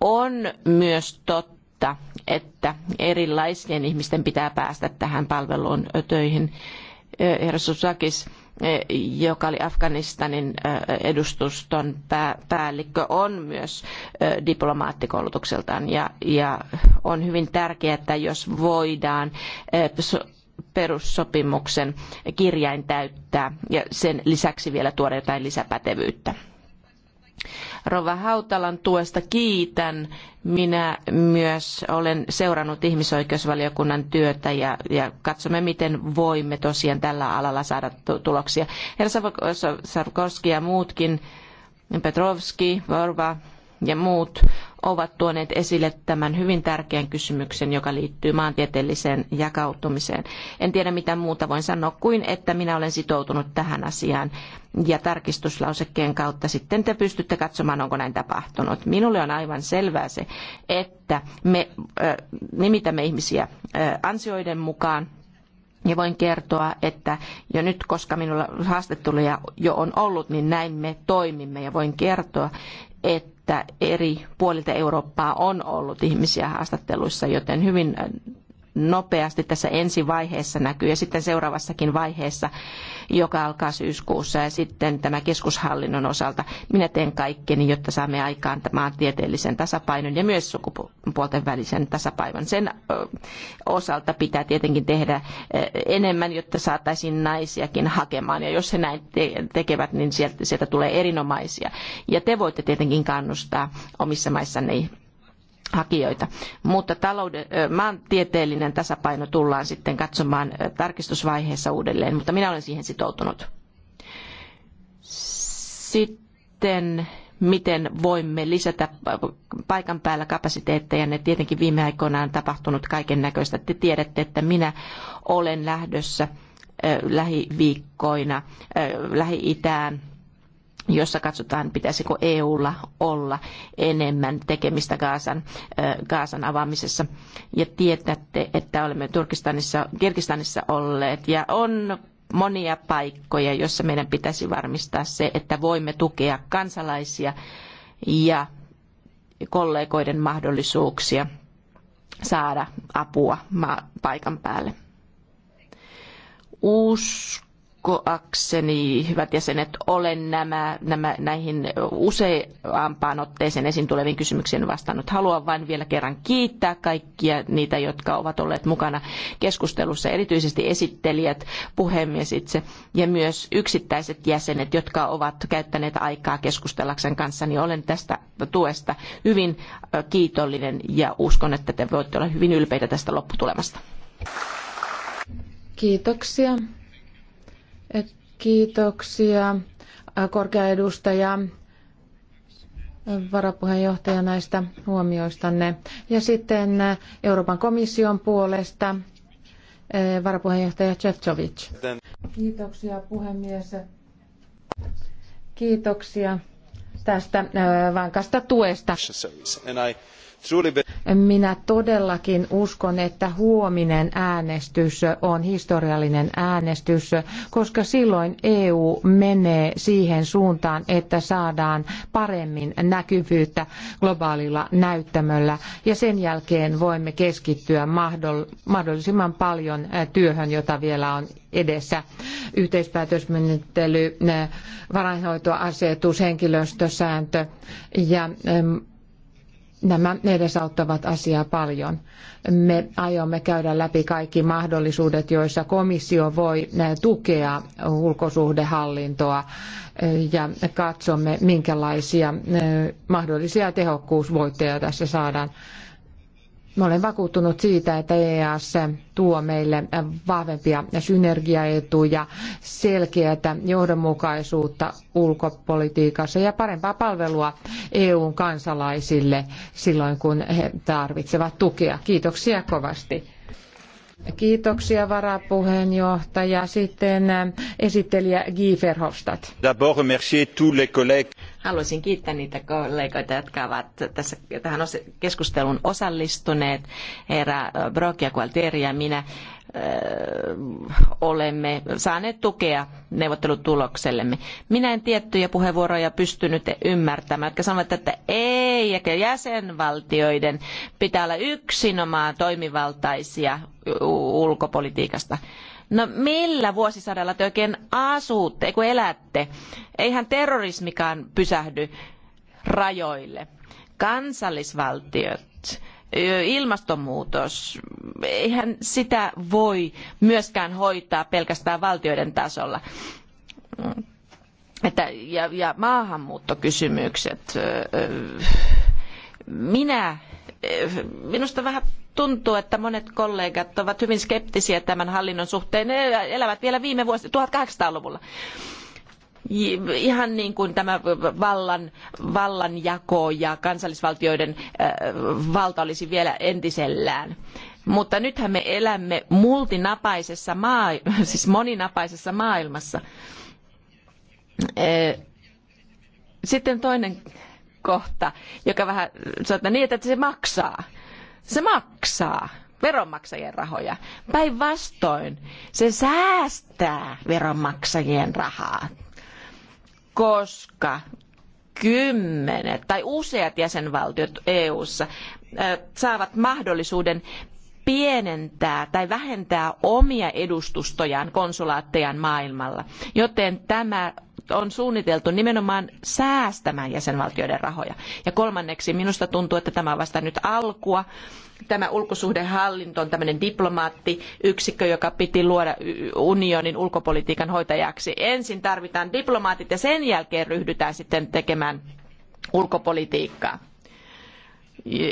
On myös totta, että erilaisten ihmisten pitää päästä tähän palveluun töihin. Herra Susakis, E, joka oli Afganistanin e, edustuston päällikkö, on myös e, diplomaattikoulutukseltaan ja, on hyvin tärkeää, että jos voidaan perussopimuksen kirjain täyttää ja sen lisäksi vielä tuoda jotain lisäpätevyyttä. Rova Hautalan tuesta kiitän. Minä myös olen seurannut ihmisoikeusvaliokunnan työtä ja, ja katsomme, miten voimme tosiaan tällä alalla saada tuloksia. Herra Sarkovski ja muutkin, Petrovski, Vorva ja muut ovat tuoneet esille tämän hyvin tärkeän kysymyksen, joka liittyy maantieteelliseen jakautumiseen. En tiedä mitä muuta voin sanoa kuin, että minä olen sitoutunut tähän asiaan ja tarkistuslausekkeen kautta sitten te pystytte katsomaan, onko näin tapahtunut. Minulle on aivan selvää se, että me nimitämme ihmisiä ansioiden mukaan ja voin kertoa, että jo nyt, koska minulla haastatteluja jo on ollut, niin näin me toimimme. Ja voin kertoa, että että eri puolilta Eurooppaa on ollut ihmisiä haastatteluissa, joten hyvin nopeasti tässä ensi vaiheessa näkyy ja sitten seuraavassakin vaiheessa, joka alkaa syyskuussa ja sitten tämä keskushallinnon osalta. Minä teen kaikkeni, jotta saamme aikaan maantieteellisen tasapainon ja myös sukupuolten välisen tasapainon. Sen osalta pitää tietenkin tehdä enemmän, jotta saataisiin naisiakin hakemaan ja jos he näin tekevät, niin sieltä, sieltä tulee erinomaisia. Ja te voitte tietenkin kannustaa omissa maissanne hakijoita. Mutta talouden, maantieteellinen tasapaino tullaan sitten katsomaan tarkistusvaiheessa uudelleen, mutta minä olen siihen sitoutunut. Sitten miten voimme lisätä paikan päällä kapasiteetteja. Ne tietenkin viime aikoina on tapahtunut kaiken näköistä. Te tiedätte, että minä olen lähdössä lähiviikkoina Lähi-Itään jossa katsotaan, pitäisikö EUlla olla enemmän tekemistä Gaasan, Gaasan avaamisessa. Ja tiedätte, että olemme Turkistanissa, Kirgistanissa olleet ja on monia paikkoja, joissa meidän pitäisi varmistaa se, että voimme tukea kansalaisia ja kollegoiden mahdollisuuksia saada apua paikan päälle. Uus uskoakseni, hyvät jäsenet, olen nämä, nämä näihin useampaan otteeseen esiin tuleviin kysymyksiin vastannut. Haluan vain vielä kerran kiittää kaikkia niitä, jotka ovat olleet mukana keskustelussa, erityisesti esittelijät, puhemies itse ja myös yksittäiset jäsenet, jotka ovat käyttäneet aikaa keskustellakseen kanssa, niin olen tästä tuesta hyvin kiitollinen ja uskon, että te voitte olla hyvin ylpeitä tästä lopputulemasta. Kiitoksia. Kiitoksia korkea edustaja varapuheenjohtaja näistä huomioistanne. Ja sitten Euroopan komission puolesta eh, varapuheenjohtaja Cevcovic. Kiitoksia puhemies. Kiitoksia tästä eh, vankasta tuesta. Minä todellakin uskon, että huominen äänestys on historiallinen äänestys, koska silloin EU menee siihen suuntaan, että saadaan paremmin näkyvyyttä globaalilla näyttämöllä ja sen jälkeen voimme keskittyä mahdollisimman paljon työhön, jota vielä on edessä. Yhteispäätösmenettely, varainhoitoasetus, henkilöstösääntö ja Nämä edesauttavat asiaa paljon. Me aiomme käydä läpi kaikki mahdollisuudet, joissa komissio voi eh, tukea ulkosuhdehallintoa eh, ja katsomme, minkälaisia eh, mahdollisia tehokkuusvoittoja tässä saadaan Mä olen vakuuttunut siitä, että EAS tuo meille vahvempia synergiaetuja, selkeätä johdonmukaisuutta ulkopolitiikassa ja parempaa palvelua EUn kansalaisille silloin, kun he tarvitsevat tukea. Kiitoksia kovasti. Kiitoksia varapuheenjohtaja. Sitten äh, esittelijä Guy Verhofstadt. D'abord tous les collègues. Haluaisin kiittää niitä kollegoita, jotka ovat tässä, tähän keskusteluun osallistuneet. Herra Brock ja Gualtieri ja minä olemme saaneet tukea neuvottelutuloksellemme. Minä en tiettyjä puheenvuoroja pystynyt ymmärtämään, jotka sanovat, että ei, ja jäsenvaltioiden pitää olla yksinomaan toimivaltaisia ulkopolitiikasta. No millä vuosisadalla te oikein asutte, kun elätte? Eihän terrorismikaan pysähdy rajoille. Kansallisvaltiot, ilmastonmuutos, eihän sitä voi myöskään hoitaa pelkästään valtioiden tasolla. Että, ja, ja maahanmuuttokysymykset. Minä minusta vähän tuntuu, että monet kollegat ovat hyvin skeptisiä tämän hallinnon suhteen. Ne elävät vielä viime vuosi 1800-luvulla. Ihan niin kuin tämä vallan, vallanjako ja kansallisvaltioiden äh, valta olisi vielä entisellään. Mutta nythän me elämme multinapaisessa maa, siis moninapaisessa maailmassa. Äh, sitten toinen kohta, joka vähän sanotaan niin, että se maksaa. Se maksaa veronmaksajien rahoja. Päinvastoin se säästää veronmaksajien rahaa, koska kymmenet tai useat jäsenvaltiot EU:ssa saavat mahdollisuuden pienentää tai vähentää omia edustustojaan, konsulaattejaan maailmalla. Joten tämä on suunniteltu nimenomaan säästämään jäsenvaltioiden rahoja. Ja kolmanneksi, minusta tuntuu, että tämä on vasta nyt alkua. Tämä ulkosuhdehallinto on tämmöinen diplomaattiyksikkö, joka piti luoda unionin ulkopolitiikan hoitajaksi. Ensin tarvitaan diplomaatit ja sen jälkeen ryhdytään sitten tekemään ulkopolitiikkaa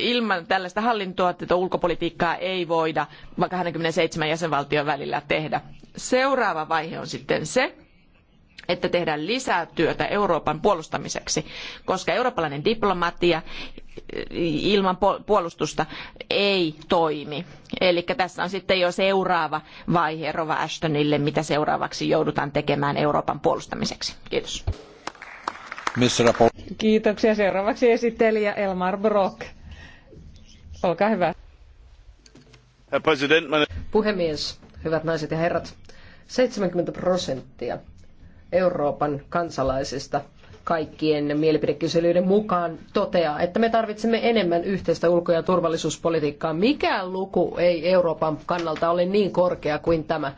ilman tällaista hallintoa tätä ulkopolitiikkaa ei voida 27 jäsenvaltion välillä tehdä. Seuraava vaihe on sitten se, että tehdään lisää työtä Euroopan puolustamiseksi, koska eurooppalainen diplomatia eh, ilman puolustusta ei toimi. Eli tässä on sitten jo seuraava vaihe Rova Ashtonille, mitä seuraavaksi joudutaan tekemään Euroopan puolustamiseksi. Kiitos. Kiitoksia. Seuraavaksi esittelijä Elmar Brok. Olkaa hyvä. Puhemies, hyvät naiset ja herrat, 70 prosenttia Euroopan kansalaisista kaikkien mielipidekyselyiden mukaan toteaa, että me tarvitsemme enemmän yhteistä ulko- ja turvallisuuspolitiikkaa. Mikään luku ei Euroopan kannalta ole niin korkea kuin tämä.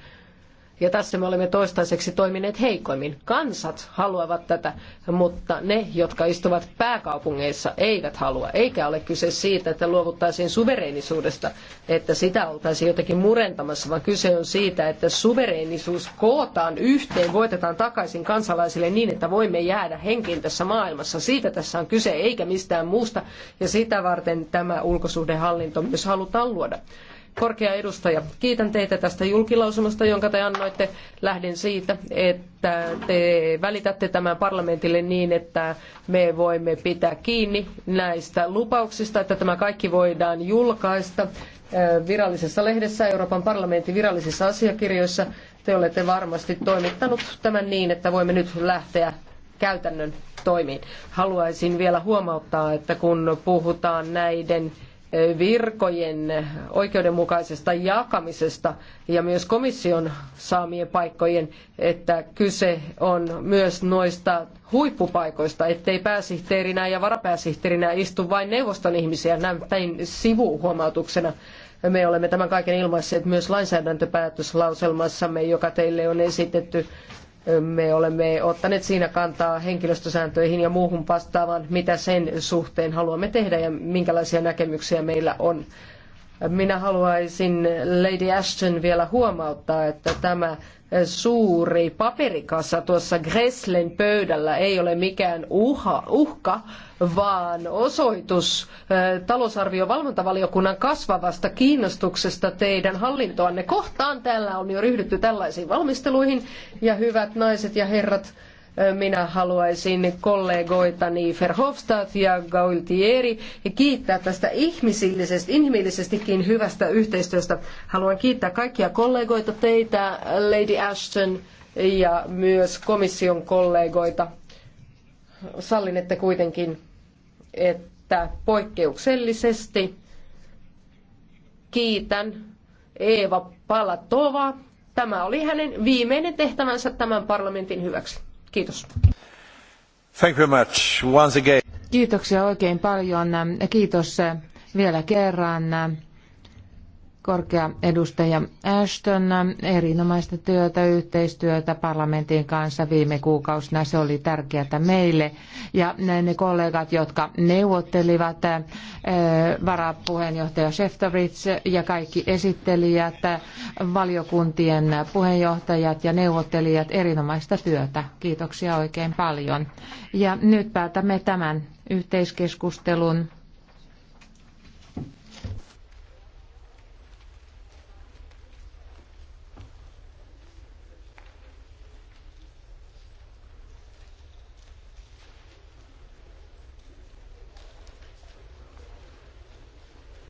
Ja tässä me olemme toistaiseksi toimineet heikoimmin. Kansat haluavat tätä, mutta ne, jotka istuvat pääkaupungeissa, eivät halua. Eikä ole kyse siitä, että luovuttaisiin suvereenisuudesta, että sitä oltaisiin jotenkin murentamassa, vaan kyse on siitä, että suvereenisuus kootaan yhteen, voitetaan takaisin kansalaisille niin, että voimme jäädä henkiin tässä maailmassa. Siitä tässä on kyse, eikä mistään muusta, ja sitä varten tämä ulkosuhdehallinto myös halutaan luoda. Korkea edustaja, kiitän teitä tästä julkilausumasta, jonka te annoitte. Lähdin siitä, että te välitätte tämän parlamentille niin, että me voimme pitää kiinni näistä lupauksista, että tämä kaikki voidaan julkaista äh, virallisessa lehdessä, Euroopan parlamentin virallisissa asiakirjoissa. Te olette varmasti toimittanut tämän niin, että voimme nyt lähteä käytännön toimiin. Haluaisin vielä huomauttaa, että kun puhutaan näiden virkojen oikeudenmukaisesta jakamisesta ja myös komission saamien paikkojen, että kyse on myös noista huippupaikoista, ettei pääsihteerinä ja varapääsihteerinä istu vain neuvoston ihmisiä, näin sivuhuomautuksena. Me olemme tämän kaiken ilmaisseet myös lainsäädäntöpäätöslauselmassamme, joka teille on esitetty me olemme ottaneet siinä kantaa henkilöstösääntöihin ja muuhun vastaavaan, mitä sen suhteen haluamme tehdä ja minkälaisia näkemyksiä meillä on. Minä haluaisin Lady Ashton vielä huomauttaa, että tämä suuri paperikassa tuossa Greslen pöydällä ei ole mikään uha, uhka, vaan osoitus talousarvion valvontavaliokunnan kasvavasta kiinnostuksesta teidän hallintoanne kohtaan. Täällä on jo ryhdytty tällaisiin valmisteluihin ja hyvät naiset ja herrat, minä haluaisin kollegoitani Verhofstadt ja Gaultieri kiittää tästä ihmisillisestä, inhimillisestikin hyvästä yhteistyöstä. Haluan kiittää kaikkia kollegoita teitä, Lady Ashton ja myös komission kollegoita. Sallinette kuitenkin, että poikkeuksellisesti kiitän Eeva Palatova. Tämä oli hänen viimeinen tehtävänsä tämän parlamentin hyväksi. Kiitos. Thank you much. Once again. Kiitoksia oikein paljon. Kiitos vielä kerran korkea edustaja Ashton erinomaista työtä, yhteistyötä parlamentin kanssa viime kuukausina. Se oli tärkeää meille. Ja ne kollegat, jotka neuvottelivat, äh, varapuheenjohtaja Sheftovits ja kaikki esittelijät, valiokuntien puheenjohtajat ja neuvottelijat, erinomaista työtä. Kiitoksia oikein paljon. Ja nyt päätämme tämän yhteiskeskustelun.